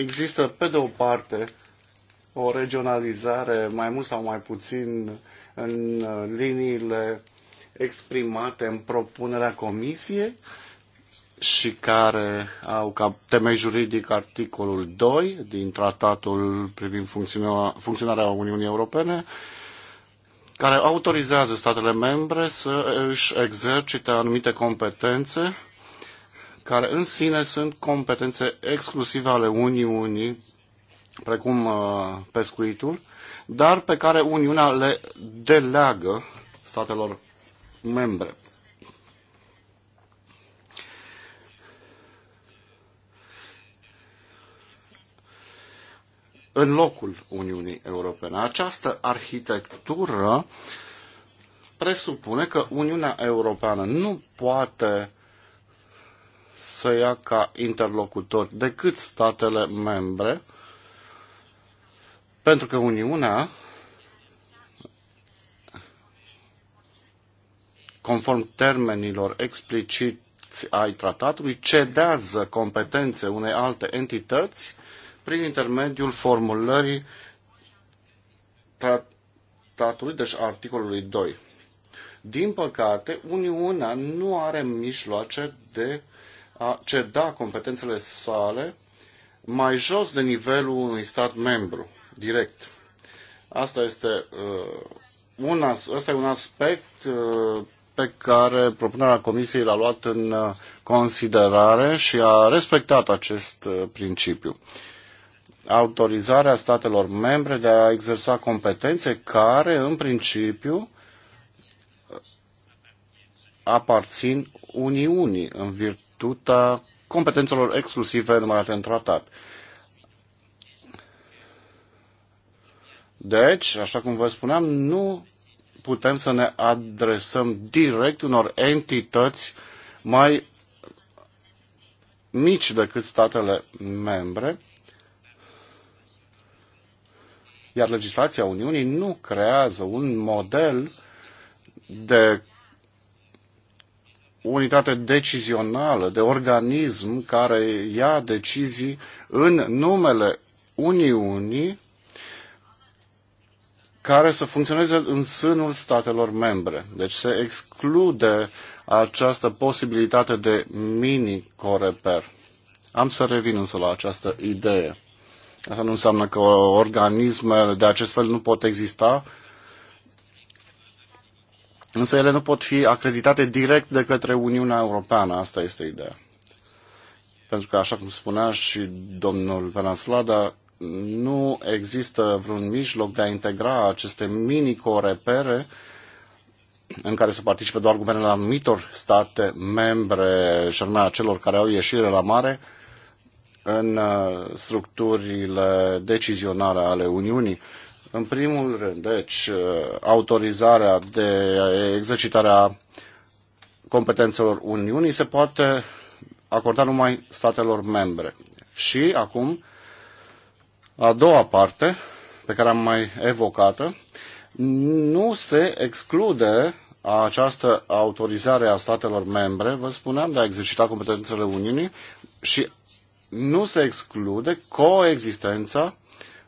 Există, pe de o parte, o regionalizare mai mult sau mai puțin în uh, liniile exprimate în propunerea comisiei și care au ca temei juridic articolul 2 din tratatul privind funcționarea Uniunii Europene, care autorizează statele membre să își exercite anumite competențe care în sine sunt competențe exclusive ale Uniunii, precum uh, pescuitul, dar pe care Uniunea le deleagă statelor membre. în locul Uniunii Europene. Această arhitectură presupune că Uniunea Europeană nu poate să ia ca interlocutori decât statele membre pentru că Uniunea, conform termenilor expliciți ai tratatului, cedează competențe unei alte entități prin intermediul formulării tratatului, deci articolului 2. Din păcate, Uniunea nu are mijloace de a ceda competențele sale mai jos de nivelul unui stat membru direct. Asta este, uh, un, asta e un aspect uh, pe care propunerea Comisiei l-a luat în uh, considerare și a respectat acest uh, principiu. Autorizarea statelor membre de a exersa competențe care, în principiu, aparțin Uniunii în virtutea competențelor exclusive numărate în tratat. Deci, așa cum vă spuneam, nu putem să ne adresăm direct unor entități mai mici decât statele membre, iar legislația Uniunii nu creează un model de unitate decizională, de organism care ia decizii în numele Uniunii care să funcționeze în sânul statelor membre. Deci se exclude această posibilitate de mini-coreper. Am să revin însă la această idee. Asta nu înseamnă că organismele de acest fel nu pot exista, însă ele nu pot fi acreditate direct de către Uniunea Europeană. Asta este ideea. Pentru că, așa cum spunea și domnul Penaslada, nu există vreun mijloc de a integra aceste mini-corepere în care se participă doar guvernele anumitor state membre, și anume celor care au ieșire la mare, în uh, structurile decizionale ale Uniunii. În primul rând, deci, uh, autorizarea de exercitarea competențelor Uniunii se poate acorda numai statelor membre. Și acum a doua parte, pe care am mai evocată nu se exclude această autorizare a statelor membre, vă spuneam, de a exercita competențele Uniunii și nu se exclude coexistența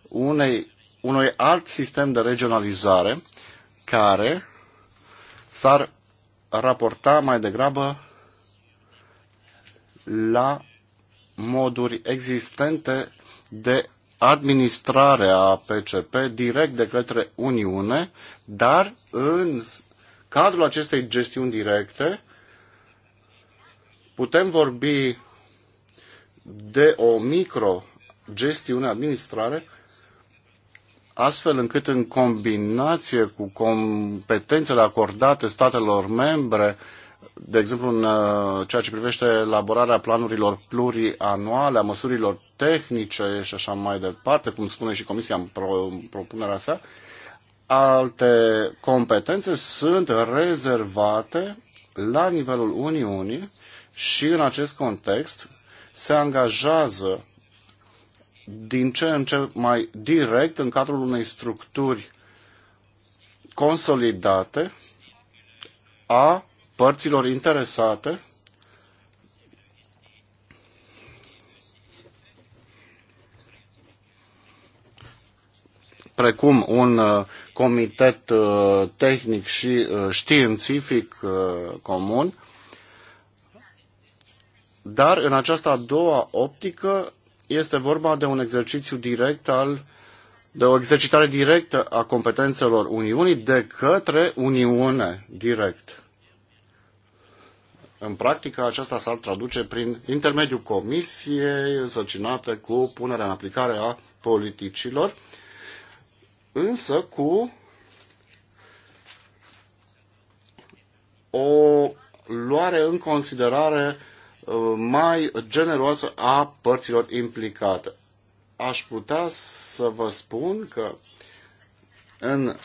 unei, unui alt sistem de regionalizare care s-ar raporta mai degrabă la moduri existente de administrarea PCP direct de către Uniune, dar în cadrul acestei gestiuni directe putem vorbi de o micro gestiune, administrare, astfel încât în combinație cu competențele acordate statelor membre, de exemplu, în uh, ceea ce privește elaborarea planurilor plurianuale, a măsurilor tehnice și așa mai departe, cum spune și Comisia în propunerea sa, alte competențe sunt rezervate la nivelul Uniunii și în acest context se angajează din ce în ce mai direct în cadrul unei structuri consolidate a părților interesate precum un uh, comitet uh, tehnic și uh, științific comun, dar în această a doua optică este vorba de un exercițiu direct al de o exercitare directă a competențelor Uniunii de către Uniune direct. În practică, aceasta s-ar traduce prin intermediul comisiei însărcinate cu punerea în aplicare a politicilor, însă cu o luare în considerare uh, mai generoasă a părților implicate. Aș putea să vă spun că în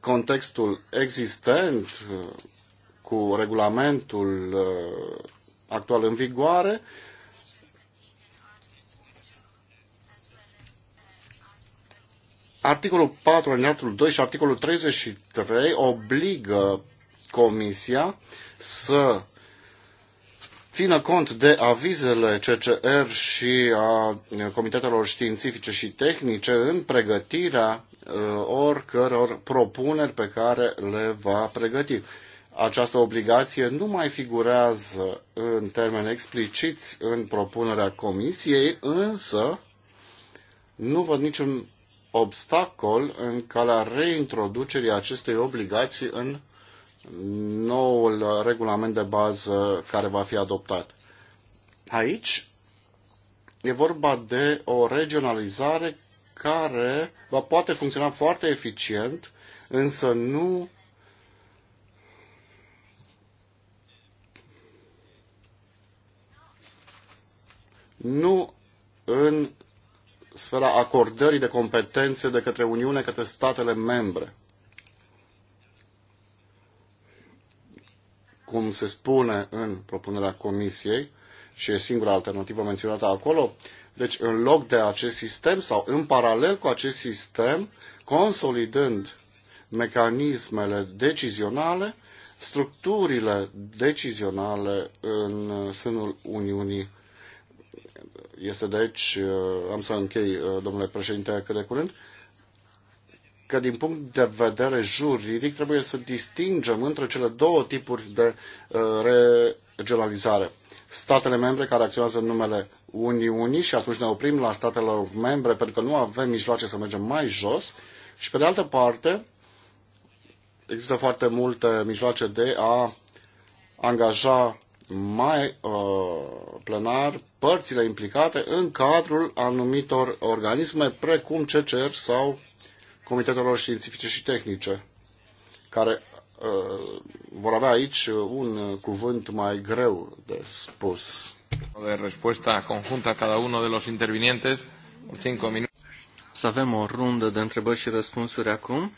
contextul existent uh, cu regulamentul uh, actual în vigoare, Articolul 4, alineatul 2 și articolul 33 obligă Comisia să țină cont de avizele CCR și a comitetelor științifice și tehnice în pregătirea uh, oricăror propuneri pe care le va pregăti această obligație nu mai figurează în termeni expliciți în propunerea Comisiei, însă nu văd niciun obstacol în calea reintroducerii acestei obligații în noul regulament de bază care va fi adoptat. Aici e vorba de o regionalizare care va poate funcționa foarte eficient, însă nu nu în sfera acordării de competențe de către Uniune, către statele membre. Cum se spune în propunerea Comisiei, și e singura alternativă menționată acolo, deci în loc de acest sistem sau în paralel cu acest sistem, consolidând mecanismele decizionale, structurile decizionale în sânul Uniunii este aici, uh, am să închei, uh, domnule președinte, cât de curând, că din punct de vedere juridic trebuie să distingem între cele două tipuri de uh, regionalizare. Statele membre care acționează în numele Uniunii și atunci ne oprim la statele membre pentru că nu avem mijloace să mergem mai jos și pe de altă parte există foarte multe mijloace de a angaja mai uh, plenar părțile implicate în cadrul anumitor organisme precum CCR sau comitetelor științifice și tehnice, care uh, vor avea aici un cuvânt mai greu de spus. De răspunsă conjuntă a cada unul de los intervinientes, 5 minute. Să avem o rundă de întrebări și răspunsuri acum.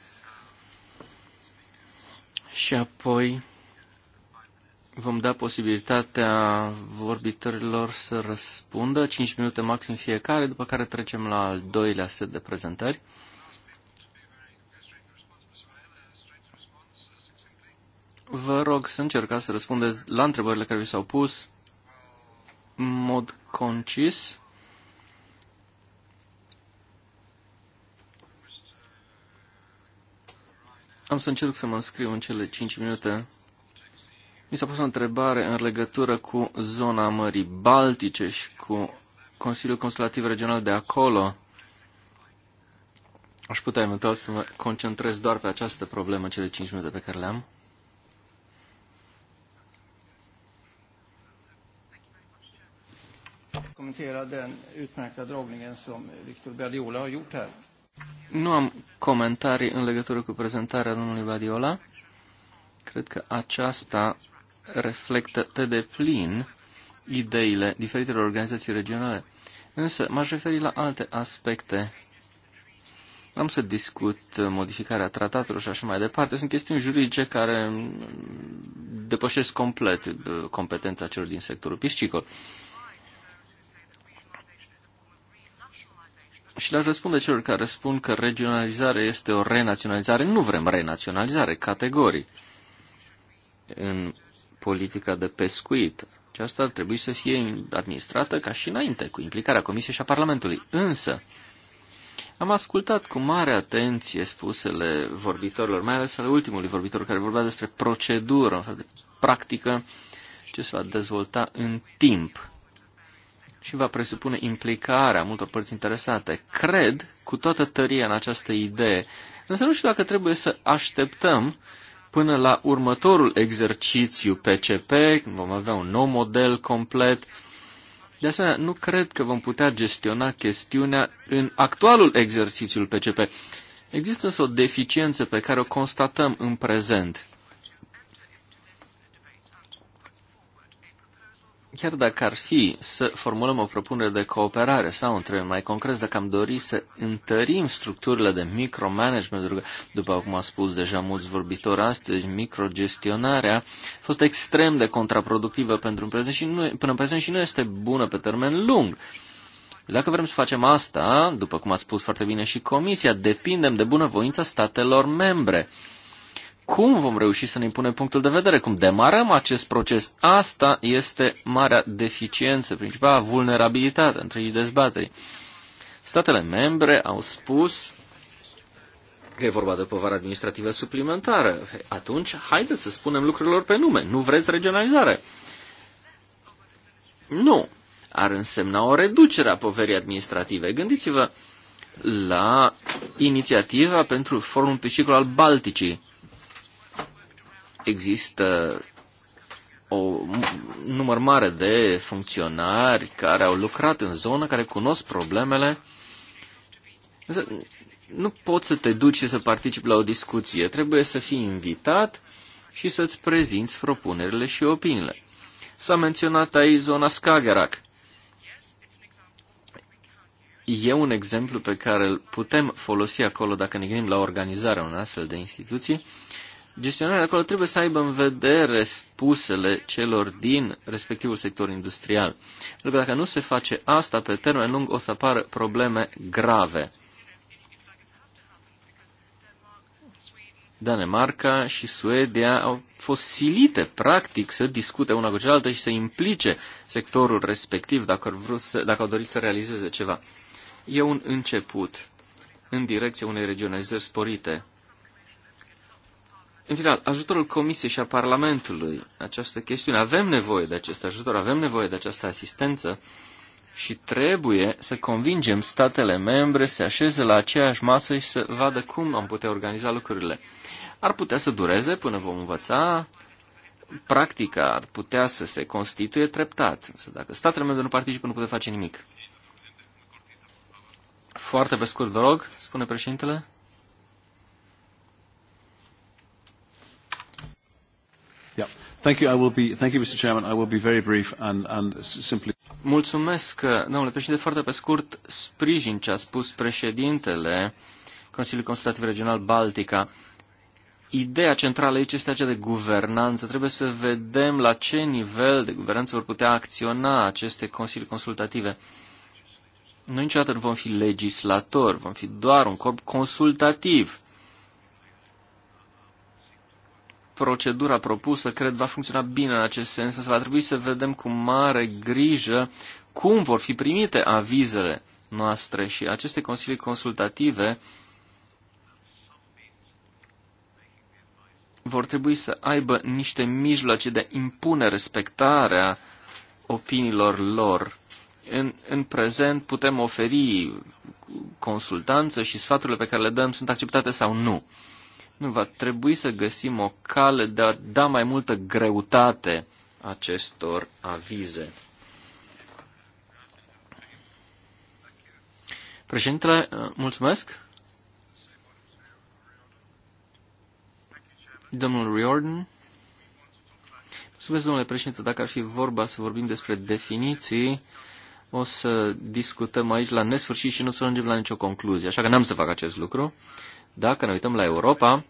Și apoi Vom da posibilitatea vorbitorilor să răspundă, 5 minute maxim fiecare, după care trecem la al doilea set de prezentări. Vă rog să încercați să răspundeți la întrebările care vi s-au pus în mod concis. Am să încerc să mă înscriu în cele 5 minute mi s-a pus o întrebare în legătură cu zona Mării Baltice și cu Consiliul Consultativ Regional de acolo. Aș putea eventual să mă concentrez doar pe această problemă, cele 5 minute pe care le-am. den Nu am comentarii în legătură cu prezentarea domnului Badiola. Cred că aceasta reflectă pe deplin ideile diferitelor organizații regionale. Însă m-aș referi la alte aspecte. Am să discut modificarea tratatelor și așa mai departe. Sunt chestiuni juridice care depășesc complet uh, competența celor din sectorul piscicol. Și le-aș răspunde celor care spun că regionalizare este o renaționalizare. Nu vrem renaționalizare, categoric. În politica de pescuit. Aceasta ar trebui să fie administrată ca și înainte, cu implicarea Comisiei și a Parlamentului. Însă, am ascultat cu mare atenție spusele vorbitorilor, mai ales ale ultimului vorbitor care vorbea despre procedură, un fel de practică ce se va dezvolta în timp și va presupune implicarea multor părți interesate. Cred cu toată tăria în această idee, însă nu știu dacă trebuie să așteptăm până la următorul exercițiu PCP, vom avea un nou model complet. De asemenea, nu cred că vom putea gestiona chestiunea în actualul exercițiul PCP. Există însă o deficiență pe care o constatăm în prezent. chiar dacă ar fi să formulăm o propunere de cooperare sau, între mai concret, dacă am dori să întărim structurile de micromanagement, pentru că, după cum a spus deja mulți vorbitori astăzi, microgestionarea a fost extrem de contraproductivă pentru în prezent și nu, până în prezent și nu este bună pe termen lung. Dacă vrem să facem asta, după cum a spus foarte bine și Comisia, depindem de bunăvoința statelor membre cum vom reuși să ne impunem punctul de vedere, cum demarăm acest proces. Asta este marea deficiență, principala vulnerabilitate ei dezbateri. Statele membre au spus că e vorba de povară administrativă suplimentară. Atunci, haideți să spunem lucrurilor pe nume. Nu vreți regionalizare. Nu. Ar însemna o reducere a poverii administrative. Gândiți-vă la inițiativa pentru Forumul Piscicol al Balticii există o număr mare de funcționari care au lucrat în zonă, care cunosc problemele. Nu poți să te duci și să participi la o discuție. Trebuie să fii invitat și să-ți prezinți propunerile și opiniile. S-a menționat aici zona Skagerrak. E un exemplu pe care îl putem folosi acolo dacă ne gândim la organizarea unei astfel de instituții gestionarea acolo trebuie să aibă în vedere spusele celor din respectivul sector industrial. Pentru că dacă nu se face asta, pe termen lung o să apară probleme grave. Danemarca și Suedia au fost silite, practic, să discute una cu cealaltă și să implice sectorul respectiv dacă au, vrut să, dacă au dorit să realizeze ceva. E un început în direcția unei regionalizări sporite în final, ajutorul Comisiei și a Parlamentului, această chestiune, avem nevoie de acest ajutor, avem nevoie de această asistență și trebuie să convingem statele membre să se așeze la aceeași masă și să vadă cum am putea organiza lucrurile. Ar putea să dureze până vom învăța, practica ar putea să se constituie treptat. Dacă statele membre nu participă, nu putem face nimic. Foarte pe scurt, vă rog, spune președintele. Thank you, I will be, thank you, Mr. Chairman. I will be very brief and, and simply... Mulțumesc, uh, domnule președinte. Foarte pe scurt, sprijin ce a spus președintele Consiliului Consultativ Regional Baltica. Ideea centrală aici este aceea de guvernanță. Trebuie să vedem la ce nivel de guvernanță vor putea acționa aceste consilii consultative. Noi niciodată nu vom fi legislatori, vom fi doar un corp consultativ. procedura propusă, cred, va funcționa bine în acest sens, însă va trebui să vedem cu mare grijă cum vor fi primite avizele noastre și aceste consilii consultative vor trebui să aibă niște mijloace de a impune respectarea opiniilor lor. În, în prezent putem oferi consultanță și sfaturile pe care le dăm sunt acceptate sau nu. Nu va trebui să găsim o cale de a da mai multă greutate acestor avize. Președintele, mulțumesc. Domnul Riordan. Mulțumesc, domnule președinte, dacă ar fi vorba să vorbim despre definiții, o să discutăm aici la nesfârșit și nu o să ajungem la nicio concluzie, așa că n-am să fac acest lucru. Dacă ne uităm la Europa,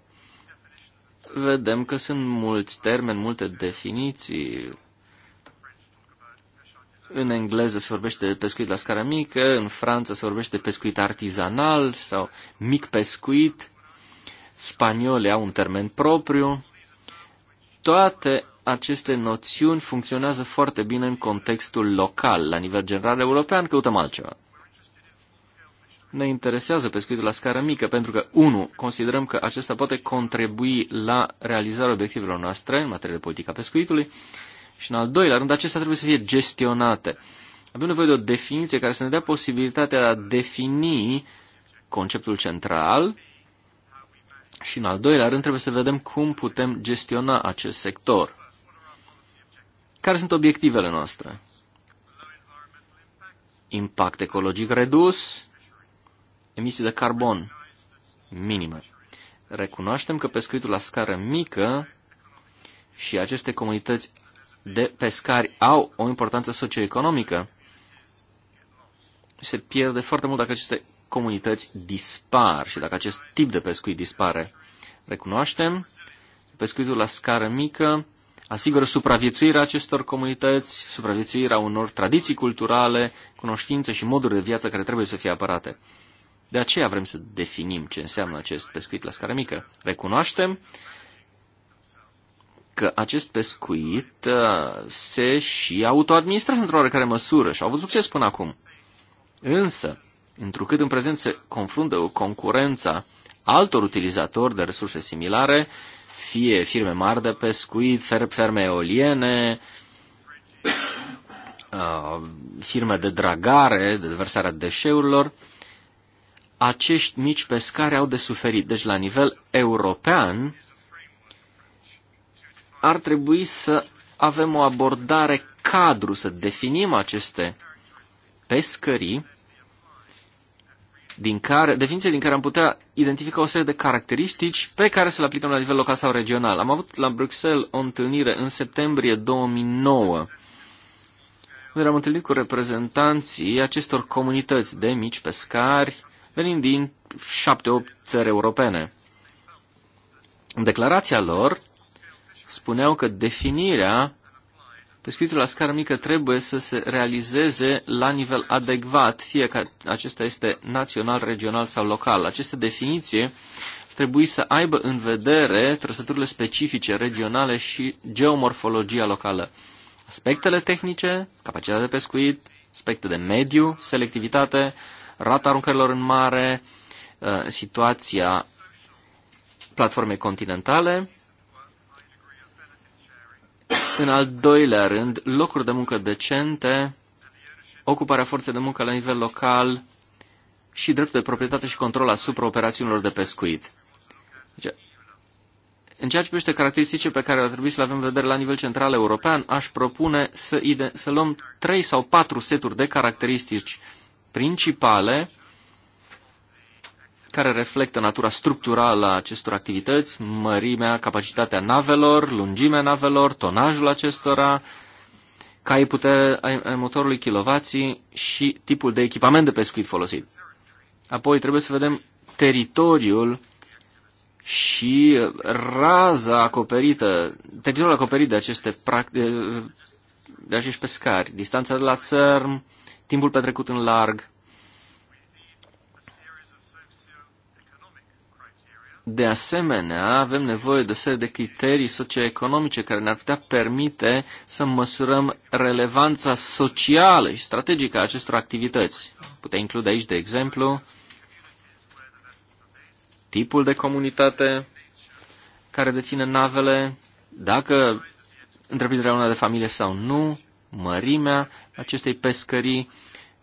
vedem că sunt mulți termeni, multe definiții. În engleză se vorbește de pescuit la scară mică, în Franța se vorbește de pescuit artizanal sau mic pescuit. Spaniolii au un termen propriu. Toate aceste noțiuni funcționează foarte bine în contextul local. La nivel general european căutăm altceva ne interesează pescuitul la scară mică, pentru că, unu, considerăm că acesta poate contribui la realizarea obiectivelor noastre în materie de politică a pescuitului și, în al doilea rând, acestea trebuie să fie gestionate. Avem nevoie de o definiție care să ne dea posibilitatea de a defini conceptul central și, în al doilea rând, trebuie să vedem cum putem gestiona acest sector. Care sunt obiectivele noastre? Impact ecologic redus, emisii de carbon minime. Recunoaștem că pescuitul la scară mică și aceste comunități de pescari au o importanță socioeconomică. Se pierde foarte mult dacă aceste comunități dispar și dacă acest tip de pescuit dispare. Recunoaștem, pescuitul la scară mică asigură supraviețuirea acestor comunități, supraviețuirea unor tradiții culturale, cunoștințe și moduri de viață care trebuie să fie apărate. De aceea vrem să definim ce înseamnă acest pescuit la scară mică. Recunoaștem că acest pescuit uh, se și autoadministrează într-o oarecare măsură și au avut succes până acum. Însă, întrucât în prezent se confruntă o concurența altor utilizatori de resurse similare, fie firme mari de pescuit, ferme eoliene, uh, firme de dragare, de deversarea deșeurilor, acești mici pescari au de suferit. Deci, la nivel european, ar trebui să avem o abordare cadru, să definim aceste pescării din care, definiție din care am putea identifica o serie de caracteristici pe care să le aplicăm la nivel local sau regional. Am avut la Bruxelles o întâlnire în septembrie 2009 unde am întâlnit cu reprezentanții acestor comunități de mici pescari, venind din 7-8 țări europene. În declarația lor spuneau că definirea pescuitul la scară mică trebuie să se realizeze la nivel adecvat, fie că acesta este național, regional sau local. Aceste definiții trebuie să aibă în vedere trăsăturile specifice regionale și geomorfologia locală. Aspectele tehnice, capacitatea de pescuit, aspecte de mediu, selectivitate, rata aruncărilor în mare, uh, situația platformei continentale. În al doilea rând, locuri de muncă decente, ocuparea forței de muncă la nivel local și dreptul de proprietate și control asupra operațiunilor de pescuit. Deci, în ceea ce privește caracteristicile pe care ar trebui să le avem în vedere la nivel central european, aș propune să, ide- să luăm trei sau patru seturi de caracteristici principale care reflectă natura structurală a acestor activități, mărimea, capacitatea navelor, lungimea navelor, tonajul acestora, cai putere ai motorului, kilovații și tipul de echipament de pescuit folosit. Apoi trebuie să vedem teritoriul și raza acoperită, teritoriul acoperit de aceste de acești pescari, distanța de la țărm, timpul petrecut în larg. De asemenea, avem nevoie de o serie de criterii socioeconomice care ne-ar putea permite să măsurăm relevanța socială și strategică a acestor activități. Putem include aici, de exemplu, tipul de comunitate care deține navele, dacă întreprinderea una de familie sau nu, mărimea, acestei pescării,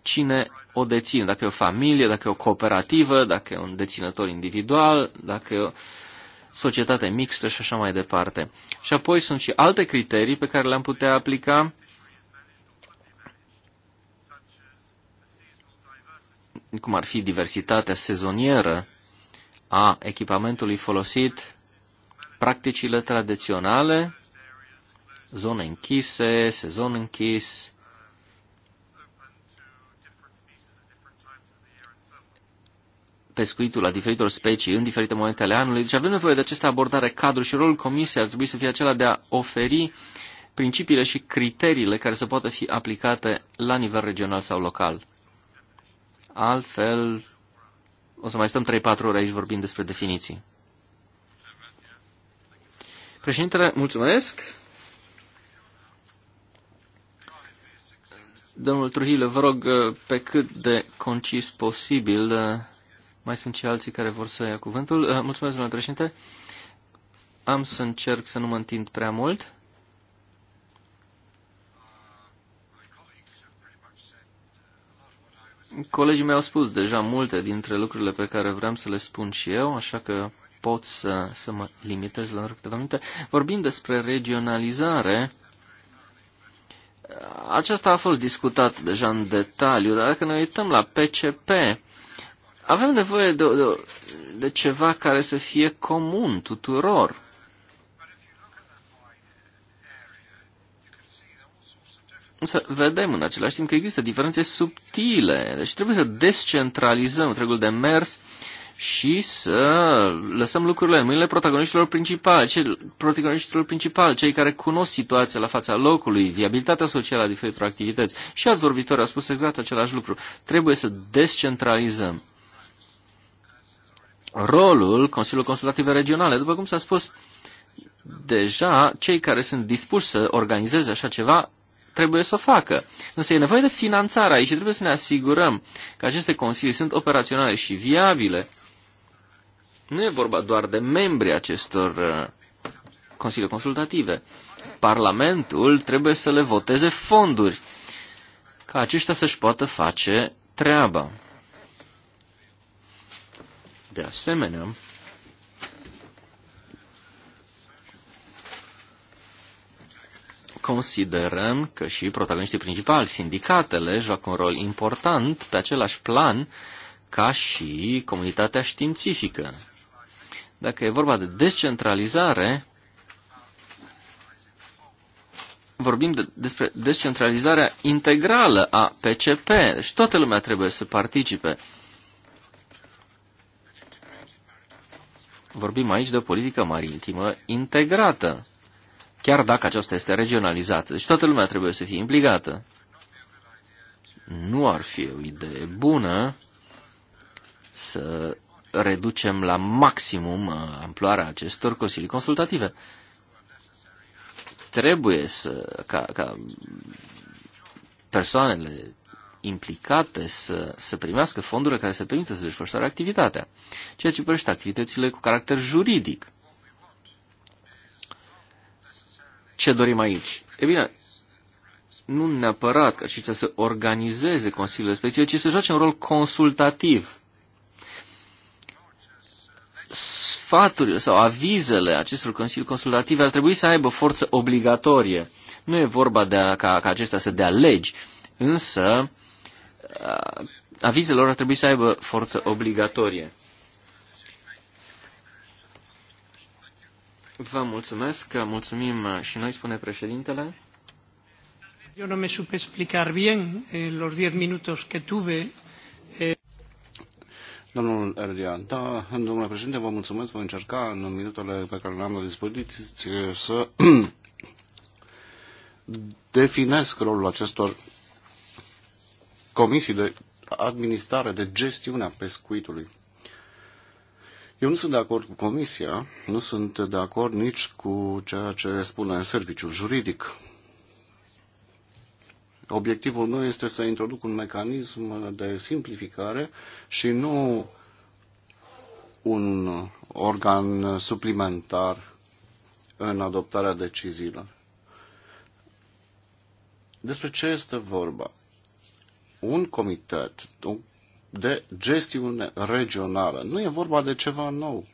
cine o deține, dacă e o familie, dacă e o cooperativă, dacă e un deținător individual, dacă e o societate mixtă și așa mai departe. Și apoi sunt și alte criterii pe care le-am putea aplica, cum ar fi diversitatea sezonieră a echipamentului folosit, practicile tradiționale, zone închise, sezon închis, pescuitul la diferitor specii în diferite momente ale anului. Deci avem nevoie de această abordare cadru și rolul comisiei ar trebui să fie acela de a oferi principiile și criteriile care să poată fi aplicate la nivel regional sau local. Altfel, o să mai stăm 3-4 ore aici vorbind despre definiții. Președintele, mulțumesc. Domnul Truhile, vă rog pe cât de concis posibil mai sunt și alții care vor să ia cuvântul. Uh, mulțumesc, domnule președinte. Am să încerc să nu mă întind prea mult. Colegii mei au spus deja multe dintre lucrurile pe care vreau să le spun și eu, așa că pot să, să mă limitez la câteva minute. Vorbind despre regionalizare, aceasta a fost discutat deja în detaliu, dar dacă ne uităm la PCP, avem nevoie de, de, de ceva care să fie comun tuturor. Însă vedem în același timp că există diferențe subtile, deci trebuie să descentralizăm întregul de mers și să lăsăm lucrurile în mâinile protagoniștilor principali, cei, protagoniștilor principali, cei care cunosc situația la fața locului, viabilitatea socială a diferitor activități. Și ați vorbitori au spus exact același lucru. Trebuie să descentralizăm rolul Consiliului Consultative Regionale. După cum s-a spus, deja cei care sunt dispuși să organizeze așa ceva trebuie să o facă. Însă e nevoie de finanțare aici și trebuie să ne asigurăm că aceste consilii sunt operaționale și viabile. Nu e vorba doar de membrii acestor uh, consilii consultative. Parlamentul trebuie să le voteze fonduri ca aceștia să-și poată face treaba. De asemenea, considerăm că și protagoniștii principali, sindicatele, joacă un rol important pe același plan ca și comunitatea științifică. Dacă e vorba de descentralizare, vorbim de, despre descentralizarea integrală a PCP, deci toată lumea trebuie să participe. vorbim aici de o politică maritimă integrată, chiar dacă aceasta este regionalizată. Deci toată lumea trebuie să fie implicată. Nu ar fi o idee bună să reducem la maximum uh, amploarea acestor consilii consultative. Trebuie să, ca, ca persoanele implicate să, să primească fondurile care se permită să desfășoare activitatea, ceea ce privește activitățile cu caracter juridic. Ce dorim aici? E bine, nu neapărat ca aceștia să organizeze consiliul respectiv, ci să joace un rol consultativ. Sfaturile sau avizele acestor consilii consultative ar trebui să aibă forță obligatorie. Nu e vorba de a, ca, ca acestea să dea legi, însă Uh, avizelor ar trebui să aibă forță obligatorie. Vă mulțumesc, mulțumim și noi, spune președintele. Eu nu mă supe explicar bien eh, los 10 minutos que tuve. Eh. Domnul Erdian, da, domnule președinte, vă mulțumesc, voi încerca în minutele pe care le-am la dispoziție să [CLEARS THROAT] definesc rolul acestor comisii de administrare, de a pescuitului. Eu nu sunt de acord cu comisia, nu sunt de acord nici cu ceea ce spune serviciul juridic. Obiectivul meu este să introduc un mecanism de simplificare și nu un organ suplimentar în adoptarea deciziilor. Despre ce este vorba? un comitet de gestiune regională. Nu e vorba de ceva nou,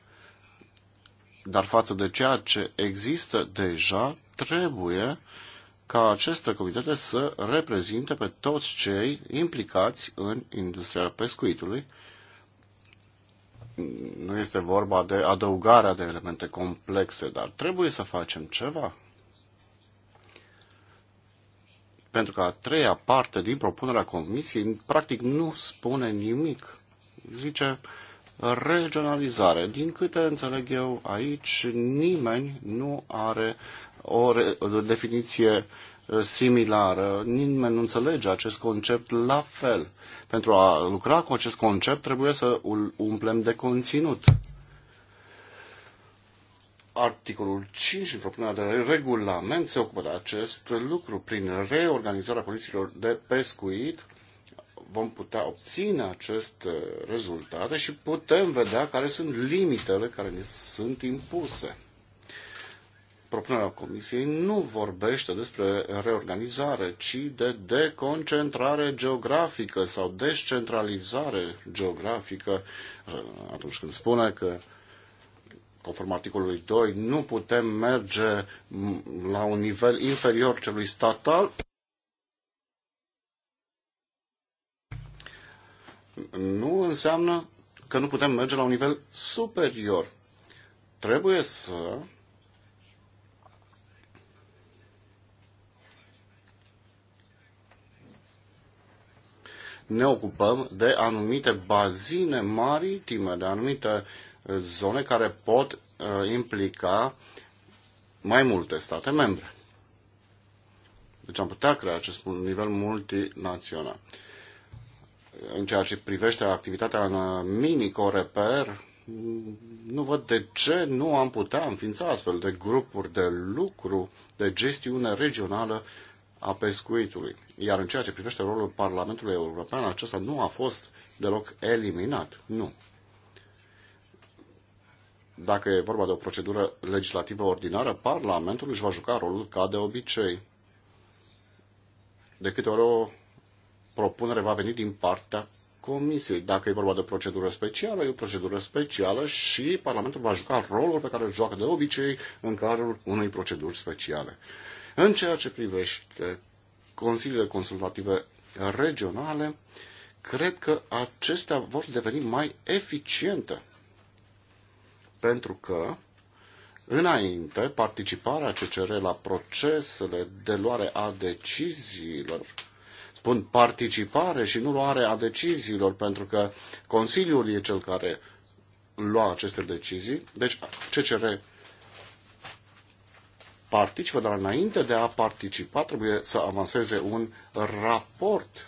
dar față de ceea ce există deja, trebuie ca aceste comitete să reprezinte pe toți cei implicați în industria pescuitului. Nu este vorba de adăugarea de elemente complexe, dar trebuie să facem ceva Pentru că a treia parte din propunerea comisiei practic nu spune nimic. Zice regionalizare. Din câte înțeleg eu aici, nimeni nu are o, o definiție uh, similară. Nimeni nu înțelege acest concept la fel. Pentru a lucra cu acest concept trebuie să îl umplem de conținut. Articolul 5 în propunerea de regulament se ocupă de acest lucru. Prin reorganizarea polițiilor de pescuit vom putea obține aceste uh, rezultate și putem vedea care sunt limitele care ne sunt impuse. Propunerea Comisiei nu vorbește despre reorganizare, ci de deconcentrare geografică sau descentralizare geografică atunci când spune că conform articolului 2, nu putem merge la un nivel inferior celui statal. Nu înseamnă că nu putem merge la un nivel superior. Trebuie să ne ocupăm de anumite bazine maritime, de anumite zone care pot uh, implica mai multe state membre. Deci am putea crea acest nivel multinațional. În ceea ce privește activitatea în uh, mini-coreper, mm, nu văd de ce nu am putea înființa astfel de grupuri de lucru de gestiune regională a pescuitului. Iar în ceea ce privește rolul Parlamentului European, acesta nu a fost deloc eliminat. Nu dacă e vorba de o procedură legislativă ordinară, Parlamentul își va juca rolul ca de obicei. De câte ori o propunere va veni din partea Comisiei. Dacă e vorba de o procedură specială, e o procedură specială și Parlamentul va juca rolul pe care îl joacă de obicei în cadrul unei proceduri speciale. În ceea ce privește Consiliile Consultative Regionale, cred că acestea vor deveni mai eficiente pentru că înainte participarea CCR la procesele de luare a deciziilor spun participare și nu luare a deciziilor, pentru că Consiliul e cel care lua aceste decizii. Deci CCR participă, dar înainte de a participa trebuie să avanseze un raport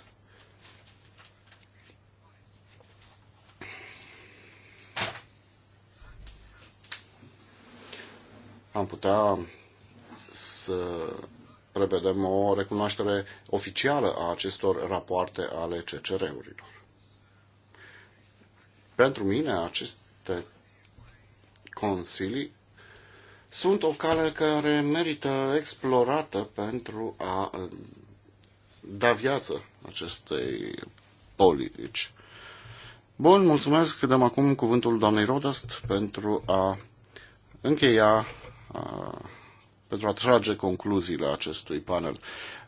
am putea să prevedem o recunoaștere oficială a acestor rapoarte ale CCR-urilor. Pentru mine, aceste consilii sunt o cale care merită explorată pentru a da viață acestei politici. Bun, mulțumesc. Dăm acum cuvântul doamnei Rodast pentru a încheia pentru a trage concluziile acestui panel.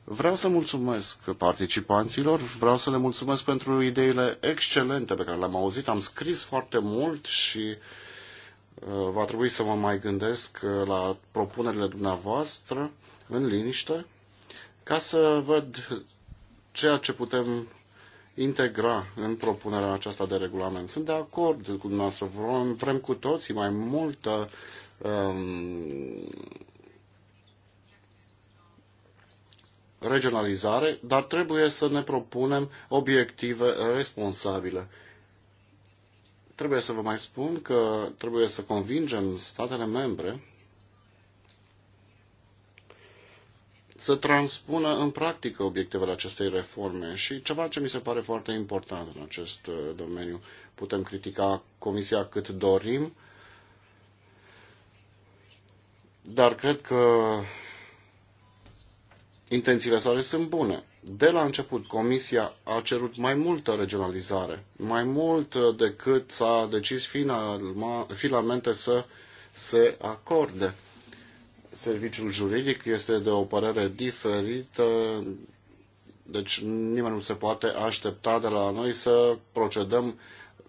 Vreau să mulțumesc participanților, vreau să le mulțumesc pentru ideile excelente pe care le-am auzit. Am scris foarte mult și va trebui să mă mai gândesc la propunerile dumneavoastră în liniște ca să văd ceea ce putem integra în propunerea aceasta de regulament. Sunt de acord cu dumneavoastră, vrem, vrem cu toții mai multă Um, regionalizare, dar trebuie să ne propunem obiective responsabile. Trebuie să vă mai spun că trebuie să convingem statele membre să transpună în practică obiectivele acestei reforme și ceva ce mi se pare foarte important în acest uh, domeniu. Putem critica Comisia cât dorim, dar cred că intențiile sale sunt bune. De la început, Comisia a cerut mai multă regionalizare, mai mult decât s-a decis final, finalmente să se acorde. Serviciul juridic este de o părere diferită, deci nimeni nu se poate aștepta de la noi să procedăm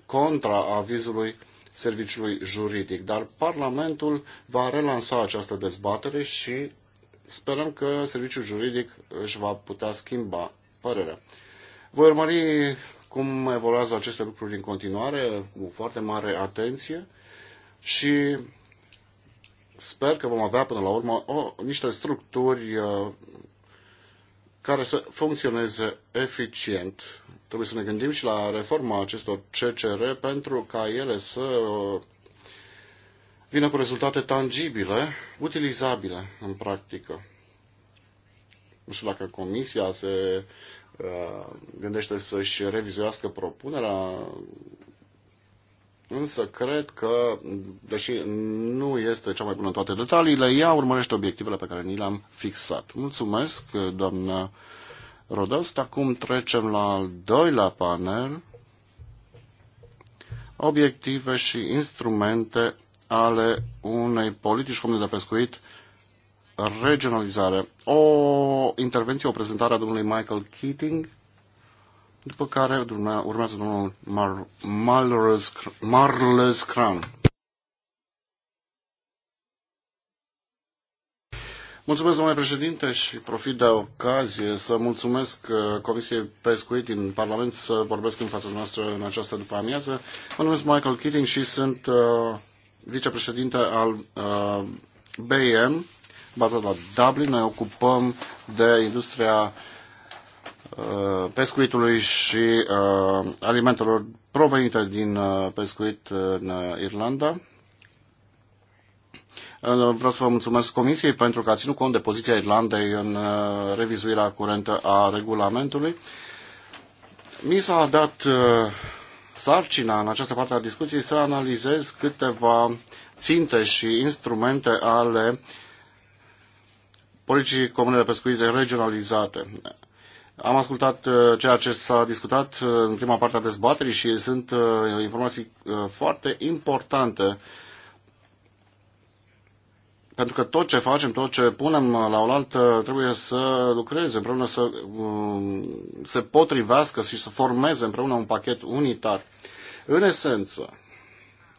contra avizului serviciului juridic. Dar Parlamentul va relansa această dezbatere și sperăm că serviciul juridic își va putea schimba părerea. Voi urmări cum evoluează aceste lucruri în continuare cu foarte mare atenție și sper că vom avea până la urmă o, niște structuri uh, care să funcționeze eficient Trebuie să ne gândim și la reforma acestor CCR pentru ca ele să uh, vină cu rezultate tangibile, utilizabile în practică. Nu știu dacă Comisia se uh, gândește să-și revizuiască propunerea, însă cred că, deși nu este cea mai bună în toate detaliile, ea urmărește obiectivele pe care ni le-am fixat. Mulțumesc, doamna rodost. Acum trecem la al doilea panel, obiective și instrumente ale unei politici comune de pescuit, regionalizare. O intervenție, o prezentare a domnului Michael Keating, după care urmează domnul Mar- Marles Cran. Mulțumesc, domnule președinte, și profit de ocazie să mulțumesc uh, Comisiei Pescuit din Parlament să vorbesc în fața noastră în această după amiază. Mă numesc Michael Keating și sunt uh, vicepreședinte al uh, BM, bazat la Dublin. Ne ocupăm de industria uh, pescuitului și uh, alimentelor provenite din uh, pescuit în uh, Irlanda. Vreau să vă mulțumesc Comisiei pentru că a ținut cont de poziția Irlandei în uh, revizuirea curentă a regulamentului. Mi s-a dat uh, sarcina în această parte a discuției să analizez câteva ținte și instrumente ale politicii comune de pescuit regionalizate. Am ascultat uh, ceea ce s-a discutat în prima parte a dezbaterii și sunt informații foarte importante pentru că tot ce facem, tot ce punem la oaltă trebuie să lucreze împreună, să um, se potrivească și să formeze împreună un pachet unitar. În esență,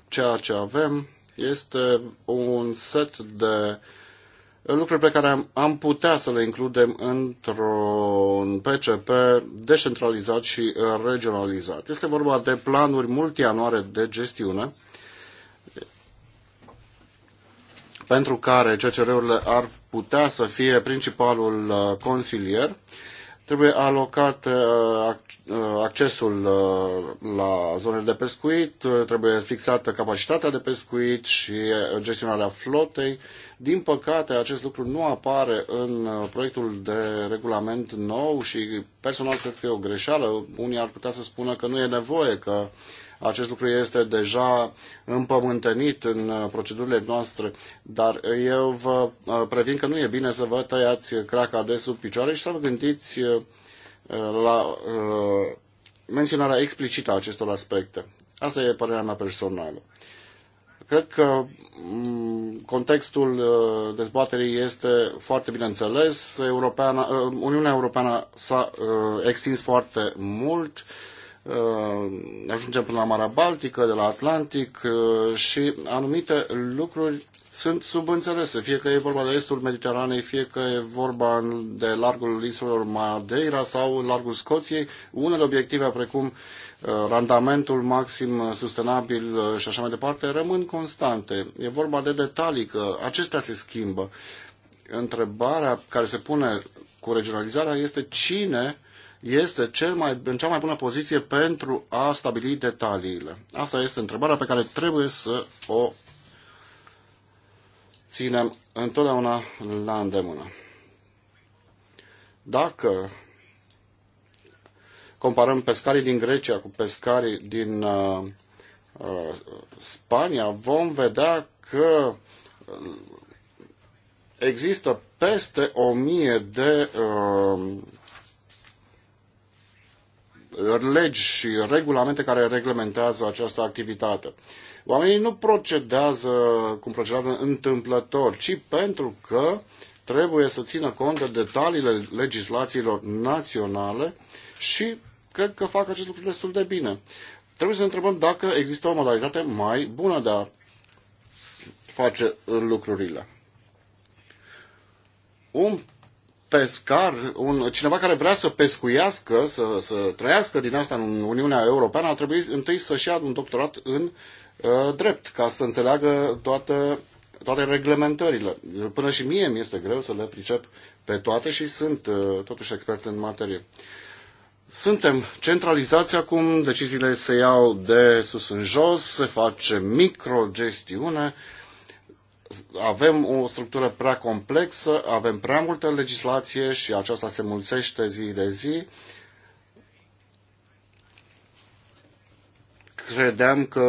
ceea ce avem este un set de lucruri pe care am putea să le includem într-un PCP decentralizat și regionalizat. Este vorba de planuri multianuare de gestiune, pentru care CCR-urile ar putea să fie principalul uh, consilier, trebuie alocat uh, uh, accesul la zonele de pescuit, trebuie fixată capacitatea de pescuit și gestionarea flotei. Din păcate, acest lucru nu apare în proiectul de regulament nou și personal cred că e o greșeală. Unii ar putea să spună că nu e nevoie, că uh, acest lucru este deja împământenit în uh, procedurile noastre, dar eu vă uh, previn că nu e bine să vă tăiați craca de sub picioare și să vă gândiți uh, la menționarea explicită a acestor aspecte. Asta e părerea mea personală. Cred că mm, contextul dezbaterii este foarte bine înțeles. Europeana, Uniunea Europeană s-a extins foarte mult Uh, ajungem până la Marea Baltică, de la Atlantic uh, și anumite lucruri sunt subînțelese, fie că e vorba de estul Mediteranei, fie că e vorba de largul insulelor Madeira sau largul Scoției, unele obiective precum uh, randamentul maxim sustenabil și așa mai departe rămân constante. E vorba de detalii că acestea se schimbă. Întrebarea care se pune cu regionalizarea este cine este cel mai, în cea mai bună poziție pentru a stabili detaliile? Asta este întrebarea pe care trebuie să o ținem întotdeauna la îndemână. Dacă comparăm pescarii din Grecia cu pescarii din uh, uh, Spania, vom vedea că uh, există peste o mie de uh, legi și regulamente care reglementează această activitate. Oamenii nu procedează cum procedează întâmplător, ci pentru că trebuie să țină cont de detaliile legislațiilor naționale și cred că fac acest lucru destul de bine. Trebuie să ne întrebăm dacă există o modalitate mai bună de a face lucrurile. Un pescar, un, cineva care vrea să pescuiască, să, să trăiască din asta în Uniunea Europeană, ar trebui întâi să-și ia un doctorat în uh, drept, ca să înțeleagă toate, toate reglementările. Până și mie mi este greu să le pricep pe toate și sunt uh, totuși expert în materie. Suntem centralizați acum, deciziile se iau de sus în jos, se face microgestiune, uh, avem o structură prea complexă, avem prea multă legislație și aceasta se mulțește zi de zi. Credeam că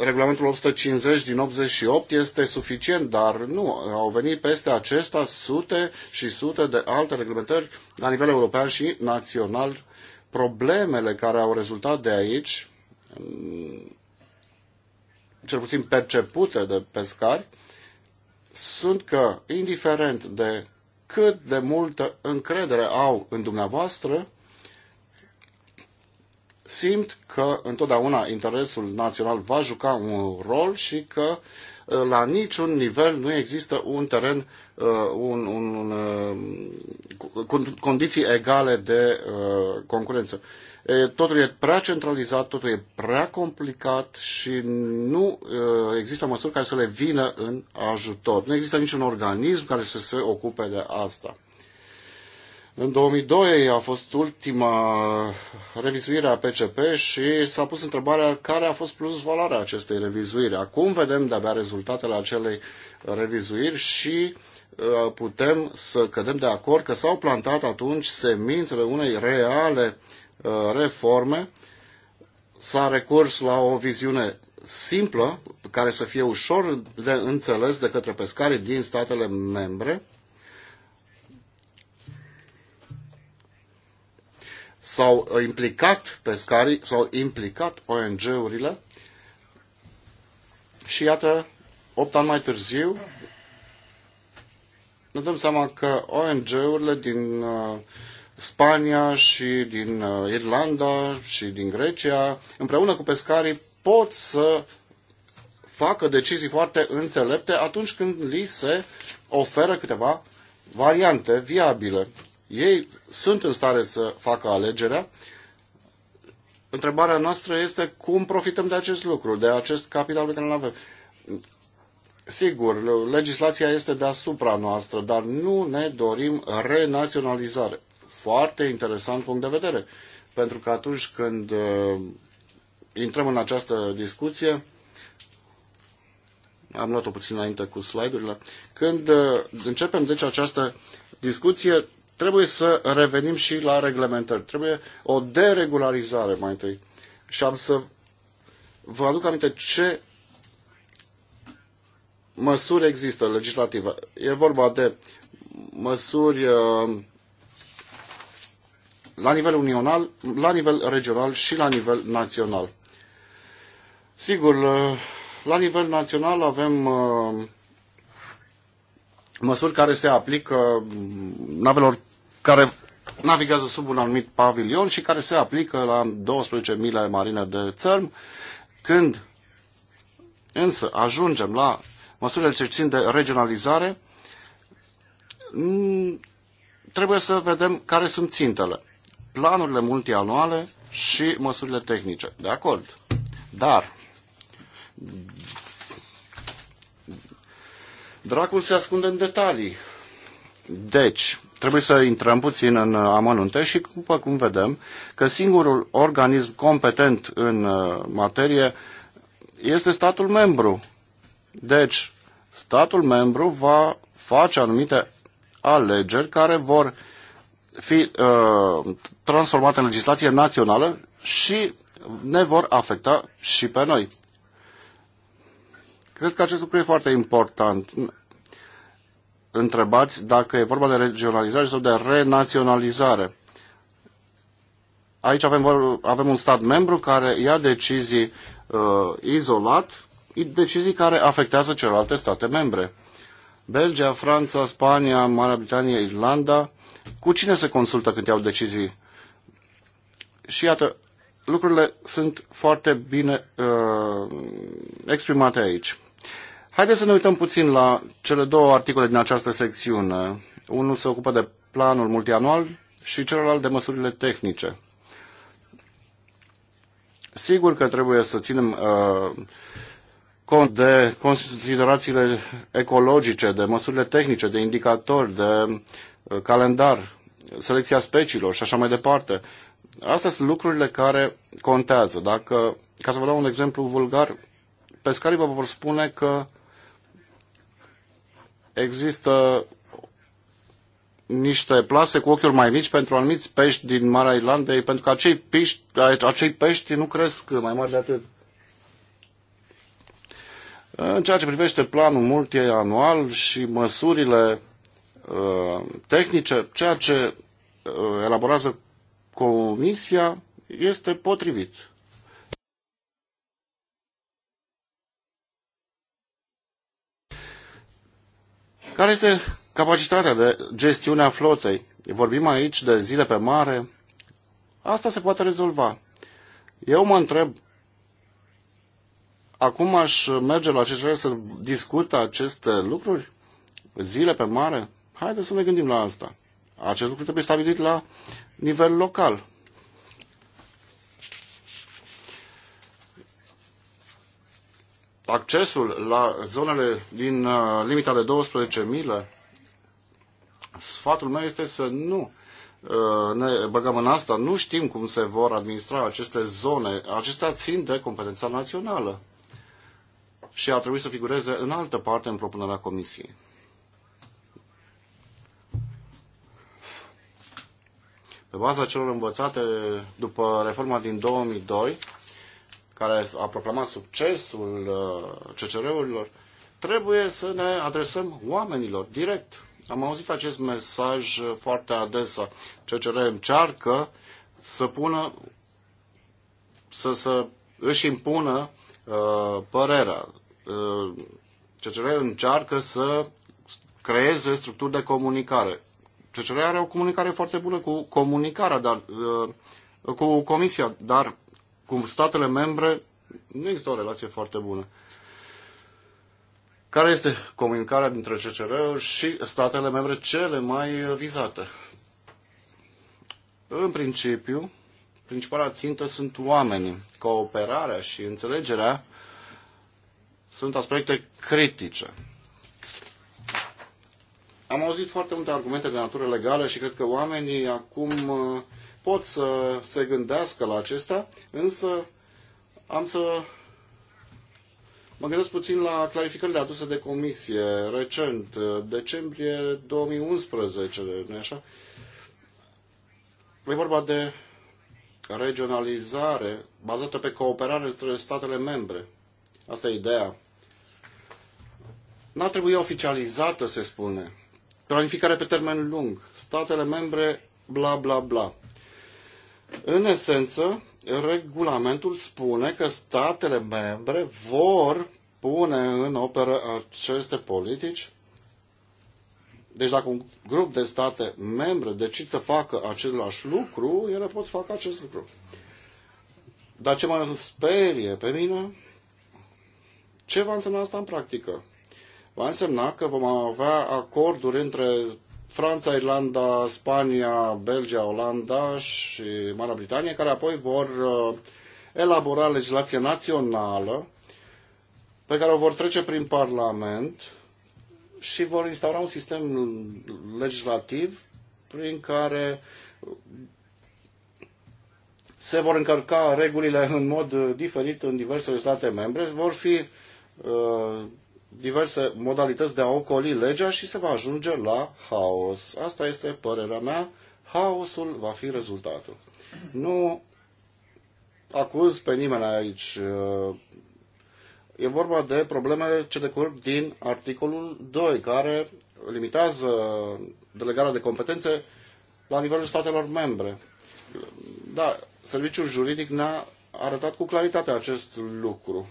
regulamentul 150 din 88 este suficient, dar nu, au venit peste acesta sute și sute de alte reglementări la nivel european și național. Problemele care au rezultat de aici cel puțin percepute de pescari, sunt că, indiferent de cât de multă încredere au în dumneavoastră, simt că întotdeauna interesul național va juca un rol și că uh, la niciun nivel nu există un teren, uh, un, un, un, uh, condiții egale de concurență totul e prea centralizat, totul e prea complicat și nu există măsuri care să le vină în ajutor. Nu există niciun organism care să se ocupe de asta. În 2002 a fost ultima revizuire a PCP și s-a pus întrebarea care a fost plus valoarea acestei revizuiri. Acum vedem de-abia rezultatele acelei revizuiri și putem să cădem de acord că s-au plantat atunci semințele unei reale uh, Uh, reforme, s-a recurs la o viziune simplă, care să fie ușor de înțeles de către pescarii din statele membre. S-au implicat pescarii, s-au implicat ONG-urile și iată, 8 ani mai târziu, ne dăm seama că ONG-urile din uh, Spania și din uh, Irlanda și din Grecia, împreună cu pescarii, pot să facă decizii foarte înțelepte atunci când li se oferă câteva variante viabile. Ei sunt în stare să facă alegerea. Întrebarea noastră este cum profităm de acest lucru, de acest capital pe care îl avem. Sigur, legislația este deasupra noastră, dar nu ne dorim renaționalizare foarte interesant punct de vedere. Pentru că atunci când uh, intrăm în această discuție, am luat-o puțin înainte cu slide-urile, când uh, începem deci această discuție, trebuie să revenim și la reglementări. Trebuie o deregularizare mai întâi. Și am să vă aduc aminte ce măsuri există legislative. E vorba de măsuri uh, la nivel unional, la nivel regional și la nivel național. Sigur, uh, la nivel național avem uh, măsuri care se aplică mm, navelor care navigează sub un anumit pavilion și care se aplică la 12 mile marine de țărm. Când însă ajungem la măsurile ce țin de regionalizare, mm, trebuie să vedem care sunt țintele planurile multianuale și măsurile tehnice. De acord. Dar dracul se ascunde în detalii. Deci, trebuie să intrăm puțin în amănunte și, după cum vedem, că singurul organism competent în uh, materie este statul membru. Deci, statul membru va face anumite alegeri care vor fi uh, transformate în legislație națională și ne vor afecta și pe noi. Cred că acest lucru e foarte important. Întrebați dacă e vorba de regionalizare sau de renaționalizare. Aici avem, avem un stat membru care ia decizii uh, izolat, decizii care afectează celelalte state membre. Belgia, Franța, Spania, Marea Britanie, Irlanda cu cine se consultă când iau decizii? Și iată, lucrurile sunt foarte bine uh, exprimate aici. Haideți să ne uităm puțin la cele două articole din această secțiune. Unul se ocupă de planul multianual și celălalt de măsurile tehnice. Sigur că trebuie să ținem uh, cont de considerațiile ecologice, de măsurile tehnice, de indicatori, de Uh, calendar, selecția speciilor și așa mai departe. Astea sunt lucrurile care contează. Dacă, ca să vă dau un exemplu vulgar, pescarii vă vor spune că există niște plase cu ochiuri mai mici pentru anumiți pești din Marea Irlandei, pentru că acei pești, acei pești nu cresc mai mari de atât. În ceea ce privește planul multianual și măsurile Uh, tehnice, ceea ce uh, elaborează Comisia este potrivit. Care este capacitatea de gestiune a flotei? Vorbim aici de zile pe mare. Asta se poate rezolva. Eu mă întreb, acum aș merge la CCR să discut aceste lucruri? Zile pe mare? Haideți să ne gândim la asta. Acest lucru trebuie stabilit la nivel local. Accesul la zonele din uh, limita de 12 mile, sfatul meu este să nu uh, ne băgăm în asta, nu știm cum se vor administra aceste zone. Acestea țin de competența națională și ar trebui să figureze în altă parte în propunerea Comisiei. Pe baza celor învățate după reforma din 2002, care a proclamat succesul uh, CCR-urilor, trebuie să ne adresăm oamenilor direct. Am auzit acest mesaj foarte adesea. CCR încearcă să pună, să, să își impună uh, părerea. Uh, CCR încearcă să creeze structuri de comunicare. CCR are o comunicare foarte bună cu comunicarea, dar, uh, cu Comisia, dar cu statele membre nu există o relație foarte bună. Care este comunicarea dintre CCR și statele membre cele mai vizate? În principiu, principala țintă sunt oamenii. Cooperarea și înțelegerea sunt aspecte critice. Am auzit foarte multe argumente de natură legală și cred că oamenii acum uh, pot să se gândească la acestea, însă am să mă gândesc puțin la clarificările aduse de comisie recent, uh, decembrie 2011, nu așa? E vorba de regionalizare bazată pe cooperare între statele membre. Asta e ideea. N-ar trebui oficializată, se spune planificare pe termen lung, statele membre, bla bla bla. În esență, regulamentul spune că statele membre vor pune în operă aceste politici. Deci dacă un grup de state membre decid să facă același lucru, ele pot să facă acest lucru. Dar ce mă sperie pe mine, ce va însemna asta în practică? va însemna că vom avea acorduri între Franța, Irlanda, Spania, Belgia, Olanda și Marea Britanie, care apoi vor uh, elabora legislație națională pe care o vor trece prin Parlament și vor instaura un sistem legislativ prin care se vor încărca regulile în mod diferit în diversele state membre, vor fi uh, diverse modalități de a ocoli legea și se va ajunge la haos. Asta este părerea mea. Haosul va fi rezultatul. Nu acuz pe nimeni aici. E vorba de problemele ce decurg din articolul 2, care limitează delegarea de competențe la nivelul statelor membre. Da, serviciul juridic ne-a arătat cu claritate acest lucru.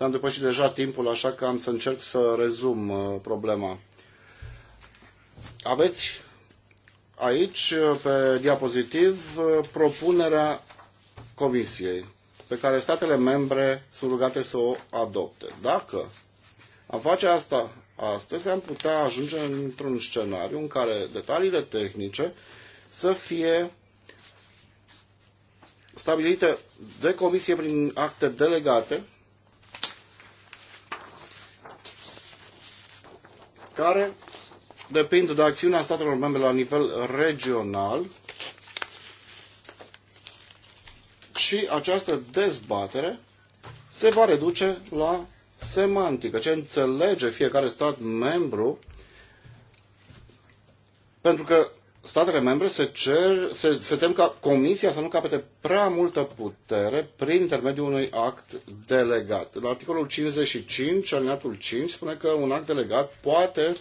Mi-am depășit deja timpul, așa că am să încerc să rezum uh, problema. Aveți aici, uh, pe diapozitiv, uh, propunerea Comisiei, pe care statele membre sunt rugate să o adopte. Dacă am face asta astăzi, am putea ajunge într-un scenariu în care detaliile tehnice să fie stabilite de comisie prin acte delegate care depind de acțiunea statelor membre la nivel regional și această dezbatere se va reduce la semantică, ce înțelege fiecare stat membru, pentru că statele membre se, cer, se, se tem ca Comisia să nu capete prea multă putere prin intermediul unui act delegat. La articolul 55, alineatul 5, spune că un act delegat poate,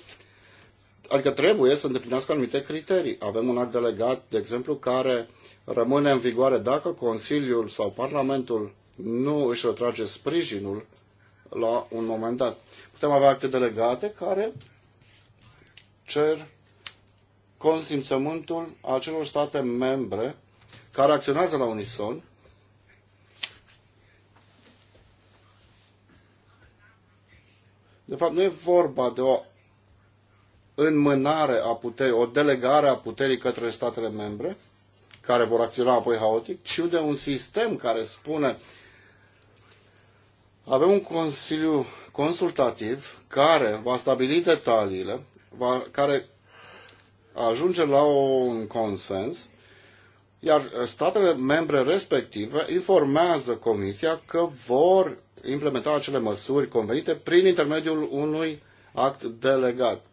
adică trebuie să îndeplinească anumite criterii. Avem un act delegat, de exemplu, care rămâne în vigoare dacă Consiliul sau Parlamentul nu își retrage sprijinul la un moment dat. Putem avea acte delegate care cer consimțământul acelor state membre care acționează la unison De fapt, nu e vorba de o înmânare a puterii, o delegare a puterii către statele membre, care vor acționa apoi haotic, ci de un sistem care spune avem un consiliu consultativ care va stabili detaliile, va, care ajunge la un consens, iar statele membre respective informează Comisia că vor implementa acele măsuri convenite prin intermediul unui act delegat.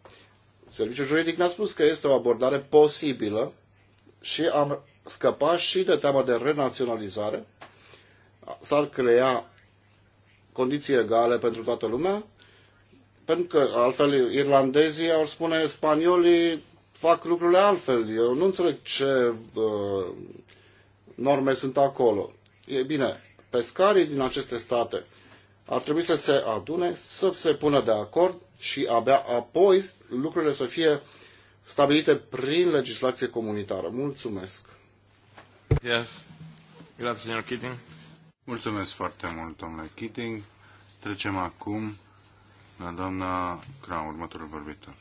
Serviciul juridic ne-a spus că este o abordare posibilă și am scăpat și de teama de renaționalizare. S-ar crea condiții egale pentru toată lumea, pentru că altfel irlandezii ar spune spaniolii fac lucrurile altfel. Eu nu înțeleg ce uh, norme sunt acolo. E bine, pescarii din aceste state ar trebui să se adune, să se pună de acord și abia apoi lucrurile să fie stabilite prin legislație comunitară. Mulțumesc! Yes. Grazie, Keating. Mulțumesc foarte mult, domnule Keating. Trecem acum la doamna Crown, următorul vorbitor.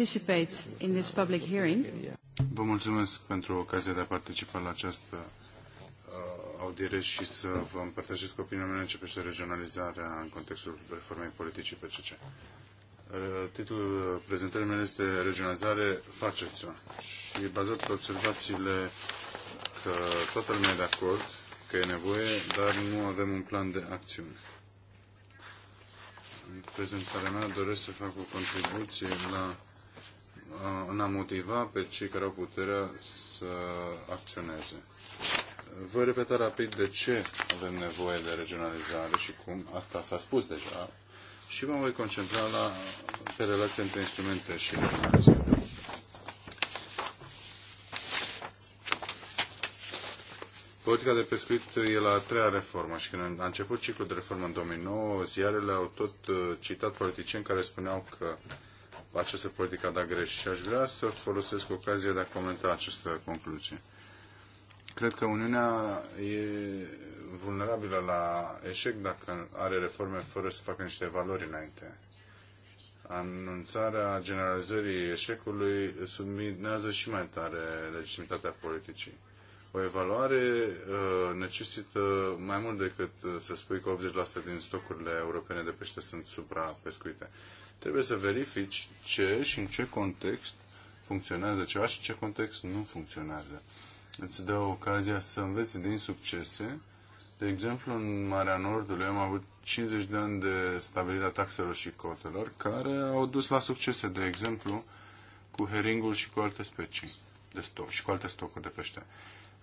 participate in this public hearing. Vă mulțumesc pentru ocazia de a participa la această uh, audiere și să vă împărtășesc opinia mea în ce privește regionalizarea în contextul reformei politicii PCC. Uh, titlul prezentării mele este Regionalizare, faceți-o. Și bazat pe observațiile că toată lumea e de acord că e nevoie, dar nu avem un plan de acțiune. În prezentarea mea doresc să fac o contribuție la în a motiva pe cei care au puterea să acționeze. Voi repeta rapid de ce avem nevoie de regionalizare și cum asta s-a spus deja și mă voi concentra la, pe relația între instrumente și regionalizare. Politica de pescuit e la a treia reformă și când a început ciclul de reformă în 2009, ziarele au tot uh, citat politicieni care spuneau că uh, această politică a dat greș și aș vrea să folosesc ocazia de a comenta această concluzie. Cred că Uniunea e vulnerabilă la eșec dacă are reforme fără să facă niște valori înainte. Anunțarea generalizării eșecului subminează și mai tare legitimitatea politicii. O evaluare uh, necesită mai mult decât să spui că 80% din stocurile europene de pește sunt suprapescuite. Uh, Trebuie să verifici ce și în ce context funcționează ceva și în ce context nu funcționează. Îți dă ocazia să înveți din succese. De exemplu, în Marea Nordului am avut 50 de ani de a taxelor și cotelor, care au dus la succese, de exemplu, cu heringul și cu alte specii de stoc și cu alte stocuri de pește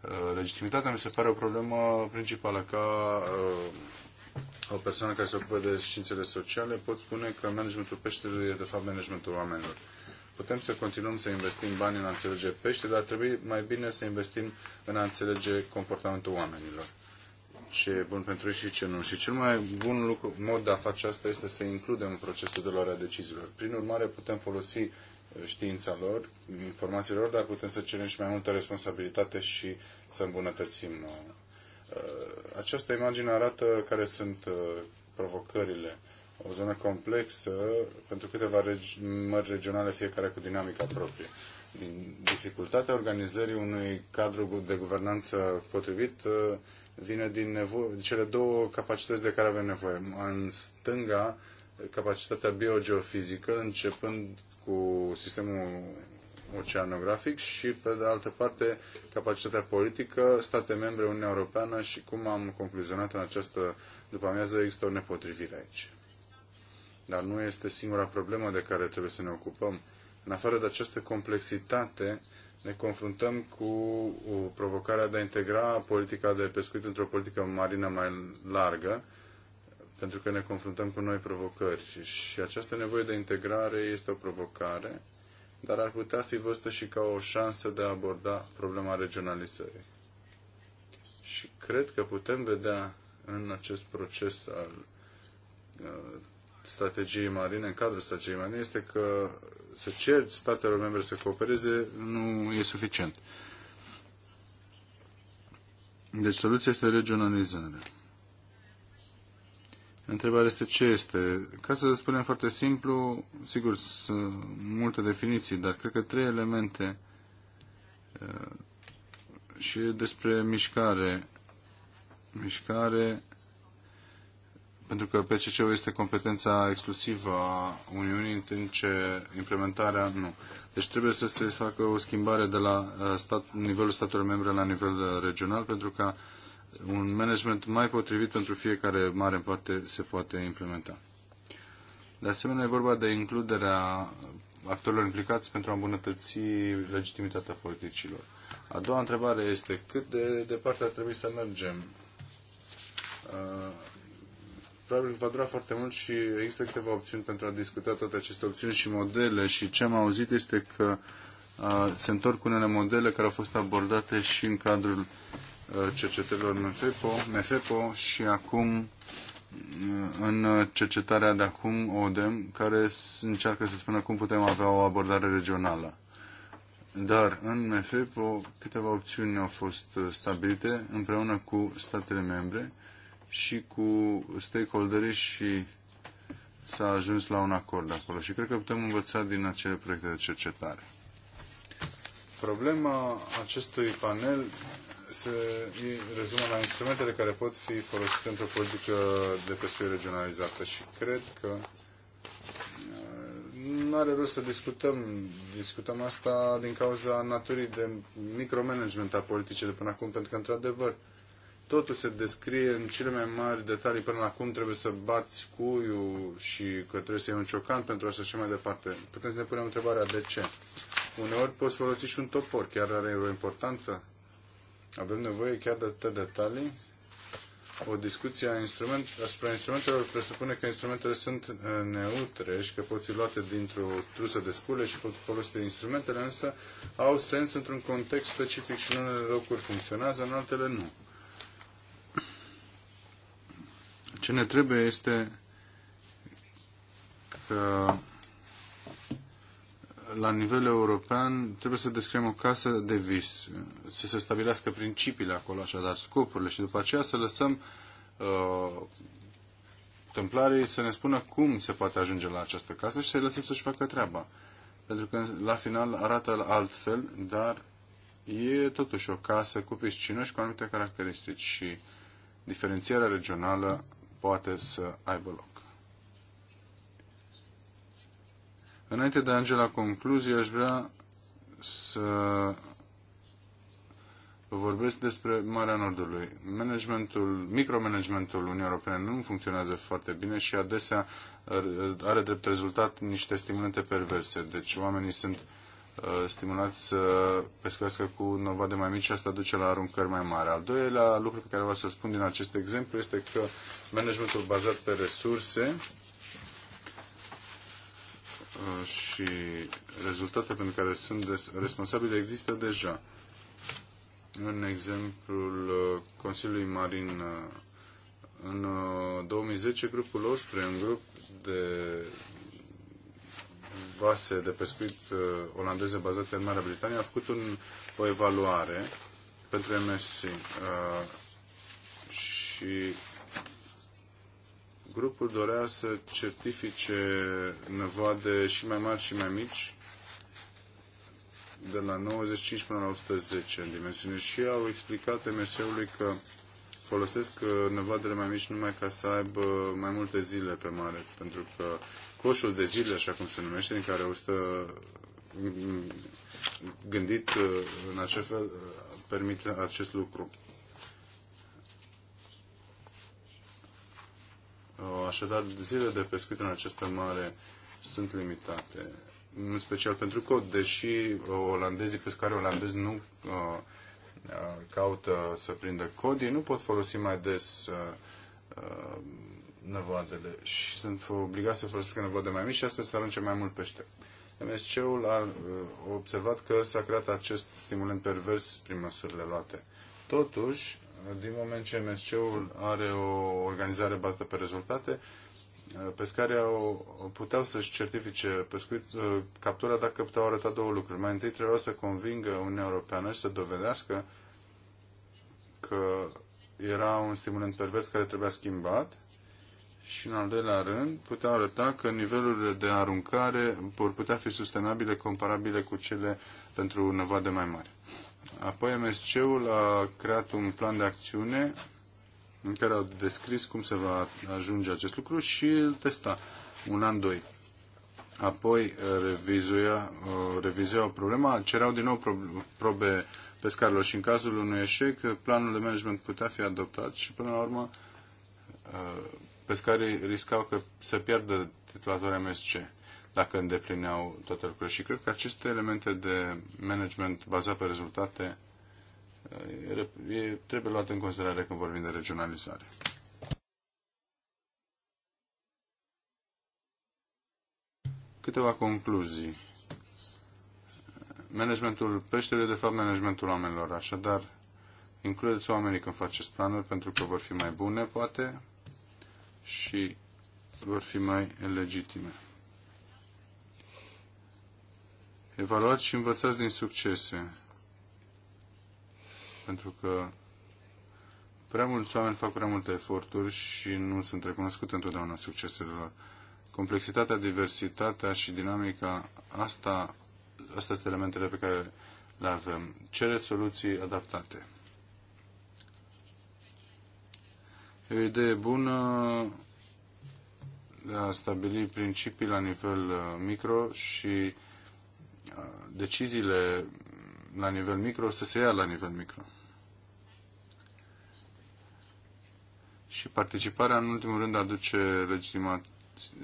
uh, legitimitatea mi se pare o problemă principală ca uh, o persoană care se ocupă de științele sociale, pot spune că managementul peștelui e de fapt managementul oamenilor. Putem să continuăm să investim bani în a înțelege pește, dar trebuie mai bine să investim în a înțelege comportamentul oamenilor. Ce e bun pentru ei și ce nu. Și cel mai bun lucru, mod de a face asta este să includem în procesul de luare a deciziilor. Prin urmare, putem folosi uh, știința lor, informațiile lor, dar putem să cerem și mai multă responsabilitate și să îmbunătățim uh, Uh, această imagine arată care sunt uh, provocările. O zonă complexă pentru câteva regi- mări regionale, fiecare cu dinamica proprie. Din dificultatea organizării unui cadru de guvernanță potrivit uh, vine din nevo- cele două capacități de care avem nevoie. În stânga, capacitatea biogeofizică, începând cu sistemul oceanografic și, pe de altă parte, capacitatea politică, state membre, Uniunea Europeană și, cum am concluzionat în această după amiază, există o nepotrivire aici. Dar nu este singura problemă de care trebuie să ne ocupăm. În afară de această complexitate, ne confruntăm cu provocarea de a integra politica de pescuit într-o politică marină mai largă, pentru că ne confruntăm cu noi provocări și această nevoie de integrare este o provocare dar ar putea fi văzută și ca o șansă de a aborda problema regionalizării. Și cred că putem vedea în acest proces al uh, strategiei marine, în cadrul strategiei marine, este că să ceri statelor membre să coopereze nu e suficient. Deci soluția este regionalizarea. Întrebarea este ce este. Ca să spunem foarte simplu, sigur, sunt multe definiții, dar cred că trei elemente uh, și despre mișcare. Mișcare, pentru că PCC-ul este competența exclusivă a Uniunii, în timp ce implementarea nu. Deci trebuie să se facă o schimbare de la uh, stat, nivelul statelor membre la nivel uh, regional, pentru că un management mai potrivit pentru fiecare mare în parte se poate implementa. De asemenea, e vorba de includerea actorilor implicați pentru a îmbunătăți legitimitatea politicilor. A doua întrebare este cât de departe ar trebui să mergem. Uh, probabil va dura foarte mult și există câteva opțiuni pentru a discuta toate aceste opțiuni și modele și ce am auzit este că uh, se întorc unele modele care au fost abordate și în cadrul cercetărilor MEFEPO, MEFEPO și acum în cercetarea de acum ODEM, care încearcă să spună cum putem avea o abordare regională. Dar în MEFEPO câteva opțiuni au fost stabilite împreună cu statele membre și cu stakeholderii și s-a ajuns la un acord acolo și cred că putem învăța din acele proiecte de cercetare. Problema acestui panel se rezumă la instrumentele care pot fi folosite într-o politică de pescuit regionalizată și cred că uh, nu are rost să discutăm. Discutăm asta din cauza naturii de micromanagement a politicii de până acum, pentru că, într-adevăr, totul se descrie în cele mai mari detalii până acum, trebuie să bați cuiul și că trebuie să iei un ciocan pentru așa și mai departe. Putem să ne punem întrebarea de ce. Uneori poți folosi și un topor, chiar are o importanță? Avem nevoie chiar de atâtea detalii. O discuție a instrument, asupra instrumentelor presupune că instrumentele sunt uh, neutre și că pot fi luate dintr-o trusă de spule și pot folosi instrumentele, însă au sens într-un context specific și în unele locuri funcționează, în altele nu. Ce ne trebuie este că la nivel european trebuie să descriem o casă de vis, să se stabilească principiile acolo, așadar scopurile și după aceea să lăsăm uh, templarii să ne spună cum se poate ajunge la această casă și să-i lăsăm să-și facă treaba. Pentru că la final arată altfel, dar e totuși o casă cu piscină și cu anumite caracteristici și diferențierea regională poate să aibă loc. Înainte de a ajunge la concluzie, aș vrea să vorbesc despre Marea Nordului. Managementul, micromanagementul Uniunii Europene nu funcționează foarte bine și adesea are drept rezultat niște stimulente perverse. Deci oamenii sunt uh, stimulați să pescuiască cu nova de mai mici și asta duce la aruncări mai mari. Al doilea lucru pe care vreau să-l spun din acest exemplu este că managementul bazat pe resurse Uh, și rezultate pentru care sunt responsabile există deja. În exemplul uh, Consiliului Marin uh, în 2010, grupul OSPRE, un grup de vase de pescuit olandeze bazate în Marea Britanie, a făcut un, o evaluare pentru MSC uh, și Grupul dorea să certifice năvoade și mai mari și mai mici, de la 95 până la 110 în dimensiune și au explicat MSU-ului că folosesc uh, năvoadele mai mici numai ca să aibă mai multe zile pe mare, pentru că coșul de zile, așa cum se numește, în care au stă mm, gândit uh, în acest fel, uh, permite acest lucru. Uh, așadar, zilele de pescuit în această mare sunt limitate. În special pentru că, deși uh, olandezii, pescari olandezi nu uh, caută să prindă codii, nu pot folosi mai des năvoadele și sunt obligați să folosească năvoade mai mici și astfel să arunce mai mult pește. MSC-ul a observat că s-a creat acest stimulent pervers prin măsurile luate. Totuși, din moment ce MSC-ul are o organizare bazată pe rezultate, pescarii au, puteau să-și certifice pescuit, ă, captura dacă puteau arăta două lucruri. Mai întâi trebuia să convingă Uniunea Europeană și să dovedească că era un stimulant pervers care trebuia schimbat și în al doilea rând puteau arăta că nivelurile de aruncare vor putea fi sustenabile comparabile cu cele pentru năvade mai mari. Apoi MSC-ul a creat un plan de acțiune în care au descris cum se va ajunge acest lucru și îl testa un an, doi. Apoi uh, revizuia, uh, revizuiau problema, cereau din nou probe pescarilor și în cazul unui eșec, planul de management putea fi adoptat și până la urmă uh, pescarii riscau că se pierdă titulatoria MSC dacă îndeplineau toate lucrurile. Și cred că aceste elemente de management bazat pe rezultate uh, trebuie luate în considerare când vorbim de regionalizare. Câteva concluzii. Managementul peșterii de fapt managementul oamenilor. Așadar, includeți oamenii când faceți planuri pentru că vor fi mai bune, poate, și vor fi mai legitime. Evaluați și învățați din succese. Pentru că prea mulți oameni fac prea multe eforturi și nu sunt recunoscute întotdeauna succesele lor. Complexitatea, diversitatea și dinamica, asta, astea sunt elementele pe care le avem. Cere soluții adaptate. E o idee bună de a stabili principii la nivel uh, micro și deciziile la nivel micro să se ia la nivel micro. Și participarea, în ultimul rând, aduce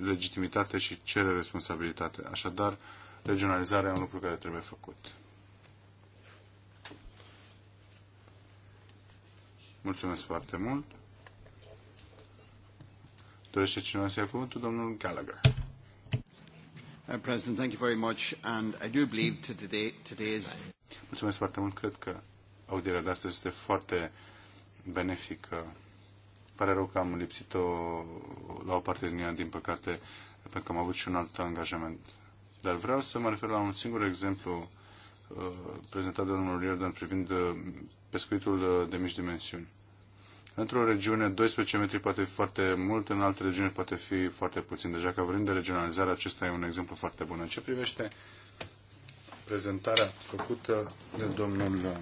legitimitate și cere responsabilitate. Așadar, regionalizarea e un lucru care trebuie făcut. Mulțumesc foarte mult. Dorește cineva să ia cuvântul? Domnul Gallagher. President, thank you very much and I do believe to today, today's... Mulțumesc foarte mult. Cred că audierea de astăzi este foarte benefică. Pare rău că am lipsit-o la o parte din ea, din păcate, pentru că am avut și un alt angajament. Dar vreau să mă refer la un singur exemplu uh, prezentat de domnul Riordan privind uh, pescuitul uh, de mici dimensiuni. Într-o regiune 12 metri poate fi foarte mult, în alte regiuni poate fi foarte puțin. Deja deci că vorbim de regionalizare, acesta e un exemplu foarte bun. În ce privește prezentarea făcută de domnul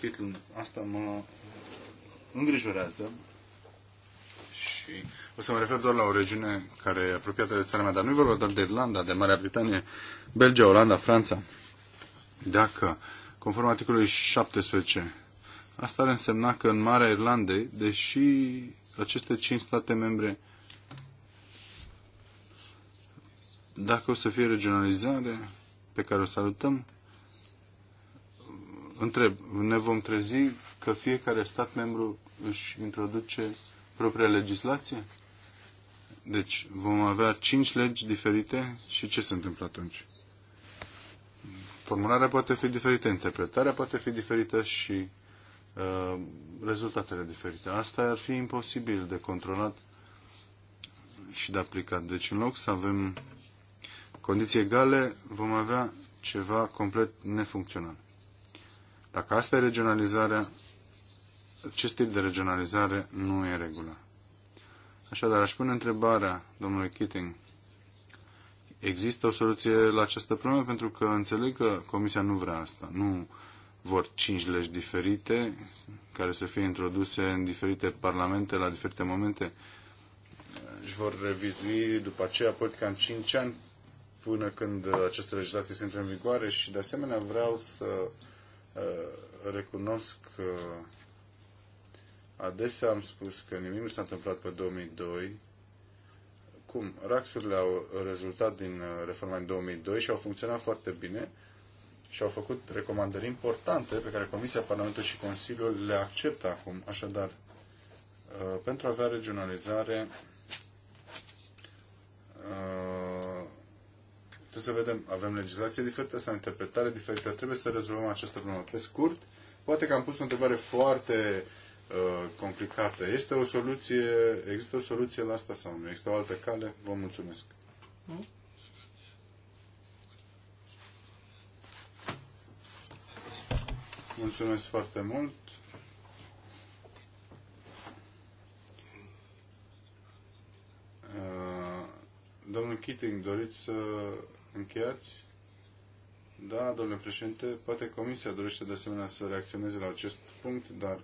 Kitlund, asta mă îngrijorează și o să mă refer doar la o regiune care e apropiată de țara mea, dar nu e vorba doar de Irlanda, de Marea Britanie, Belgia, Olanda, Franța. Dacă, conform articolului 17 Asta ar însemna că în Marea Irlandei, deși aceste cinci state membre, dacă o să fie regionalizare, pe care o salutăm, întreb, ne vom trezi că fiecare stat membru își introduce propria legislație? Deci vom avea cinci legi diferite și ce se întâmplă atunci? Formularea poate fi diferită, interpretarea poate fi diferită și Uh, rezultatele diferite. Asta ar fi imposibil de controlat și de aplicat. Deci în loc să avem condiții egale, vom avea ceva complet nefuncțional. Dacă asta e regionalizarea, acest tip de regionalizare nu e regulă. Așadar, aș pune întrebarea domnului Keating. Există o soluție la această problemă? Pentru că înțeleg că Comisia nu vrea asta. Nu vor cinci legi diferite care să fie introduse în diferite parlamente la diferite momente își vor revizui după aceea politica în cinci ani până când aceste legislații sunt în vigoare și de asemenea vreau să uh, recunosc că adesea am spus că nimic nu s-a întâmplat pe 2002 cum? Raxurile au rezultat din uh, reforma în 2002 și au funcționat foarte bine și au făcut recomandări importante pe care Comisia, Parlamentul și Consiliul le acceptă acum. Așadar, uh, pentru a avea regionalizare, uh, trebuie să vedem, avem legislație diferită sau interpretare diferită, trebuie să rezolvăm această problemă. Pe scurt, poate că am pus o întrebare foarte uh, complicată. Este o soluție, există o soluție la asta sau nu? Există o altă cale? Vă mulțumesc. Mulțumesc foarte mult. Uh, domnul Keating, doriți să încheiați? Da, domnule președinte, poate Comisia dorește de asemenea să reacționeze la acest punct, dar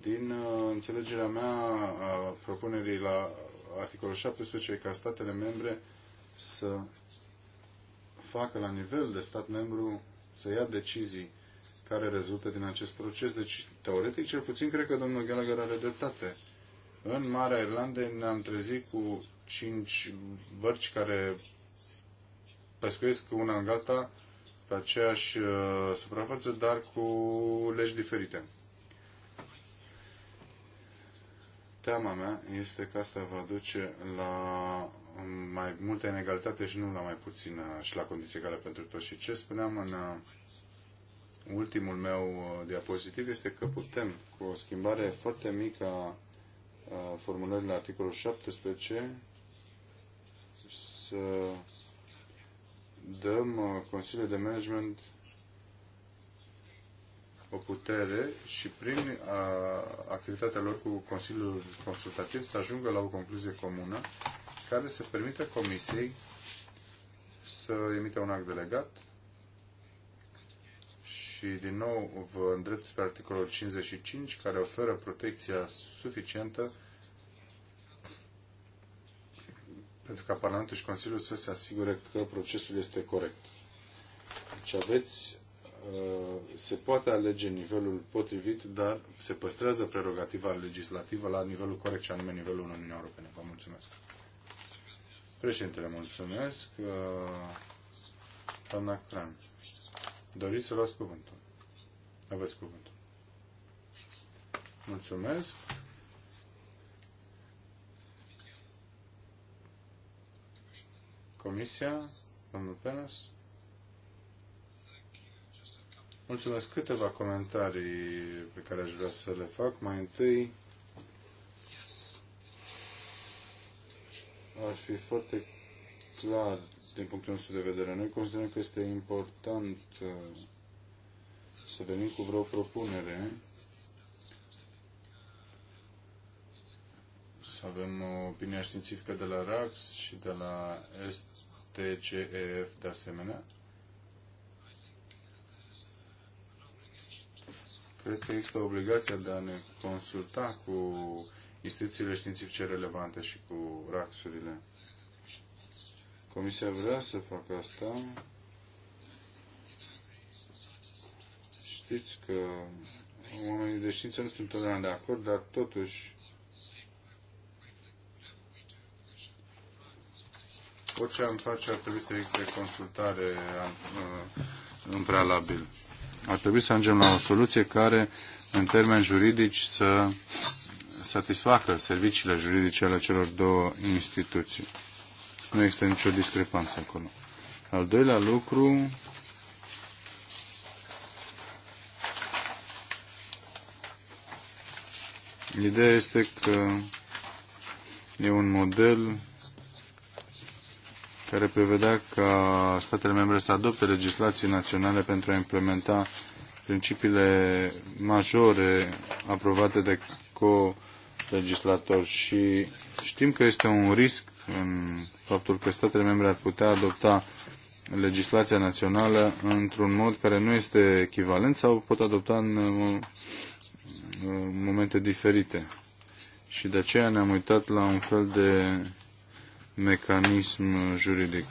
din uh, înțelegerea mea a propunerii la articolul 17 ca statele membre să facă la nivel de stat membru, să ia decizii care rezultă din acest proces. Deci, teoretic, cel puțin, cred că domnul Gallagher are dreptate. În Marea Irlande ne-am trezit cu cinci bărci care pescuiesc una în gata pe aceeași uh, suprafață, dar cu legi diferite. Teama mea este că asta va duce la mai multă inegalitate și nu la mai puțină și la condiții egale pentru toți. Și ce spuneam în uh, ultimul meu uh, diapozitiv este că putem, cu o schimbare foarte mică a formulării la articolul 17, să dăm uh, Consiliul de Management o putere și prin a, activitatea lor cu Consiliul Consultativ să ajungă la o concluzie comună care să permită Comisiei să emită un act delegat și din nou vă îndrept spre articolul 55 care oferă protecția suficientă pentru ca Parlamentul și Consiliul să se asigure că procesul este corect. Deci aveți, uh, se poate alege nivelul potrivit, dar se păstrează prerogativa legislativă la nivelul corect, și anume nivelul Uniunii Europene. Vă mulțumesc. Președintele, mulțumesc. Uh, doamna Cran. Doriți să luați cuvântul. Aveți cuvântul. Mulțumesc. Comisia, domnul Penas. Mulțumesc câteva comentarii pe care aș vrea să le fac. Mai întâi, ar fi foarte clar din punctul nostru de vedere. Noi considerăm că este important uh, să venim cu vreo propunere să avem opinia științifică de la RAX și de la STCEF de asemenea. Cred că există obligația de a ne consulta cu instituțiile științifice relevante și cu RAX-urile. Comisia vrea să facă asta. Știți că oamenii de știință nu sunt totdeauna de acord, dar totuși orice am face ar trebui să existe consultare uh, în prealabil. Ar trebui să ajungem la o soluție care, în termeni juridici, să satisfacă serviciile juridice ale celor două instituții. Nu există nicio discrepanță acolo. Al doilea lucru, Ideea este că e un model care prevedea ca statele membre să adopte legislații naționale pentru a implementa principiile majore aprobate de co-legislator și știm că este un risc în faptul că statele membre ar putea adopta legislația națională într-un mod care nu este echivalent sau pot adopta în momente diferite. Și de aceea ne-am uitat la un fel de mecanism juridic.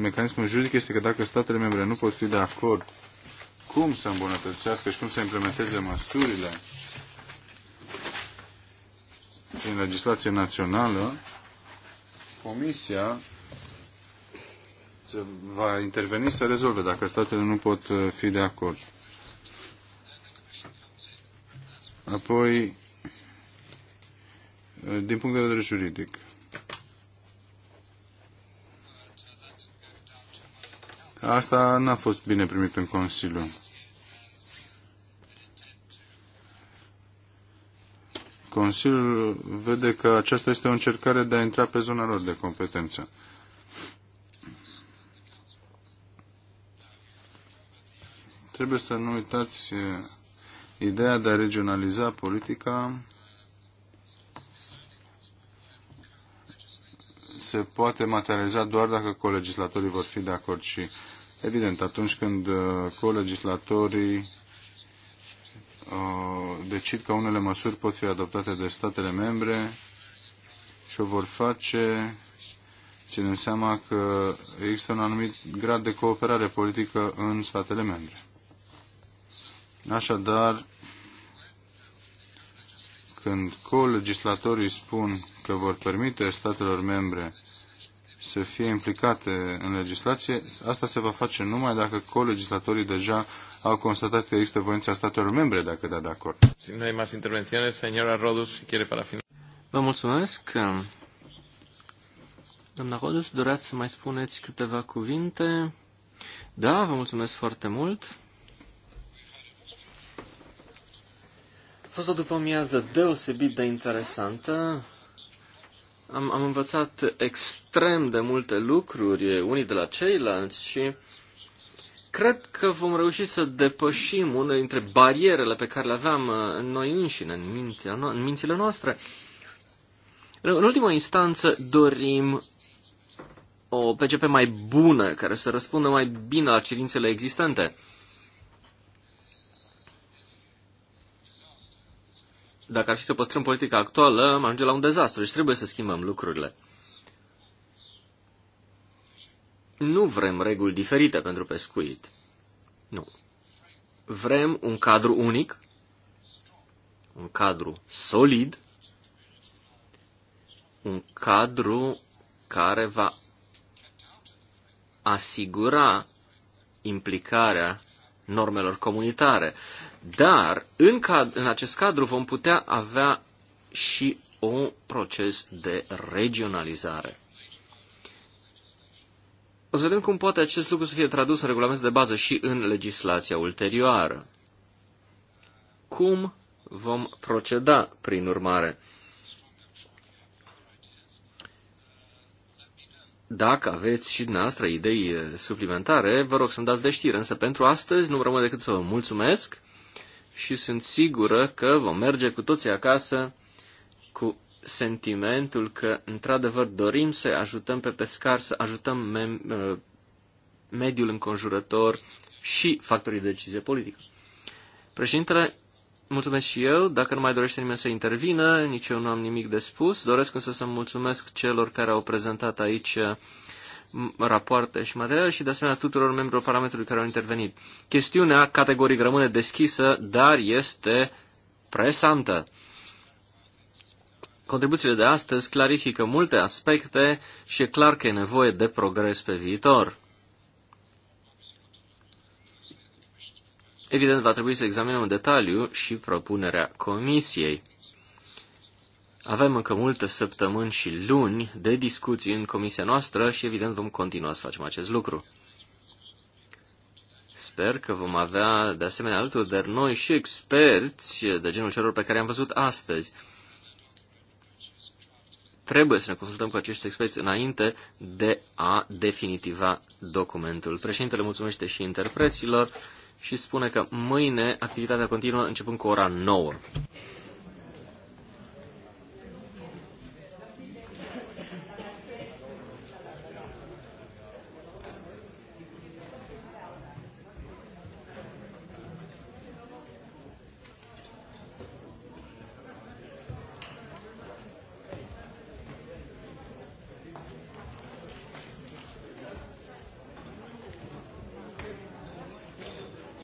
Mecanismul juridic este că dacă statele membre nu pot fi de acord cum să îmbunătățească și cum să implementeze măsurile în legislație națională, Comisia va interveni să rezolve dacă statele nu pot uh, fi de acord. Apoi, uh, din punct de vedere juridic, Asta n-a fost bine primit în Consiliu. Consiliul vede că aceasta este o încercare de a intra pe zona lor de competență. Trebuie să nu uitați eh, ideea de a regionaliza politica se poate materializa doar dacă colegislatorii vor fi de acord și, evident, atunci când uh, colegislatorii uh, decid că unele măsuri pot fi adoptate de statele membre și o vor face ținând seama că există un anumit grad de cooperare politică în statele membre. Așadar, când colegislatorii spun că vor permite statelor membre să fie implicate în legislație, asta se va face numai dacă colegislatorii deja au constatat că există voința statelor membre dacă da de acord. Nu mai intervențiune, Rodus, Vă mulțumesc. Doamna Rodus, doreați să mai spuneți câteva cuvinte? Da, vă mulțumesc foarte mult. A fost o după deosebit de interesantă. Am, am învățat extrem de multe lucruri unii de la ceilalți și cred că vom reuși să depășim unele dintre barierele pe care le aveam uh, noi înșine, în, mintea, în mințile noastre. În ultima instanță dorim o PGP mai bună, care să răspundă mai bine la cerințele existente. dacă ar fi să păstrăm politica actuală, am ajunge la un dezastru. și deci trebuie să schimbăm lucrurile. Nu vrem reguli diferite pentru pescuit. Nu. Vrem un cadru unic, un cadru solid, un cadru care va asigura implicarea normelor comunitare. Dar în, cad- în acest cadru vom putea avea și un proces de regionalizare. O să vedem cum poate acest lucru să fie tradus în regulamentul de bază și în legislația ulterioară. Cum vom proceda, prin urmare? Dacă aveți și dumneavoastră idei suplimentare, vă rog să-mi dați de știre, însă pentru astăzi nu rămâne decât să vă mulțumesc și sunt sigură că vom merge cu toții acasă cu sentimentul că, într-adevăr, dorim să ajutăm pe pescar, să ajutăm uh, mediul înconjurător și factorii de decizie politică. Președintele, mulțumesc și eu. Dacă nu mai dorește nimeni să intervină, nici eu nu am nimic de spus. Doresc însă să mulțumesc celor care au prezentat aici rapoarte și materiale și de asemenea tuturor membrilor parametrului care au intervenit. Chestiunea categoric rămâne deschisă, dar este presantă. Contribuțiile de astăzi clarifică multe aspecte și e clar că e nevoie de progres pe viitor. Evident, va trebui să examinăm în detaliu și propunerea Comisiei. Avem încă multe săptămâni și luni de discuții în comisia noastră și evident vom continua să facem acest lucru. Sper că vom avea de asemenea alături de noi și experți de genul celor pe care am văzut astăzi. Trebuie să ne consultăm cu acești experți înainte de a definitiva documentul. Președintele mulțumește și interpreților și spune că mâine activitatea continuă începând cu ora 9.